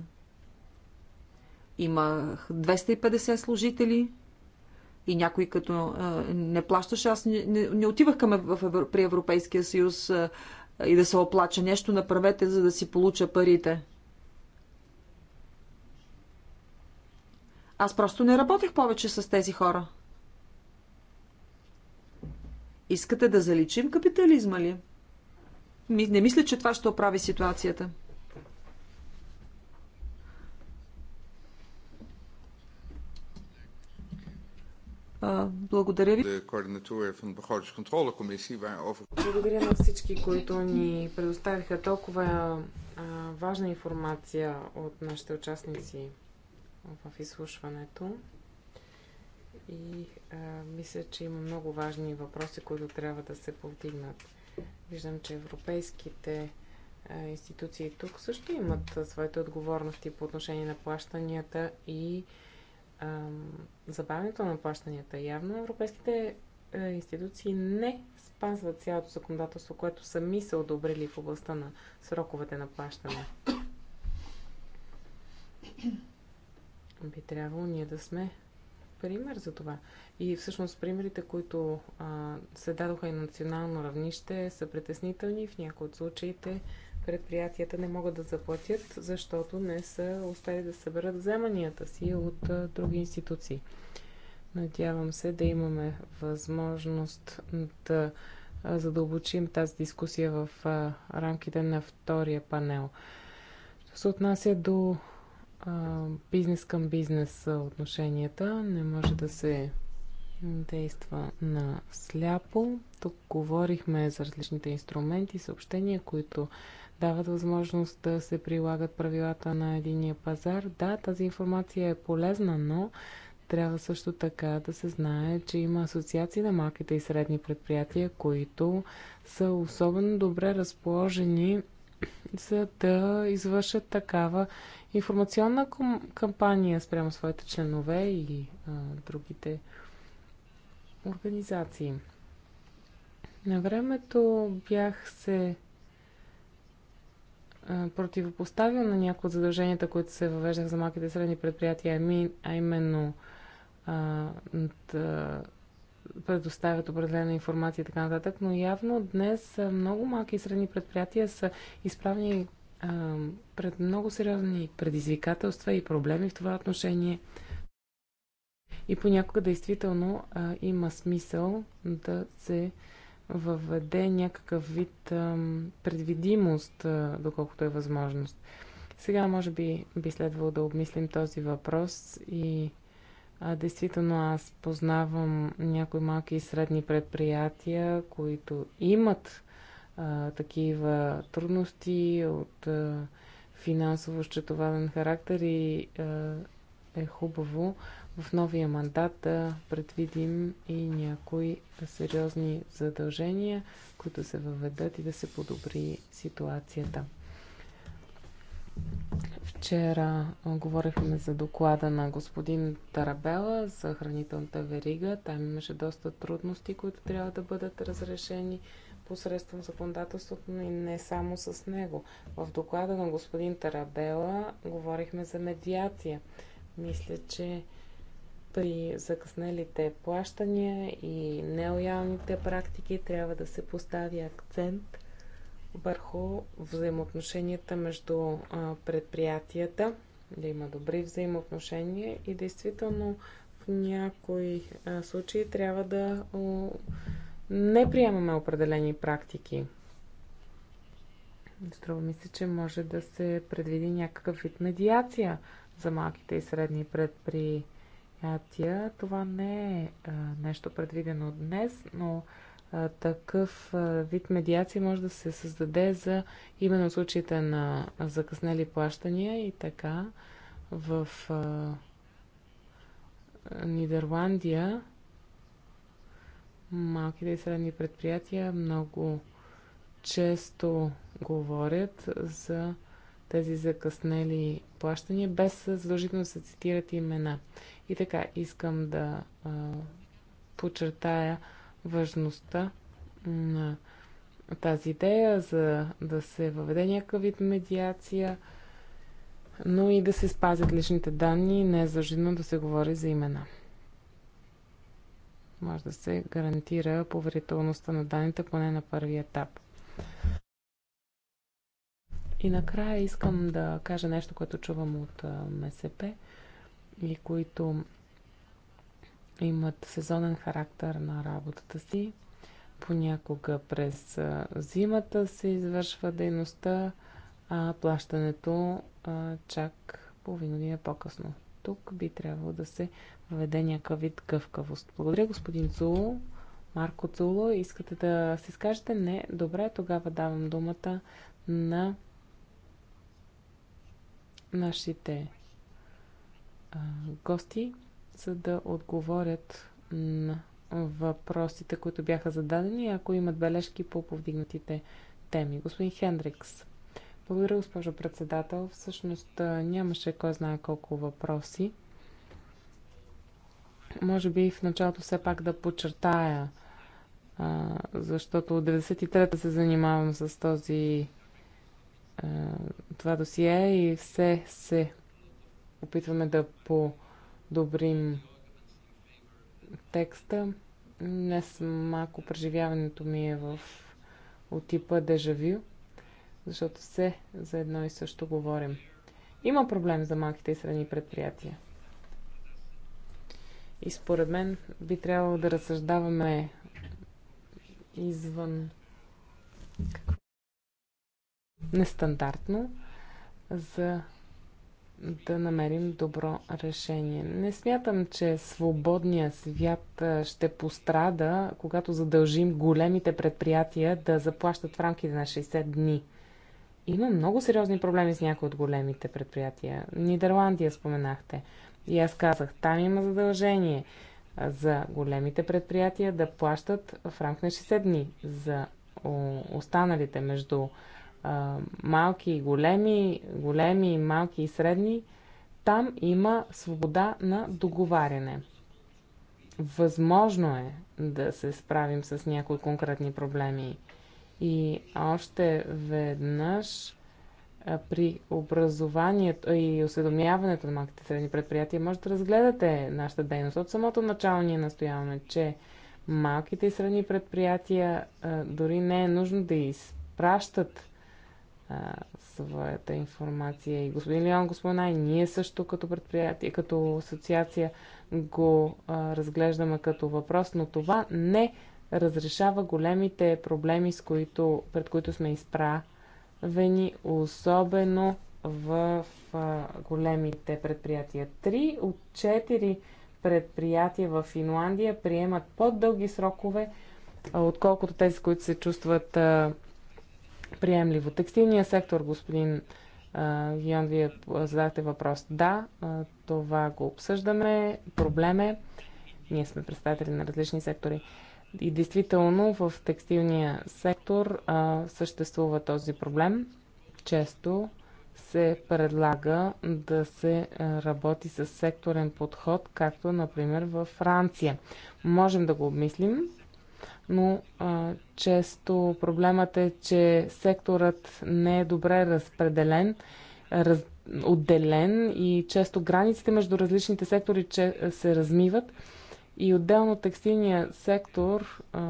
Имах 250 служители и някой като не плащаш. Аз не, не, не отивах към в, при Европейския съюз и да се оплача. Нещо направете, за да си получа парите. Аз просто не работех повече с тези хора. Искате да заличим капитализма ли? Не мисля, че това ще оправи ситуацията. Благодаря ви. Благодаря на всички, които ни предоставиха толкова важна информация от нашите участници в изслушването. И а, мисля, че има много важни въпроси, които трябва да се повдигнат. Виждам, че европейските а, институции тук също имат своите отговорности по отношение на плащанията и а, забавянето на плащанията. Явно европейските е, институции не спазват цялото законодателство, което сами са одобрили в областта на сроковете на плащане. Би трябвало ние да сме пример за това. И всъщност примерите, които а, се дадоха и на национално равнище, са притеснителни. В някои от случаите предприятията не могат да заплатят, защото не са успели да съберат вземанията си от други институции. Надявам се да имаме възможност да задълбочим тази дискусия в рамките на втория панел. Що се отнася до бизнес към бизнес отношенията, не може да се действа на сляпо. Тук говорихме за различните инструменти, съобщения, които дават възможност да се прилагат правилата на единия пазар. Да, тази информация е полезна, но трябва също така да се знае, че има асоциации на малките и средни предприятия, които са особено добре разположени за да извършат такава информационна кампания спрямо своите членове и а, другите организации. На времето бях се противопоставил на някои от задълженията, които се въвеждах за малките и средни предприятия, а именно да предоставят определена информация и така нататък, но явно днес много малки и средни предприятия са изправени пред много сериозни предизвикателства и проблеми в това отношение. И понякога действително а, има смисъл да се а, въведе някакъв вид предвидимост, доколкото е възможност. Сега, може би, би следвало да обмислим този въпрос и а, действително аз познавам някои малки и средни предприятия, които имат а, такива трудности от а, финансово-счетоваден характер и а, е хубаво, в новия мандат да предвидим и някои сериозни задължения, които се въведат и да се подобри ситуацията. Вчера говорихме за доклада на господин Тарабела за хранителната верига. Там имаше доста трудности, които трябва да бъдат разрешени посредством законодателството, но и не само с него. В доклада на господин Тарабела говорихме за медиация. Мисля, че при закъснелите плащания и нелоялните практики трябва да се постави акцент върху взаимоотношенията между предприятията, да има добри взаимоотношения и действително в някои случаи трябва да не приемаме определени практики. Струва ми се, че може да се предвиди някакъв вид медиация за малките и средни предприятия понятия. Това не е нещо предвидено днес, но такъв вид медиация може да се създаде за именно случаите на закъснели плащания и така в Нидерландия малките и средни предприятия много често говорят за тези закъснели плащания, без задължително да се цитират имена. И така, искам да а, подчертая важността на тази идея за да се въведе някакъв вид медиация, но и да се спазят личните данни, не е зажидно да се говори за имена. Може да се гарантира поверителността на данните поне на първи етап. И накрая искам да кажа нещо, което чувам от МСП и които имат сезонен характер на работата си. Понякога през зимата се извършва дейността, а плащането а, чак половина е по-късно. Тук би трябвало да се въведе някакъв вид гъвкавост. Благодаря, господин Цуло. Марко Цуло, искате да се изкажете? Не. Добре, тогава давам думата на нашите гости, за да отговорят на въпросите, които бяха зададени, ако имат бележки по повдигнатите теми. Господин Хендрикс. Благодаря, госпожо председател. Всъщност нямаше кой знае колко въпроси. Може би в началото все пак да подчертая, защото от 93-та се занимавам с този това досие и все се опитваме да подобрим текста. Днес малко преживяването ми е в от типа дежавю, защото все за едно и също говорим. Има проблем за малките и средни предприятия. И според мен би трябвало да разсъждаваме извън нестандартно за да намерим добро решение. Не смятам, че свободния свят ще пострада, когато задължим големите предприятия да заплащат в рамките на 60 дни. Има много сериозни проблеми с някои от големите предприятия. Нидерландия споменахте. И аз казах, там има задължение за големите предприятия да плащат в рамките на 60 дни. За останалите между малки и големи, големи и малки и средни, там има свобода на договаряне. Възможно е да се справим с някои конкретни проблеми. И още веднъж при образованието и осведомяването на малките средни предприятия може да разгледате нашата дейност. От самото начало ние настояваме, че малките и средни предприятия дори не е нужно да изпращат своята информация. И господин Леон го и ние също като предприятие, като асоциация го а, разглеждаме като въпрос, но това не разрешава големите проблеми, с които, пред които сме изправени, особено в а, големите предприятия. Три от четири предприятия в Финландия приемат по-дълги срокове, а, отколкото тези, които се чувстват а, приемливо. Текстилният сектор, господин Гион, вие зададете въпрос. Да, това го обсъждаме, проблем е. Ние сме представители на различни сектори. И действително в текстилния сектор а, съществува този проблем. Често се предлага да се работи с секторен подход, както например във Франция. Можем да го обмислим, но а, често проблемът е, че секторът не е добре разпределен, раз, отделен и често границите между различните сектори че, се размиват. И отделно текстилния сектор, а,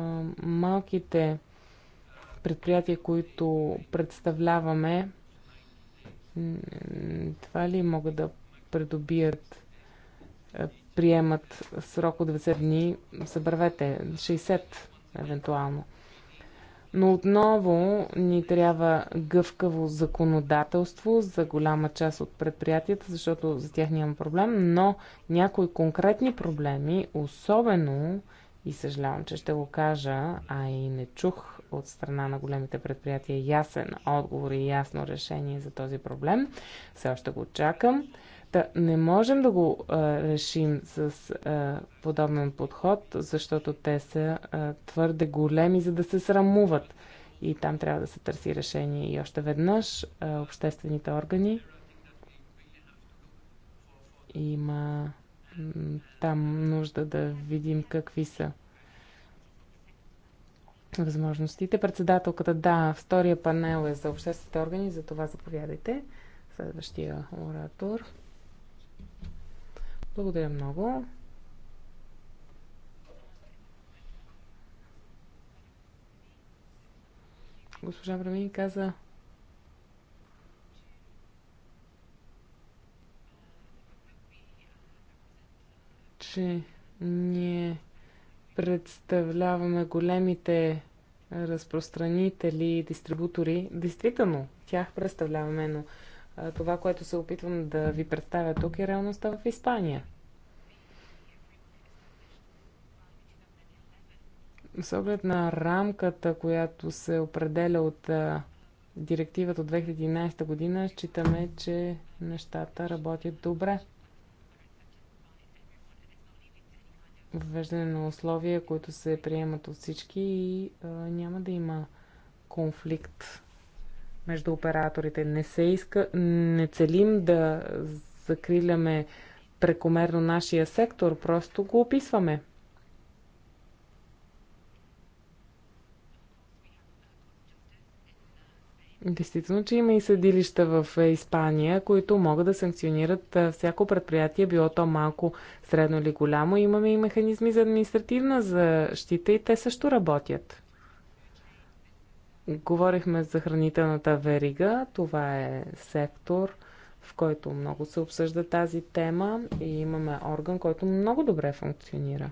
малките предприятия, които представляваме, това ли могат да предобият, приемат срок от 90 дни, събравете 60 евентуално. Но отново ни трябва гъвкаво законодателство за голяма част от предприятията, защото за тях няма проблем, но някои конкретни проблеми, особено, и съжалявам, че ще го кажа, а и не чух от страна на големите предприятия ясен отговор и ясно решение за този проблем, все още го чакам. Та не можем да го а, решим с а, подобен подход, защото те са а, твърде големи, за да се срамуват. И там трябва да се търси решение. И още веднъж а, обществените органи има там нужда да видим какви са възможностите. Председателката, да, втория панел е за обществените органи, за това заповядайте. Следващия оратор. Благодаря много. Госпожа Брамин каза, че ние представляваме големите разпространители и дистрибутори. Действително, тях представляваме, но това, което се опитвам да ви представя тук е реалността в Испания. С оглед на рамката, която се определя от директивата от 2011 година, считаме, че нещата работят добре. Въвеждане на условия, които се приемат от всички и а, няма да има конфликт между операторите. Не, се иска, не целим да закриляме прекомерно нашия сектор, просто го описваме. Действително, че има и съдилища в Испания, които могат да санкционират всяко предприятие, било то малко, средно или голямо. Имаме и механизми за административна защита и те също работят. Говорихме за хранителната верига. Това е сектор, в който много се обсъжда тази тема и имаме орган, който много добре функционира.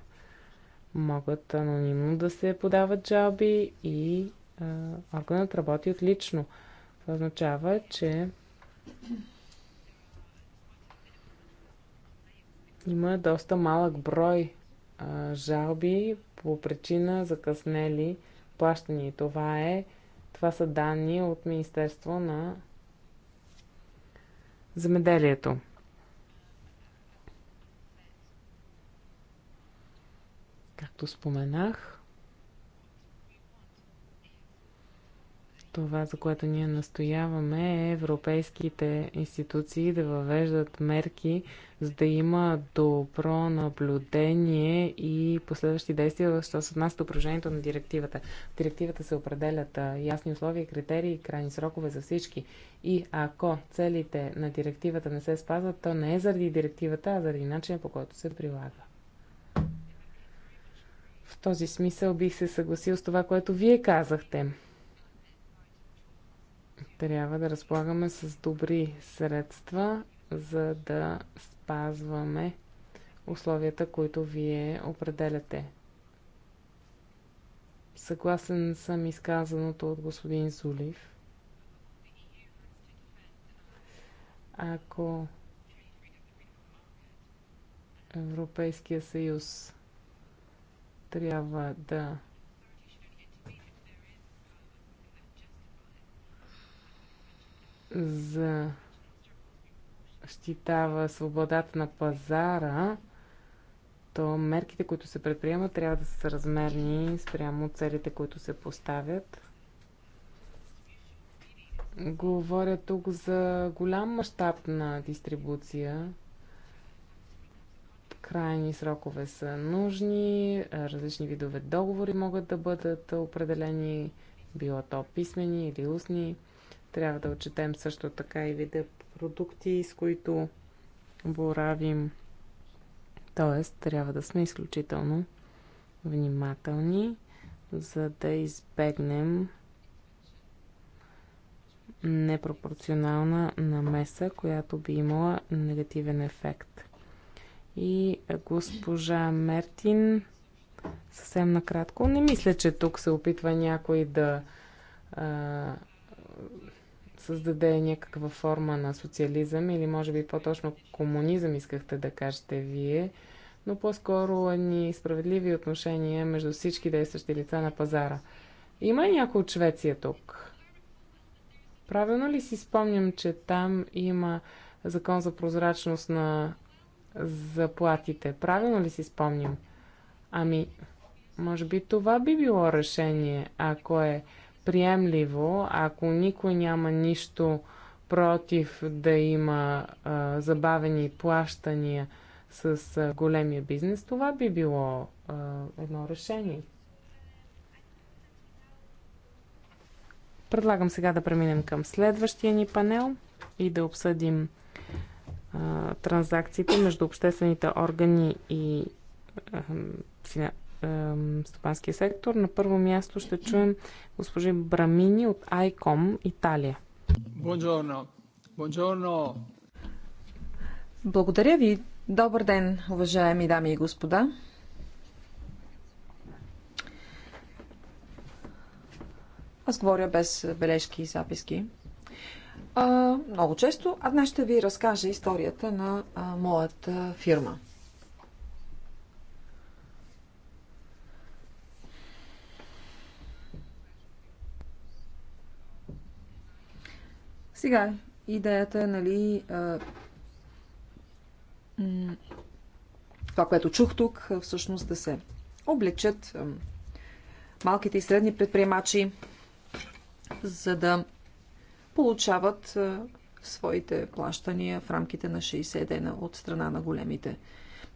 Могат анонимно да се подават жалби и е, органът работи отлично. Това означава, че има доста малък брой е, жалби по причина закъснели плащания. Това е това са данни от Министерство на земеделието. Както споменах, Това, за което ние настояваме е европейските институции да въвеждат мерки, за да има добро наблюдение и последващи действия, що се отнася до упражнението на директивата. В директивата се определят ясни условия, критерии, крайни срокове за всички. И ако целите на директивата не се спазват, то не е заради директивата, а заради начина по който се прилага. В този смисъл бих се съгласил с това, което вие казахте трябва да разполагаме с добри средства, за да спазваме условията, които вие определяте. Съгласен съм изказаното от господин Зулив. Ако Европейския съюз трябва да защитава свободата на пазара, то мерките, които се предприемат, трябва да са съразмерни спрямо целите, които се поставят. Говоря тук за голям мащаб на дистрибуция. Крайни срокове са нужни, различни видове договори могат да бъдат определени, било то писмени или устни трябва да отчетем също така и вида продукти, с които боравим. Тоест, трябва да сме изключително внимателни, за да избегнем непропорционална намеса, която би имала негативен ефект. И е, госпожа Мертин, съвсем накратко, не мисля, че тук се опитва някой да а, създаде някаква форма на социализъм или може би по-точно комунизъм искахте да кажете вие, но по-скоро ни справедливи отношения между всички действащи лица на пазара. Има ли някой от Швеция тук? Правилно ли си спомням, че там има закон за прозрачност на заплатите? Правилно ли си спомням? Ами, може би това би било решение, ако е приемливо, ако никой няма нищо против да има а, забавени плащания с а, големия бизнес, това би било а, едно решение. Предлагам сега да преминем към следващия ни панел и да обсъдим а, транзакциите между обществените органи и стопанския сектор. На първо място ще чуем госпожи Брамини от ICOM Италия. Buongiorno. Buongiorno. Благодаря ви. Добър ден, уважаеми дами и господа. Аз говоря без бележки и записки. А, много често. А днес ще ви разкажа историята на а, моята фирма. Сега, идеята е, нали, това, което чух тук, всъщност да се облечат малките и средни предприемачи, за да получават своите плащания в рамките на 60 дена от страна на големите.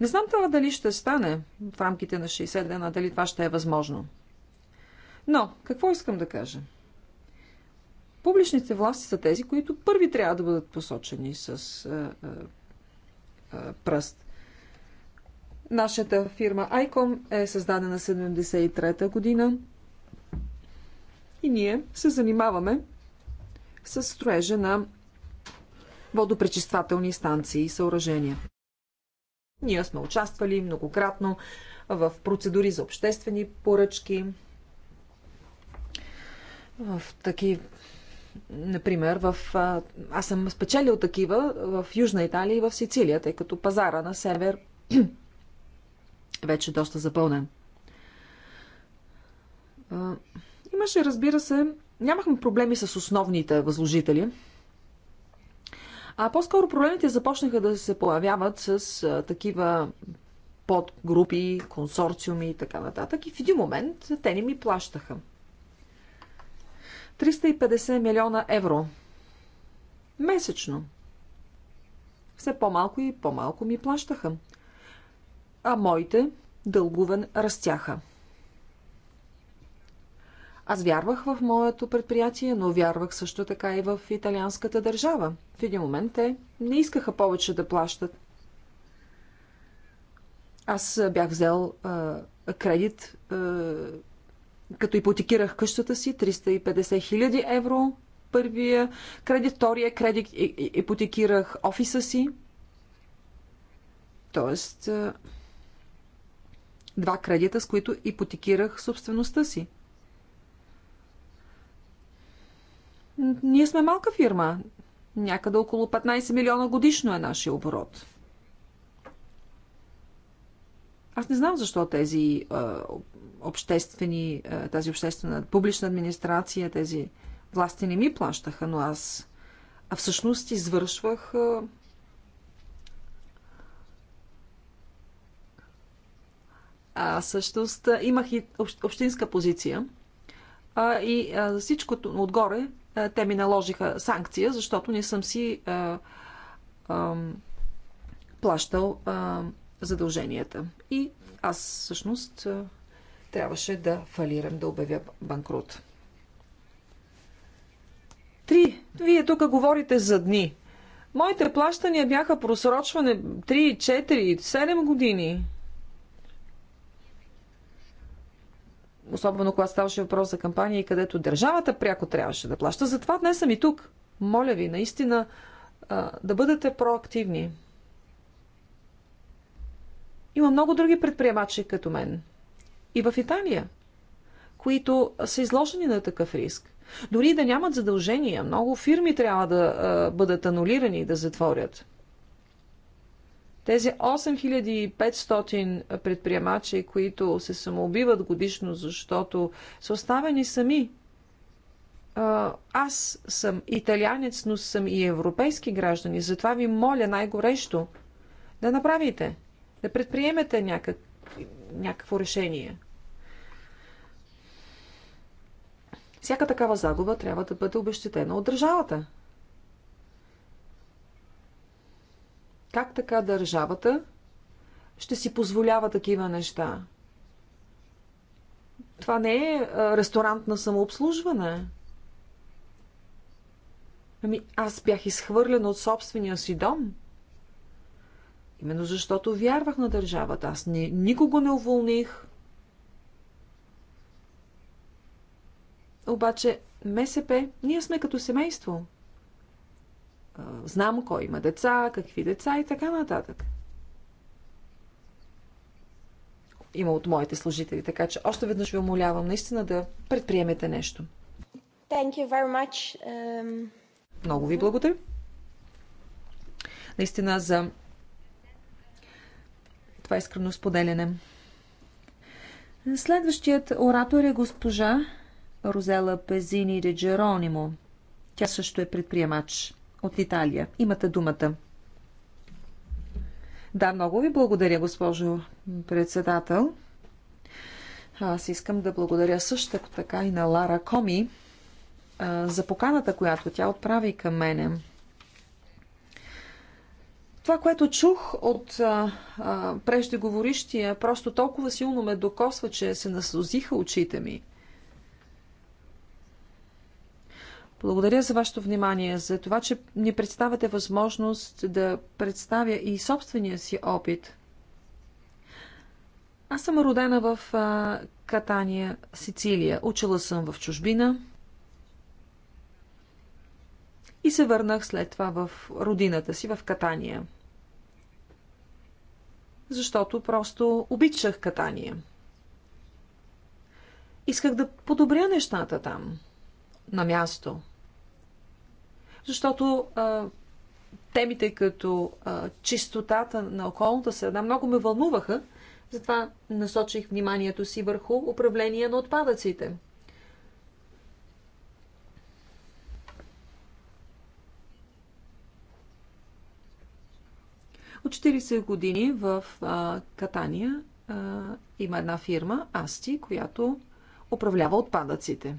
Не знам това дали ще стане в рамките на 60 дена, дали това ще е възможно. Но, какво искам да кажа? Публичните власти са тези, които първи трябва да бъдат посочени с а, а, пръст. Нашата фирма ICOM е създадена 73-та година и ние се занимаваме с строежа на водопречиствателни станции и съоръжения. Ние сме участвали многократно в процедури за обществени поръчки, в такива Например, в, аз съм спечелил такива в Южна Италия и в Сицилия, тъй като пазара на север вече е доста запълнен. Имаше, разбира се, нямахме проблеми с основните възложители, а по-скоро проблемите започнаха да се появяват с такива подгрупи, консорциуми и така нататък. И в един момент те не ми плащаха. 350 милиона евро. Месечно. Все по-малко и по-малко ми плащаха. А моите дългове растяха. Аз вярвах в моето предприятие, но вярвах също така и в италианската държава. В един момент те не искаха повече да плащат. Аз бях взел а, кредит а, като ипотекирах къщата си, 350 хиляди евро първия кредит, втория кредит ипотекирах офиса си. Тоест, два кредита, с които ипотекирах собствеността си. Ние сме малка фирма. Някъде около 15 милиона годишно е нашия оборот. Аз не знам защо тези обществени, тази обществена, публична администрация, тези власти не ми плащаха, но аз а всъщност извършвах а, всъщност имах и общинска позиция а, и а, всичкото отгоре а, те ми наложиха санкция, защото не съм си а, а, плащал а, задълженията. И аз всъщност трябваше да фалирам, да обявя банкрут. Три. Вие тук говорите за дни. Моите плащания бяха просрочване 3, 4, 7 години. Особено когато ставаше въпрос за кампании, където държавата пряко трябваше да плаща. Затова днес съм и тук. Моля ви, наистина, да бъдете проактивни. Има много други предприемачи като мен. И в Италия, които са изложени на такъв риск. Дори да нямат задължения, много фирми трябва да а, бъдат анулирани и да затворят. Тези 8500 предприемачи, които се самоубиват годишно, защото са оставени сами. Аз съм италянец, но съм и европейски граждани. Затова ви моля най-горещо да направите да предприемете някак, някакво решение. Всяка такава загуба трябва да бъде обещетена от държавата. Как така държавата ще си позволява такива неща? Това не е ресторант на самообслужване. Ами аз бях изхвърлен от собствения си дом. Именно защото вярвах на държавата. Аз не, никого не уволних. Обаче МСП, ние сме като семейство. Знам кой има деца, какви деца и така нататък. Има от моите служители, така че още веднъж ви умолявам наистина да предприемете нещо. Thank you very much. Um... Много ви благодаря. Наистина за това искрено споделяне. Следващият оратор е госпожа Розела Пезини де Джеронимо. Тя също е предприемач от Италия. Имате думата. Да, много ви благодаря, госпожо председател. Аз искам да благодаря също така и на Лара Коми а, за поканата, която тя отправи към мене. Това, което чух от а, а, преждеговорищия, просто толкова силно ме докосва, че се наслозиха очите ми. Благодаря за вашето внимание, за това, че ни представяте възможност да представя и собствения си опит. Аз съм родена в а, Катания, Сицилия. Учила съм в чужбина и се върнах след това в родината си, в Катания. Защото просто обичах Катания. Исках да подобря нещата там, на място. Защото а, темите като а, чистотата на околната среда много ме вълнуваха, затова насочих вниманието си върху управление на отпадъците – От 40 години в а, Катания а, има една фирма, Асти, която управлява отпадъците.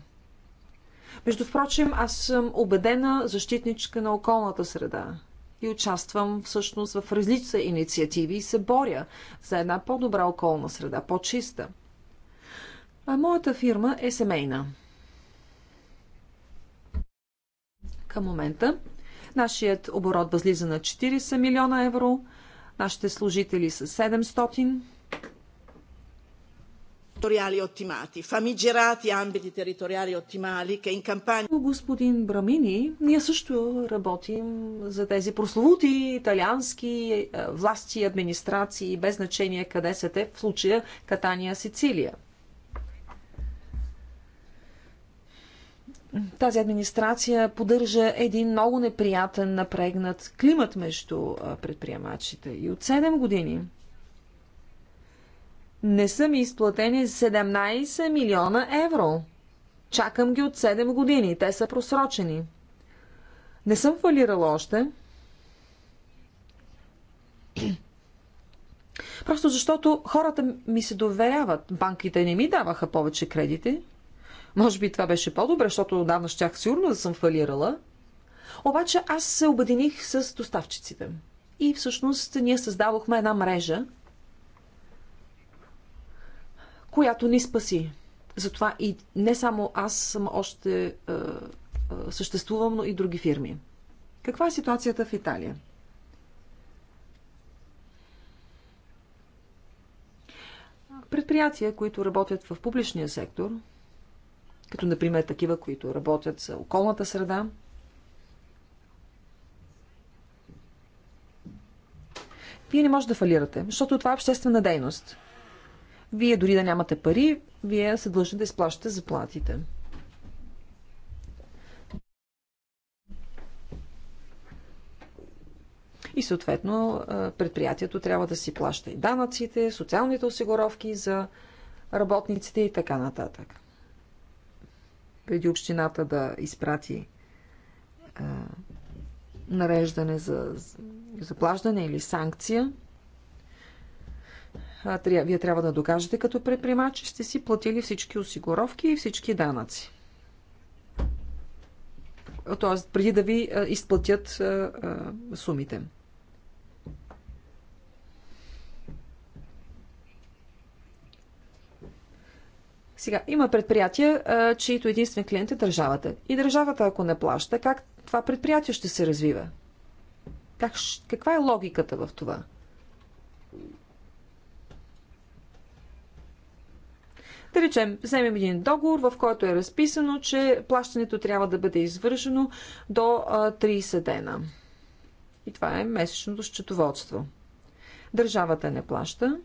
Между впрочем, аз съм убедена защитничка на околната среда и участвам всъщност в различни инициативи и се боря за една по-добра околна среда, по-чиста. А моята фирма е семейна. Към момента нашият оборот възлиза на 40 милиона евро. Нашите служители са 700 Господин Брамини, ние също работим за тези прословути италиански е, власти, администрации, без значение къде са те, в случая Катания, Сицилия. тази администрация поддържа един много неприятен, напрегнат климат между предприемачите. И от 7 години не са ми изплатени 17 милиона евро. Чакам ги от 7 години. Те са просрочени. Не съм фалирала още. Просто защото хората ми се доверяват. Банките не ми даваха повече кредити. Може би това беше по-добре, защото отдавна щях сигурно да съм фалирала. Обаче аз се обединих с доставчиците. И всъщност ние създавахме една мрежа, която ни спаси. Затова и не само аз съм още е, е съществувам, но и други фирми. Каква е ситуацията в Италия? Предприятия, които работят в публичния сектор – като например такива, които работят за околната среда. Вие не можете да фалирате, защото това е обществена дейност. Вие дори да нямате пари, вие се длъжни да изплащате заплатите. И съответно предприятието трябва да си плаща и данъците, социалните осигуровки за работниците и така нататък преди общината да изпрати а, нареждане за заплаждане или санкция, а, тря, вие трябва да докажете като предприемач, че сте си платили всички осигуровки и всички данъци. Тоест, преди да ви а, изплатят а, а, сумите. Сега, има предприятия, чието единствен клиент е държавата. И държавата, ако не плаща, как това предприятие ще се развива? Как, каква е логиката в това? Да речем, вземем един договор, в който е разписано, че плащането трябва да бъде извършено до 30 дена. И това е месечното счетоводство. Държавата не плаща,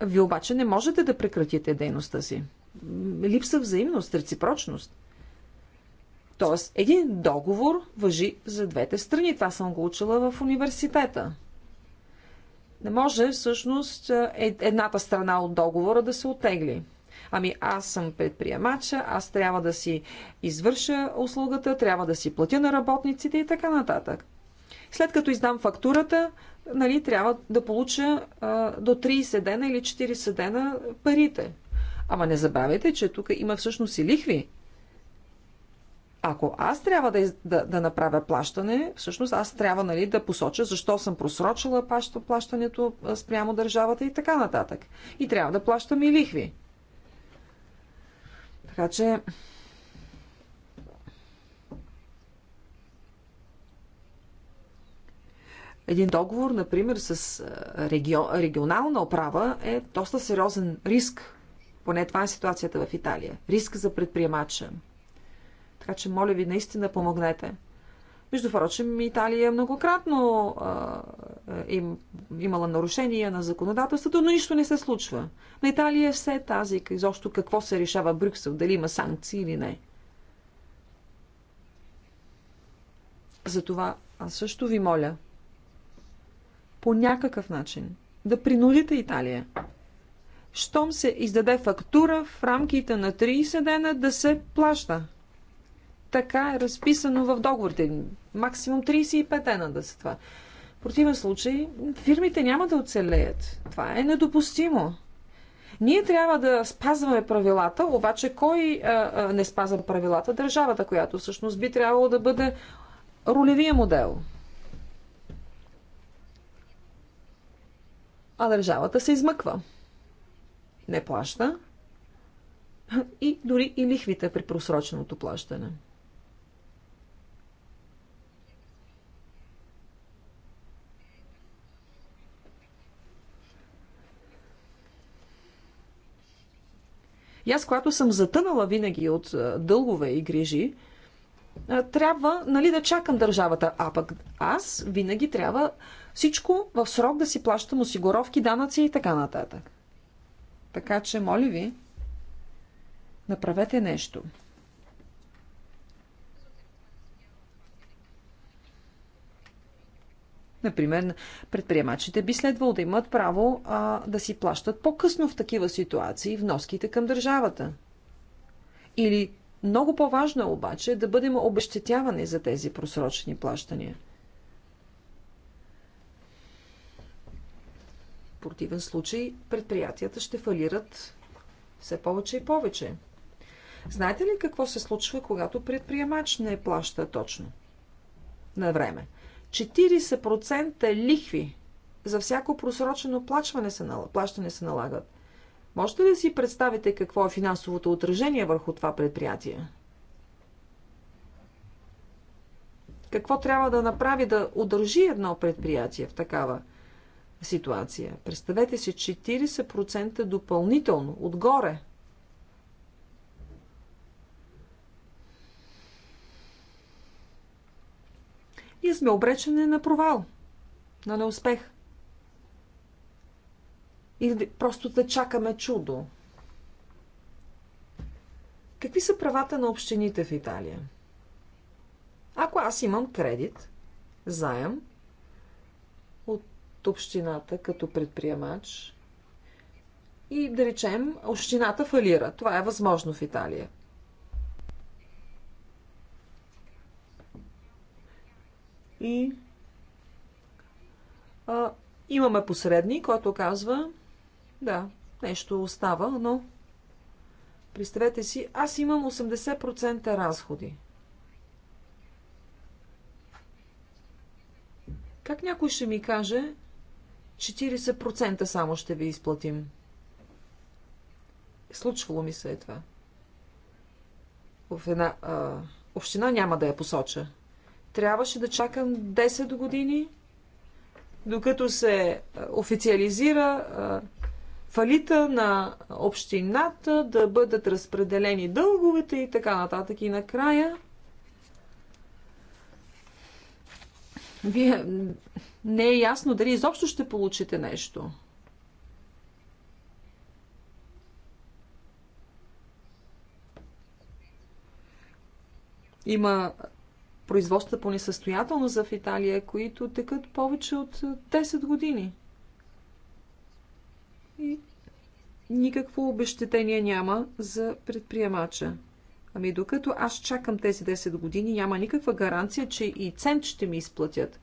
вие обаче не можете да прекратите дейността си липса взаимност, реципрочност. Тоест, един договор въжи за двете страни. Това съм го учила в университета. Не може всъщност е, едната страна от договора да се отегли. Ами аз съм предприемача, аз трябва да си извърша услугата, трябва да си платя на работниците и така нататък. След като издам фактурата, нали, трябва да получа а, до 30 дена или 40 дена парите. Ама не забравяйте, че тук има всъщност и лихви. Ако аз трябва да, да, да направя плащане, всъщност аз трябва нали, да посоча защо съм просрочила плащането спрямо държавата и така нататък. И трябва да плащам и лихви. Така че. Един договор, например, с регионална управа е доста сериозен риск поне това е ситуацията в Италия. Риск за предприемача. Така че, моля ви, наистина помогнете. Между прочим, Италия е многократно а, е, им, имала нарушения на законодателството, но нищо не се случва. На Италия е все тази, изобщо какво се решава Брюксел, дали има санкции или не. Затова аз също ви моля по някакъв начин да принудите Италия щом се издаде фактура в рамките на 30 дена да се плаща. Така е разписано в договорите. Максимум 35 дена да са това. В противен случай фирмите няма да оцелеят. Това е недопустимо. Ние трябва да спазваме правилата, обаче кой а, а, не спазва правилата? Държавата, която всъщност би трябвало да бъде ролевия модел. А държавата се измъква не плаща и дори и лихвите при просроченото плащане. И аз, когато съм затънала винаги от дългове и грижи, трябва нали, да чакам държавата. А пък аз винаги трябва всичко в срок да си плащам осигуровки, данъци и така нататък. Така че, моля ви, направете нещо. Например, предприемачите би следвало да имат право а, да си плащат по-късно в такива ситуации вноските към държавата. Или много по-важно е обаче да бъдем обещетявани за тези просрочени плащания – противен случай предприятията ще фалират все повече и повече. Знаете ли какво се случва, когато предприемач не плаща точно на време? 40% е лихви за всяко просрочено плащане се, плащане се налагат. Можете ли да си представите какво е финансовото отражение върху това предприятие? Какво трябва да направи да удържи едно предприятие в такава ситуация. Представете си 40% допълнително, отгоре. Ние сме обречени на провал, на неуспех. И просто да чакаме чудо. Какви са правата на общините в Италия? Ако аз имам кредит, заем общината като предприемач и да речем, общината фалира. Това е възможно в Италия. И а, имаме посредник, който казва, да, нещо остава, но представете си, аз имам 80% разходи. Как някой ще ми каже, 40% само ще ви изплатим. Случвало ми се е това. В една а, община няма да я посоча. Трябваше да чакам 10 години, докато се официализира а, фалита на общината, да бъдат разпределени дълговете и така нататък. И накрая вие не е ясно дали изобщо ще получите нещо. Има производства по несъстоятелност в Италия, които текат повече от 10 е, години. И никакво обещетение няма за предприемача. Ами докато аз чакам тези 10 години, няма никаква гаранция, че и цент ще ми изплатят.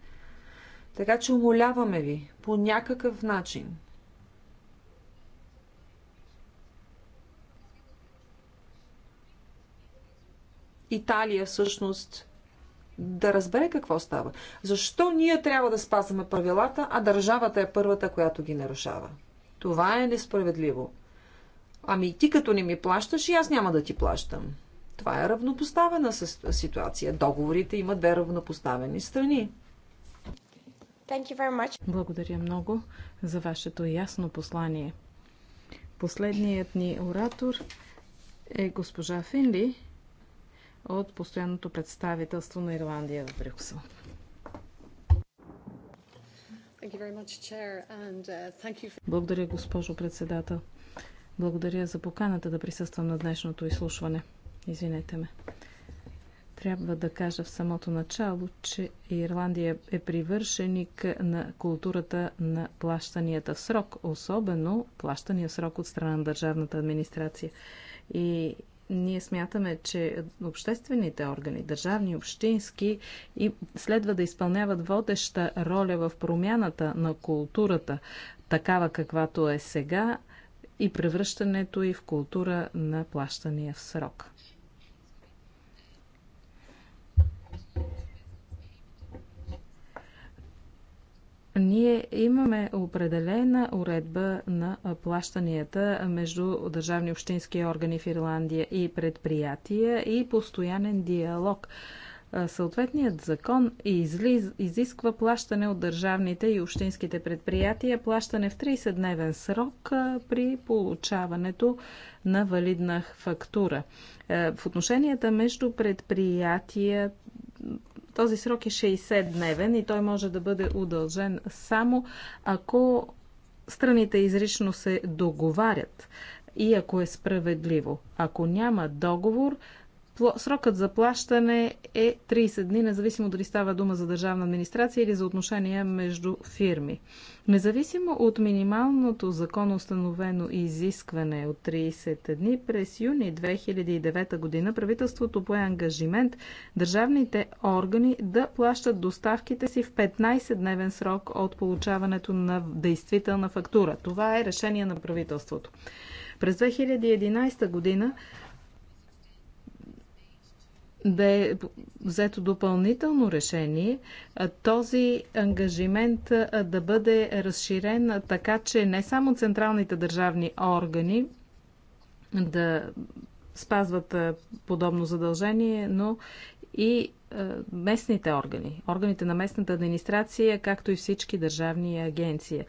Така че умоляваме ви по някакъв начин. Италия всъщност да разбере какво става. Защо ние трябва да спазваме правилата, а държавата е първата, която ги нарушава? Това е несправедливо. Ами ти като не ми плащаш, и аз няма да ти плащам. Това е равнопоставена ситуация. Договорите имат две равнопоставени страни. Благодаря много за вашето ясно послание. Последният ни оратор е госпожа Финли от постоянното представителство на Ирландия в Брюксел. Uh, Благодаря, госпожо председател. Благодаря за поканата да присъствам на днешното изслушване. Извинете ме. Трябва да кажа в самото начало, че Ирландия е привършеник на културата на плащанията в срок, особено плащания в срок от страна на държавната администрация. И ние смятаме, че обществените органи, държавни, общински, и следва да изпълняват водеща роля в промяната на културата, такава каквато е сега, и превръщането и в култура на плащания в срок. Ние имаме определена уредба на плащанията между държавни общински органи в Ирландия и предприятия и постоянен диалог. Съответният закон изисква плащане от държавните и общинските предприятия, плащане в 30-дневен срок при получаването на валидна фактура. В отношенията между предприятия този срок е 60-дневен и той може да бъде удължен само ако страните изрично се договарят и ако е справедливо. Ако няма договор, Срокът за плащане е 30 дни, независимо дали става дума за държавна администрация или за отношения между фирми. Независимо от минималното законоустановено изискване от 30 дни, през юни 2009 година правителството пое ангажимент държавните органи да плащат доставките си в 15-дневен срок от получаването на действителна фактура. Това е решение на правителството. През 2011 година да е взето допълнително решение, този ангажимент да бъде разширен така, че не само централните държавни органи да спазват подобно задължение, но и местните органи, органите на местната администрация, както и всички държавни агенции.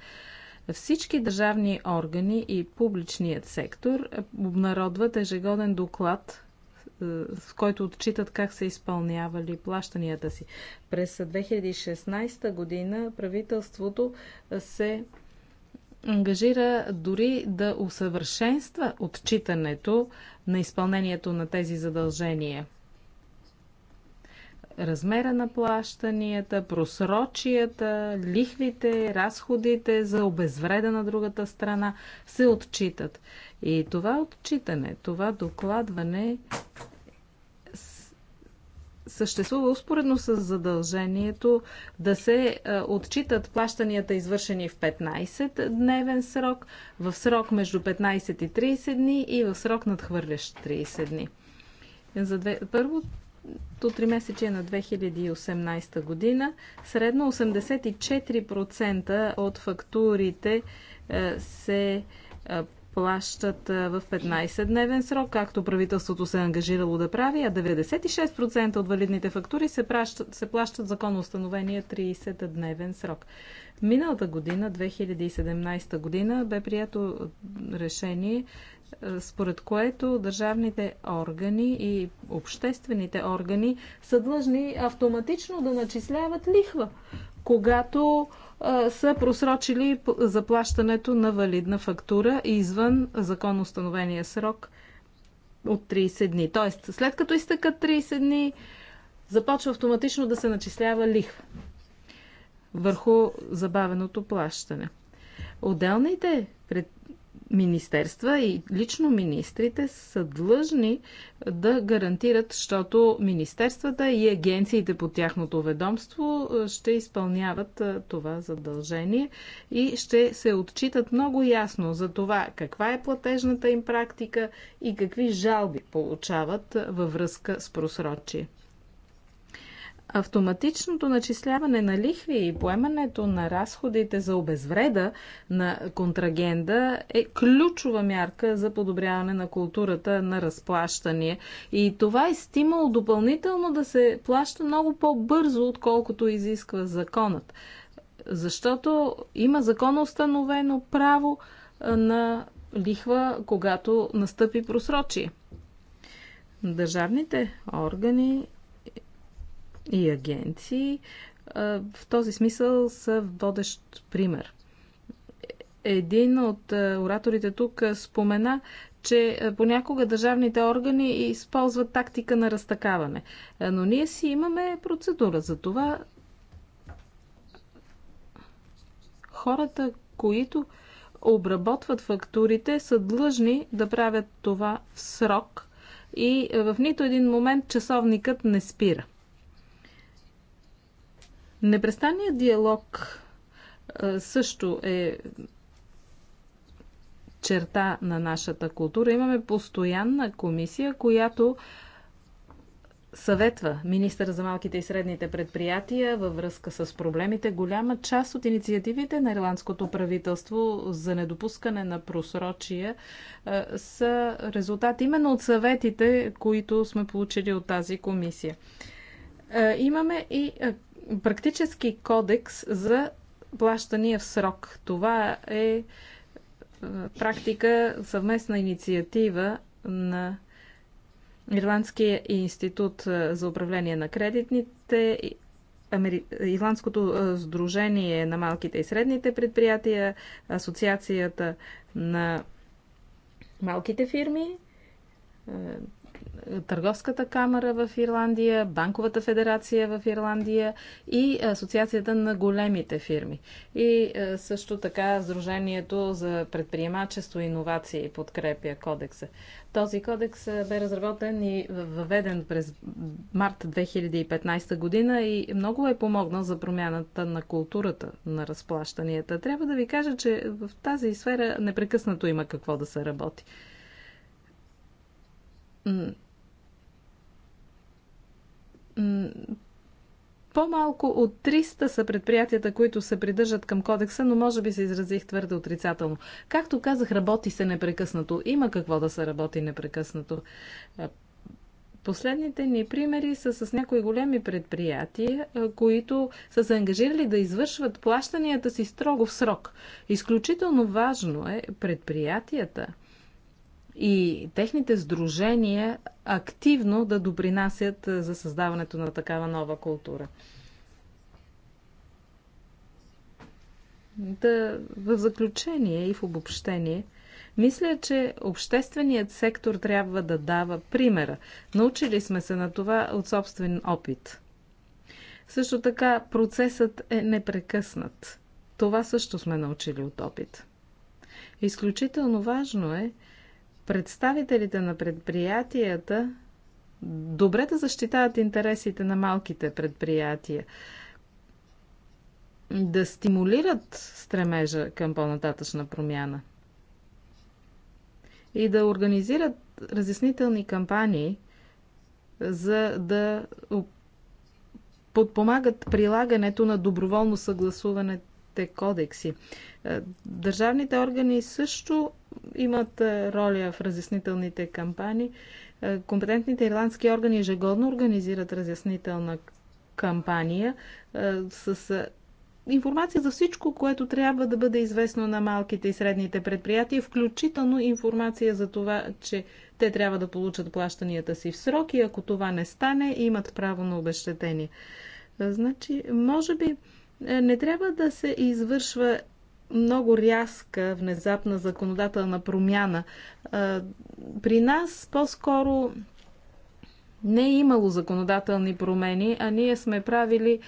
Всички държавни органи и публичният сектор обнародват ежегоден доклад е, с който отчитат как са изпълнявали плащанията си. През 2016 година правителството се ангажира дори да усъвършенства отчитането на изпълнението на тези задължения. Размера на плащанията, просрочията, лихвите, разходите за обезвреда на другата страна се отчитат. И това отчитане, това докладване съществува успоредно с задължението да се отчитат плащанията, извършени в 15-дневен срок, в срок между 15 и 30 дни и в срок надхвърлящ 30 дни. За две... 3 месече на 2018 година средно 84% от фактурите се плащат в 15-дневен срок, както правителството се е ангажирало да прави, а 96% от валидните фактури се, плащат се плащат законоустановения 30-дневен срок. Миналата година, 2017 година, бе прието решение, според което държавните органи и обществените органи са длъжни автоматично да начисляват лихва, когато са просрочили заплащането на валидна фактура извън законоустановения срок от 30 дни. Тоест, след като изтъкат 30 дни, започва автоматично да се начислява лихва върху забавеното плащане. Отделните министерства и лично министрите са длъжни да гарантират, защото министерствата и агенциите по тяхното ведомство ще изпълняват това задължение и ще се отчитат много ясно за това каква е платежната им практика и какви жалби получават във връзка с просрочие. Автоматичното начисляване на лихви и поемането на разходите за обезвреда на контрагенда е ключова мярка за подобряване на културата на разплащане. И това е стимул допълнително да се плаща много по-бързо, отколкото изисква законът. Защото има законоустановено право на лихва, когато настъпи просрочие. Държавните органи и агенции, в този смисъл са водещ пример. Един от ораторите тук спомена, че понякога държавните органи използват тактика на разтакаване. Но ние си имаме процедура за това. Хората, които обработват фактурите, са длъжни да правят това в срок и в нито един момент часовникът не спира. Непрестанният диалог също е черта на нашата култура. Имаме постоянна комисия, която съветва министър за малките и средните предприятия във връзка с проблемите. Голяма част от инициативите на ирландското правителство за недопускане на просрочия са резултат именно от съветите, които сме получили от тази комисия. Имаме и практически кодекс за плащания в срок. Това е, е практика, съвместна инициатива на Ирландския институт е, за управление на кредитните, Ирландското е, сдружение на малките и средните предприятия, Асоциацията на малките фирми, Търговската камера в Ирландия, Банковата федерация в Ирландия и Асоциацията на големите фирми. И е, също така Сдружението за предприемачество и иновации подкрепя кодекса. Този кодекс е, бе разработен и въведен през март 2015 година и много е помогнал за промяната на културата на разплащанията. Трябва да ви кажа, че в тази сфера непрекъснато има какво да се работи по-малко от 300 са предприятията, които се придържат към кодекса, но може би се изразих твърде отрицателно. Както казах, работи се непрекъснато. Има какво да се работи непрекъснато. Последните ни примери са с някои големи предприятия, които са се ангажирали да извършват плащанията си строго в срок. Изключително важно е предприятията и техните сдружения активно да допринасят за създаването на такава нова култура. Да, в заключение и в обобщение, мисля, че общественият сектор трябва да дава примера. Научили сме се на това от собствен опит. Също така, процесът е непрекъснат. Това също сме научили от опит. Изключително важно е, представителите на предприятията добре да защитават интересите на малките предприятия, да стимулират стремежа към по-нататъчна промяна и да организират разяснителни кампании, за да подпомагат прилагането на доброволно съгласуване данъчните кодекси. Е, държавните органи също имат е, роля в разяснителните кампании. Е, компетентните ирландски органи ежегодно организират разяснителна кампания с информация за всичко, което трябва да бъде известно на малките и средните предприятия, включително информация за това, че те трябва да получат плащанията си в срок и ако това не стане, имат право на обещетение. Значи, може би е, не трябва да се извършва много рязка, внезапна законодателна промяна. Е, при нас по-скоро не е имало законодателни промени, а ние сме правили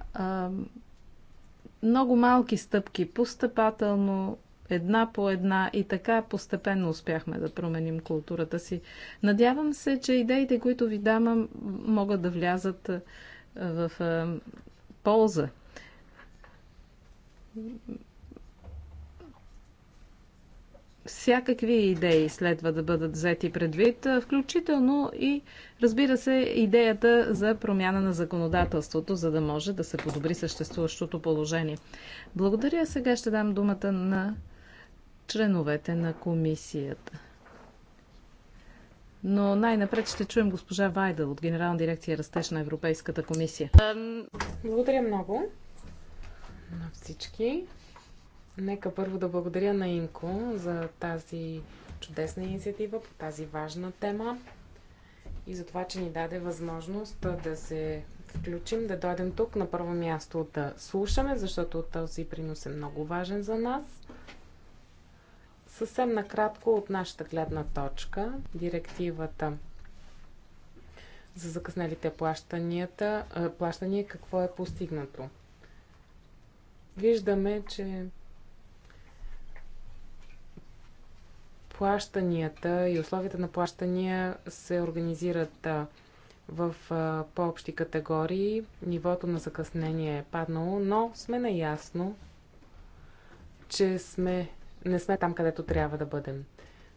е, много малки стъпки, постъпателно, една по една и така постепенно успяхме да променим културата си. Надявам се, че идеите, които ви давам, могат да влязат в полза всякакви идеи следва да бъдат взети предвид, включително и, разбира се, идеята за промяна на законодателството, за да може да се подобри съществуващото положение. Благодаря. Сега ще дам думата на членовете на комисията. Но най-напред ще чуем госпожа Вайдъл от Генерална дирекция Растеж на Европейската комисия. Благодаря много на всички. Нека първо да благодаря на Инко за тази чудесна инициатива по тази важна тема и за това, че ни даде възможност да се включим, да дойдем тук на първо място да слушаме, защото този принос е много важен за нас. Съвсем накратко от нашата гледна точка, директивата за закъснелите плащанията, плащания, какво е постигнато виждаме, че плащанията и условията на плащания се организират в по-общи категории. Нивото на закъснение е паднало, но сме наясно, че сме, не сме там, където трябва да бъдем.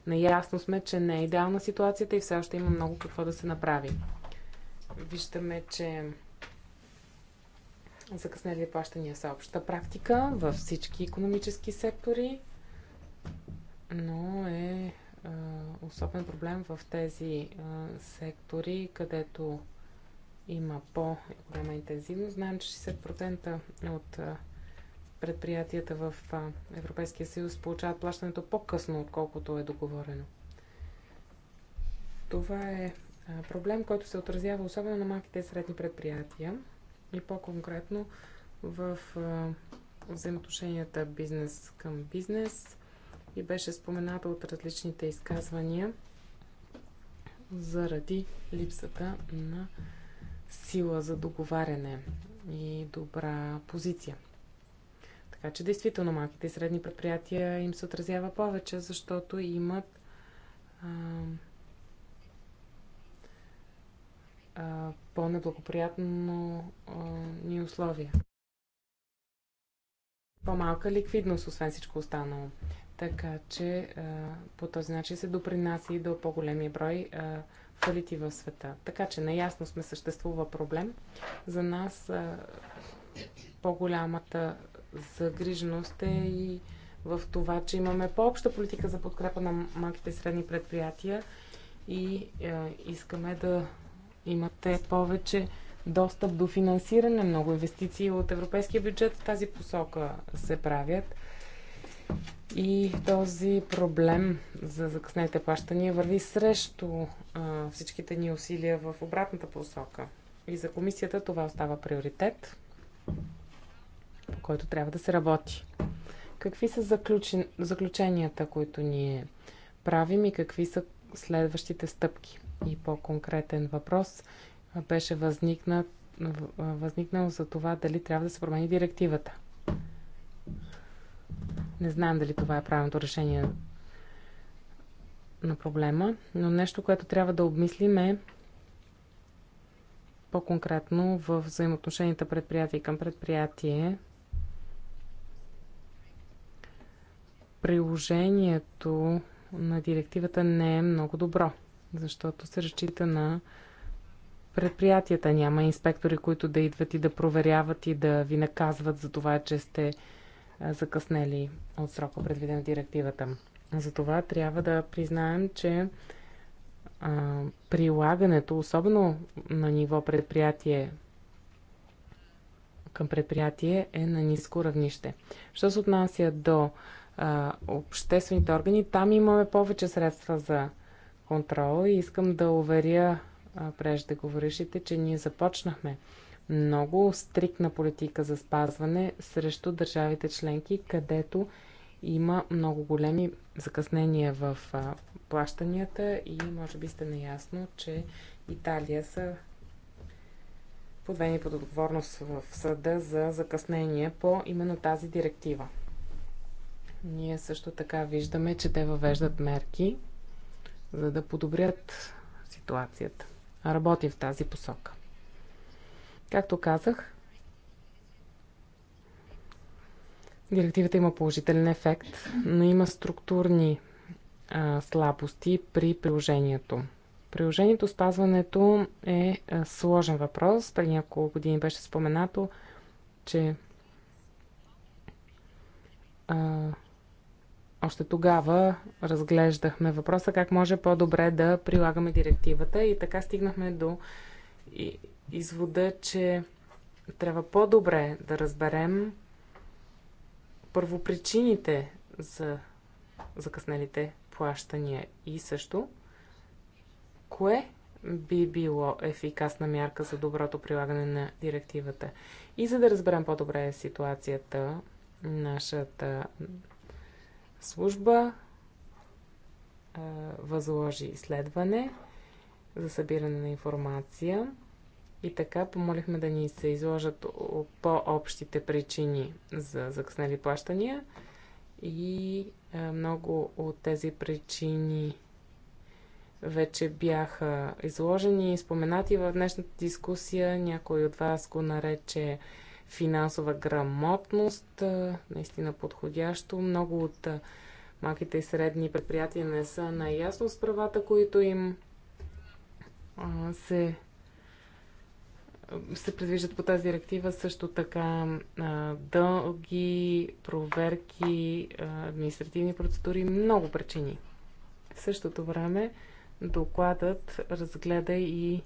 Наясно сме, че не е идеална ситуацията и все още има много какво да се направи. Виждаме, че закъснели плащания са обща практика във всички економически сектори, но е а, особен проблем в тези а, сектори, където има по-голяма интензивност. Знаем, че 60% от а, предприятията в Европейския съюз получават плащането по-късно, отколкото е договорено. Това е проблем, който се отразява особено на малките и средни предприятия и по-конкретно в взаимоотношенията бизнес към бизнес и беше спомената от различните изказвания заради липсата на сила за договаряне и добра позиция. Така че действително малките и средни предприятия им се отразява повече, защото имат а, по-неблагоприятно ни условия. По-малка ликвидност, освен всичко останало. Така че по този начин се допринася и до по-големия брой фалити в света. Така че наясно сме съществува проблем. За нас по-голямата загриженост е и в това, че имаме по-обща политика за подкрепа на малките и средни предприятия и искаме да имате повече достъп до финансиране. Много инвестиции от европейския бюджет в тази посока се правят. И този проблем за закъснените плащания върви срещу а, всичките ни усилия в обратната посока. И за комисията това остава приоритет, по който трябва да се работи. Какви са заключен... заключенията, които ние правим и какви са следващите стъпки? и по-конкретен въпрос беше възникнат, възникнал за това дали трябва да се промени директивата. Не знаем дали това е правилното решение на проблема, но нещо, което трябва да обмислим е по-конкретно в взаимоотношенията предприятие към предприятие, приложението на директивата не е много добро защото се разчита на предприятията. Няма инспектори, които да идват и да проверяват и да ви наказват за това, че сте закъснели от срока, предвиден в директивата. Затова трябва да признаем, че а, прилагането, особено на ниво предприятие към предприятие, е на ниско равнище. Що се отнася до а, обществените органи, там имаме повече средства за контрол и искам да уверя преждеговорившите, че ние започнахме много стрикна политика за спазване срещу държавите членки, където има много големи закъснения в плащанията и може би сте наясно, че Италия са подвени под отговорност в съда за закъснение по именно тази директива. Ние също така виждаме, че те въвеждат мерки за да подобрят ситуацията. Работи в тази посока. Както казах, директивата има положителен ефект, но има структурни а, слабости при приложението. Приложението спазването е а, сложен въпрос. Преди няколко години беше споменато, че а, още тогава разглеждахме въпроса как може по-добре да прилагаме директивата и така стигнахме до извода, че трябва по-добре да разберем първопричините за закъснелите плащания и също кое би било ефикасна мярка за доброто прилагане на директивата. И за да разберем по-добре ситуацията, нашата служба възложи изследване за събиране на информация и така помолихме да ни се изложат по-общите причини за закъснели плащания и много от тези причини вече бяха изложени и споменати в днешната дискусия. Някой от вас го нарече финансова грамотност. Наистина подходящо. Много от малките и средни предприятия не са наясно с правата, които им се се предвиждат по тази директива също така дълги проверки, административни процедури, много причини. В същото време докладът разгледа и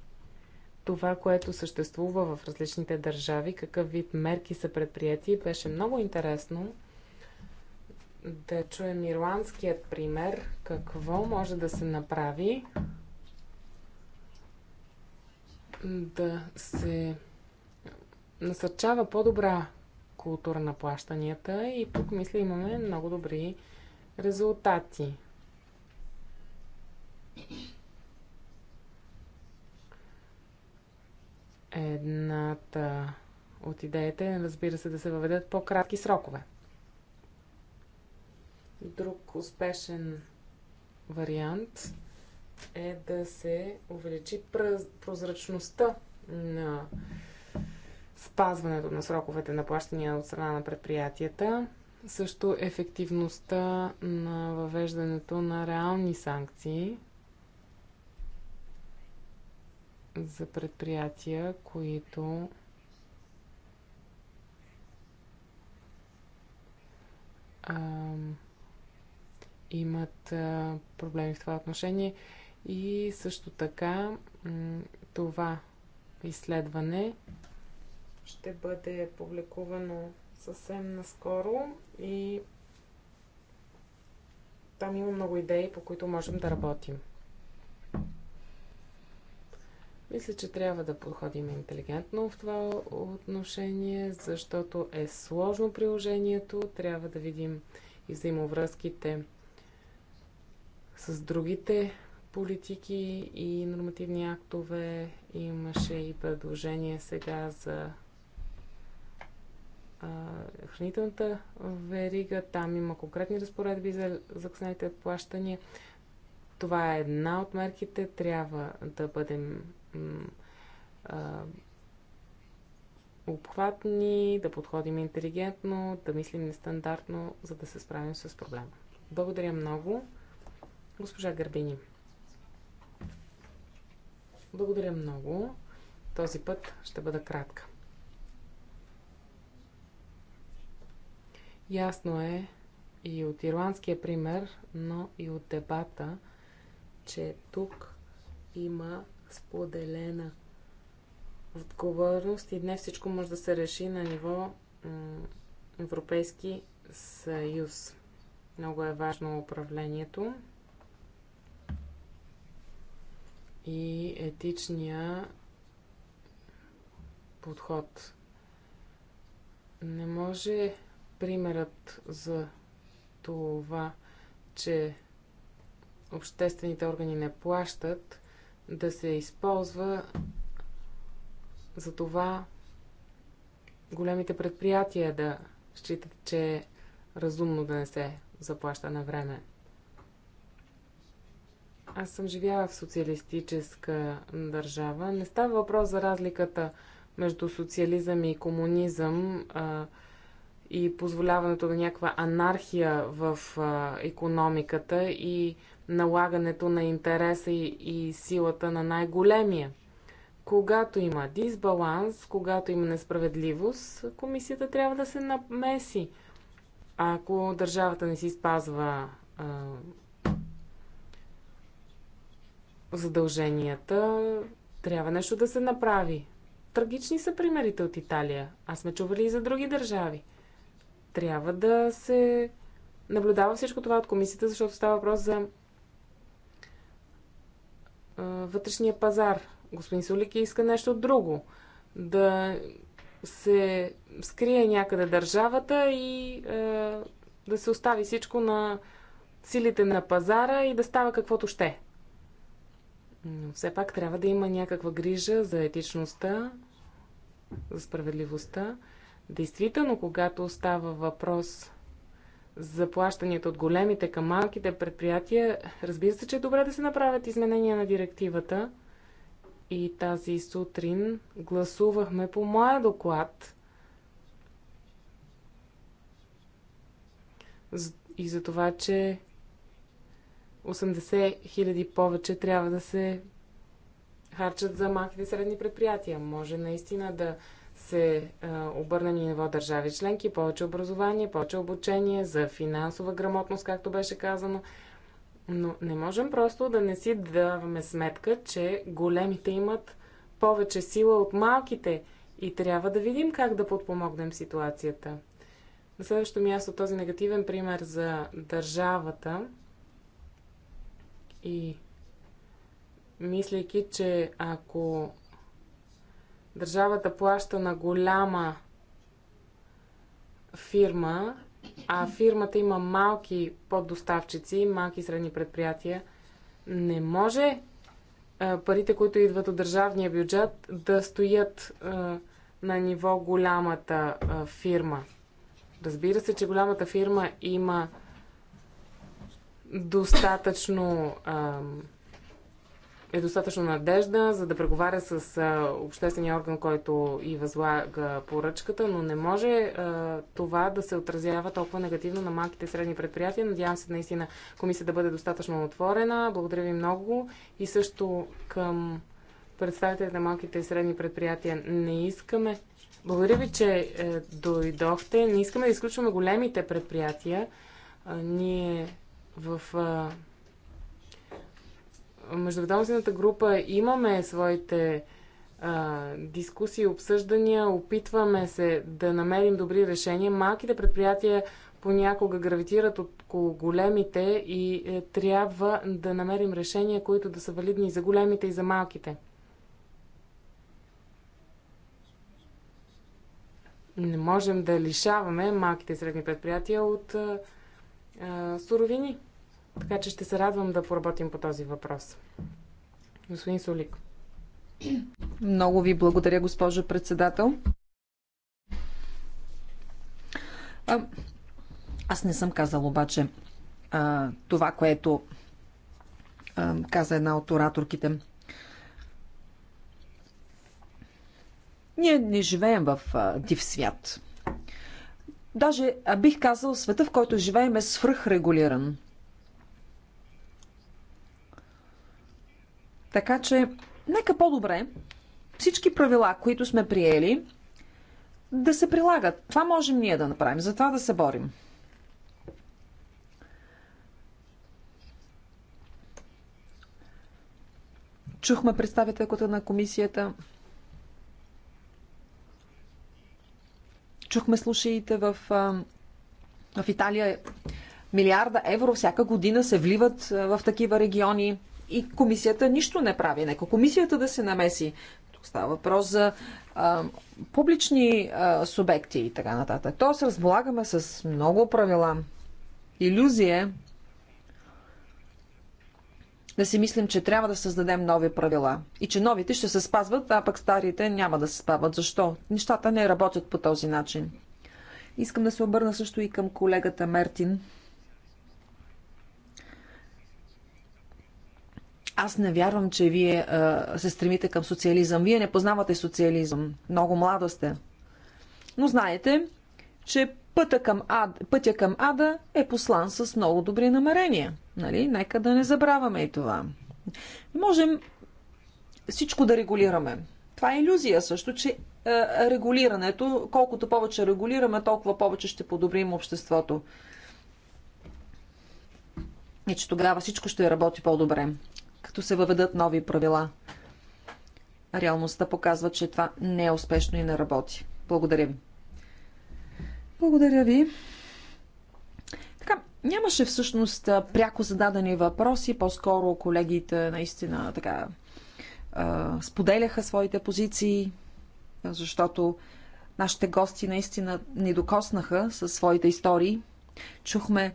това, което съществува в различните държави, какъв вид мерки са предприяти. Беше много интересно да чуем ирландският пример, какво може да се направи да се насърчава по-добра култура на плащанията и тук, мисля, имаме много добри резултати. Едната от идеите, разбира се, да се въведат по-кратки срокове. Друг успешен вариант е да се увеличи прозрачността на спазването на сроковете на плащания от страна на предприятията, също ефективността на въвеждането на реални санкции, за предприятия, които а, имат а, проблеми в това отношение. И също така това изследване ще бъде публикувано съвсем наскоро и там има много идеи, по които можем да работим. Мисля, че трябва да подходим интелигентно в това отношение, защото е сложно приложението. Трябва да видим и взаимовръзките с другите политики и нормативни актове. Имаше и предложение сега за хранителната верига. Там има конкретни разпоредби за закъснените плащания. Това е една от мерките. Трябва да бъдем обхватни, да подходим интелигентно, да мислим нестандартно, за да се справим с проблема. Благодаря много, госпожа Гърбини. Благодаря много. Този път ще бъда кратка. Ясно е и от ирландския пример, но и от дебата, че тук има споделена отговорност и днес всичко може да се реши на ниво Европейски съюз. Много е важно управлението и етичния подход. Не може примерът за това, че обществените органи не плащат, да се използва за това големите предприятия да считат, че е разумно да не се заплаща на време. Аз съм живяла в социалистическа държава. Не става въпрос за разликата между социализъм и комунизъм а, и позволяването на някаква анархия в а, економиката и налагането на интереса и, и силата на най-големия. Когато има дисбаланс, когато има несправедливост, комисията трябва да се намеси. Ако държавата не си спазва а, задълженията, трябва нещо да се направи. Трагични са примерите от Италия, а сме чували и за други държави. Трябва да се наблюдава всичко това от комисията, защото става въпрос за вътрешния пазар. Господин Солики иска нещо друго. Да се скрие някъде държавата и да се остави всичко на силите на пазара и да става каквото ще. Но все пак трябва да има някаква грижа за етичността, за справедливостта. Действително, когато става въпрос заплащанията от големите към малките предприятия, разбира се, че е добре да се направят изменения на директивата. И тази сутрин гласувахме по моя доклад. И за това, че 80 хиляди повече трябва да се харчат за малките и средни предприятия. Може наистина да се обърне на ниво държави членки, повече образование, повече обучение за финансова грамотност, както беше казано. Но не можем просто да не си даваме сметка, че големите имат повече сила от малките и трябва да видим как да подпомогнем ситуацията. На следващото място този негативен пример за държавата и мислейки, че ако държавата плаща на голяма фирма, а фирмата има малки поддоставчици, малки и средни предприятия, не може е, парите, които идват от държавния бюджет, да стоят е, на ниво голямата е, фирма. Разбира се, че голямата фирма има достатъчно ам, е достатъчно надежда, за да преговаря с а, обществения орган, който и възлага поръчката, но не може а, това да се отразява толкова негативно на малките и средни предприятия. Надявам се наистина комисия да бъде достатъчно отворена. Благодаря ви много и също към представителите на малките и средни предприятия не искаме. Благодаря ви, че е, дойдохте. Не искаме да изключваме големите предприятия. А, ние в. А, междуведомствената група имаме своите а, дискусии, обсъждания, опитваме се да намерим добри решения. Малките предприятия понякога гравитират около големите и е, трябва да намерим решения, които да са валидни и за големите, и за малките. Не можем да лишаваме малките и средни предприятия от а, е, е, суровини. Така че ще се радвам да поработим по този въпрос. Господин Солик. Много ви благодаря, госпожо председател. А, аз не съм казал обаче а, това, което а, каза една от ораторките. Ние не живеем в а, див свят. Даже а бих казал, света, в който живеем е свръхрегулиран. Така че, нека по-добре всички правила, които сме приели, да се прилагат. Това можем ние да направим, за това да се борим. Чухме представителката на комисията. Чухме слушаите в, в Италия. Милиарда евро всяка година се вливат в такива региони и комисията нищо не прави. Нека комисията да се намеси. Тук става въпрос за а, публични а, субекти и така нататък. Тоест разполагаме с много правила. Иллюзия е да си мислим, че трябва да създадем нови правила и че новите ще се спазват, а пък старите няма да се спазват. Защо? Нещата не работят по този начин. Искам да се обърна също и към колегата Мертин. Аз не вярвам, че вие а, се стремите към социализъм. Вие не познавате социализъм. Много млада сте. Но знаете, че пътя към, ад, пътя към ада е послан с много добри намерения. Нали? Нека да не забравяме и това. Можем всичко да регулираме. Това е иллюзия също, че е, регулирането, колкото повече регулираме, толкова повече ще подобрим обществото. И че тогава всичко ще работи по-добре като се въведат нови правила. Реалността показва, че това не е успешно и не работи. Благодаря ви. Благодаря ви. Така, нямаше всъщност пряко зададени въпроси, по-скоро колегите наистина така споделяха своите позиции, защото нашите гости наистина ни докоснаха със своите истории. Чухме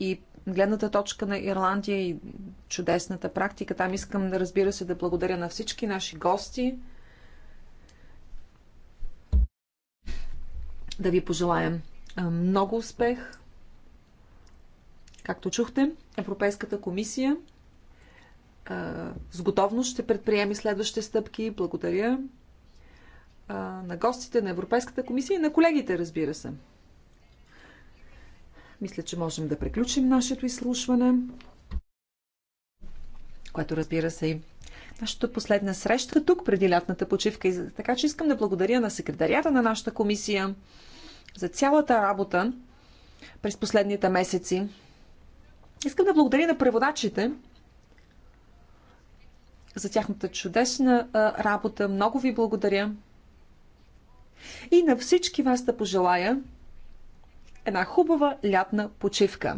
и гледната точка на Ирландия и чудесната практика. Там искам, разбира се, да благодаря на всички наши гости. Да ви пожелаем много успех. Както чухте, Европейската комисия с готовност ще предприеми следващите стъпки. Благодаря на гостите на Европейската комисия и на колегите, разбира се. Мисля, че можем да приключим нашето изслушване, което разбира се и нашата последна среща тук преди лятната почивка. Така че искам да благодаря на секретарията на нашата комисия за цялата работа през последните месеци. Искам да благодаря на преводачите за тяхната чудесна работа. Много ви благодаря. И на всички вас да пожелая една хубава лятна почивка.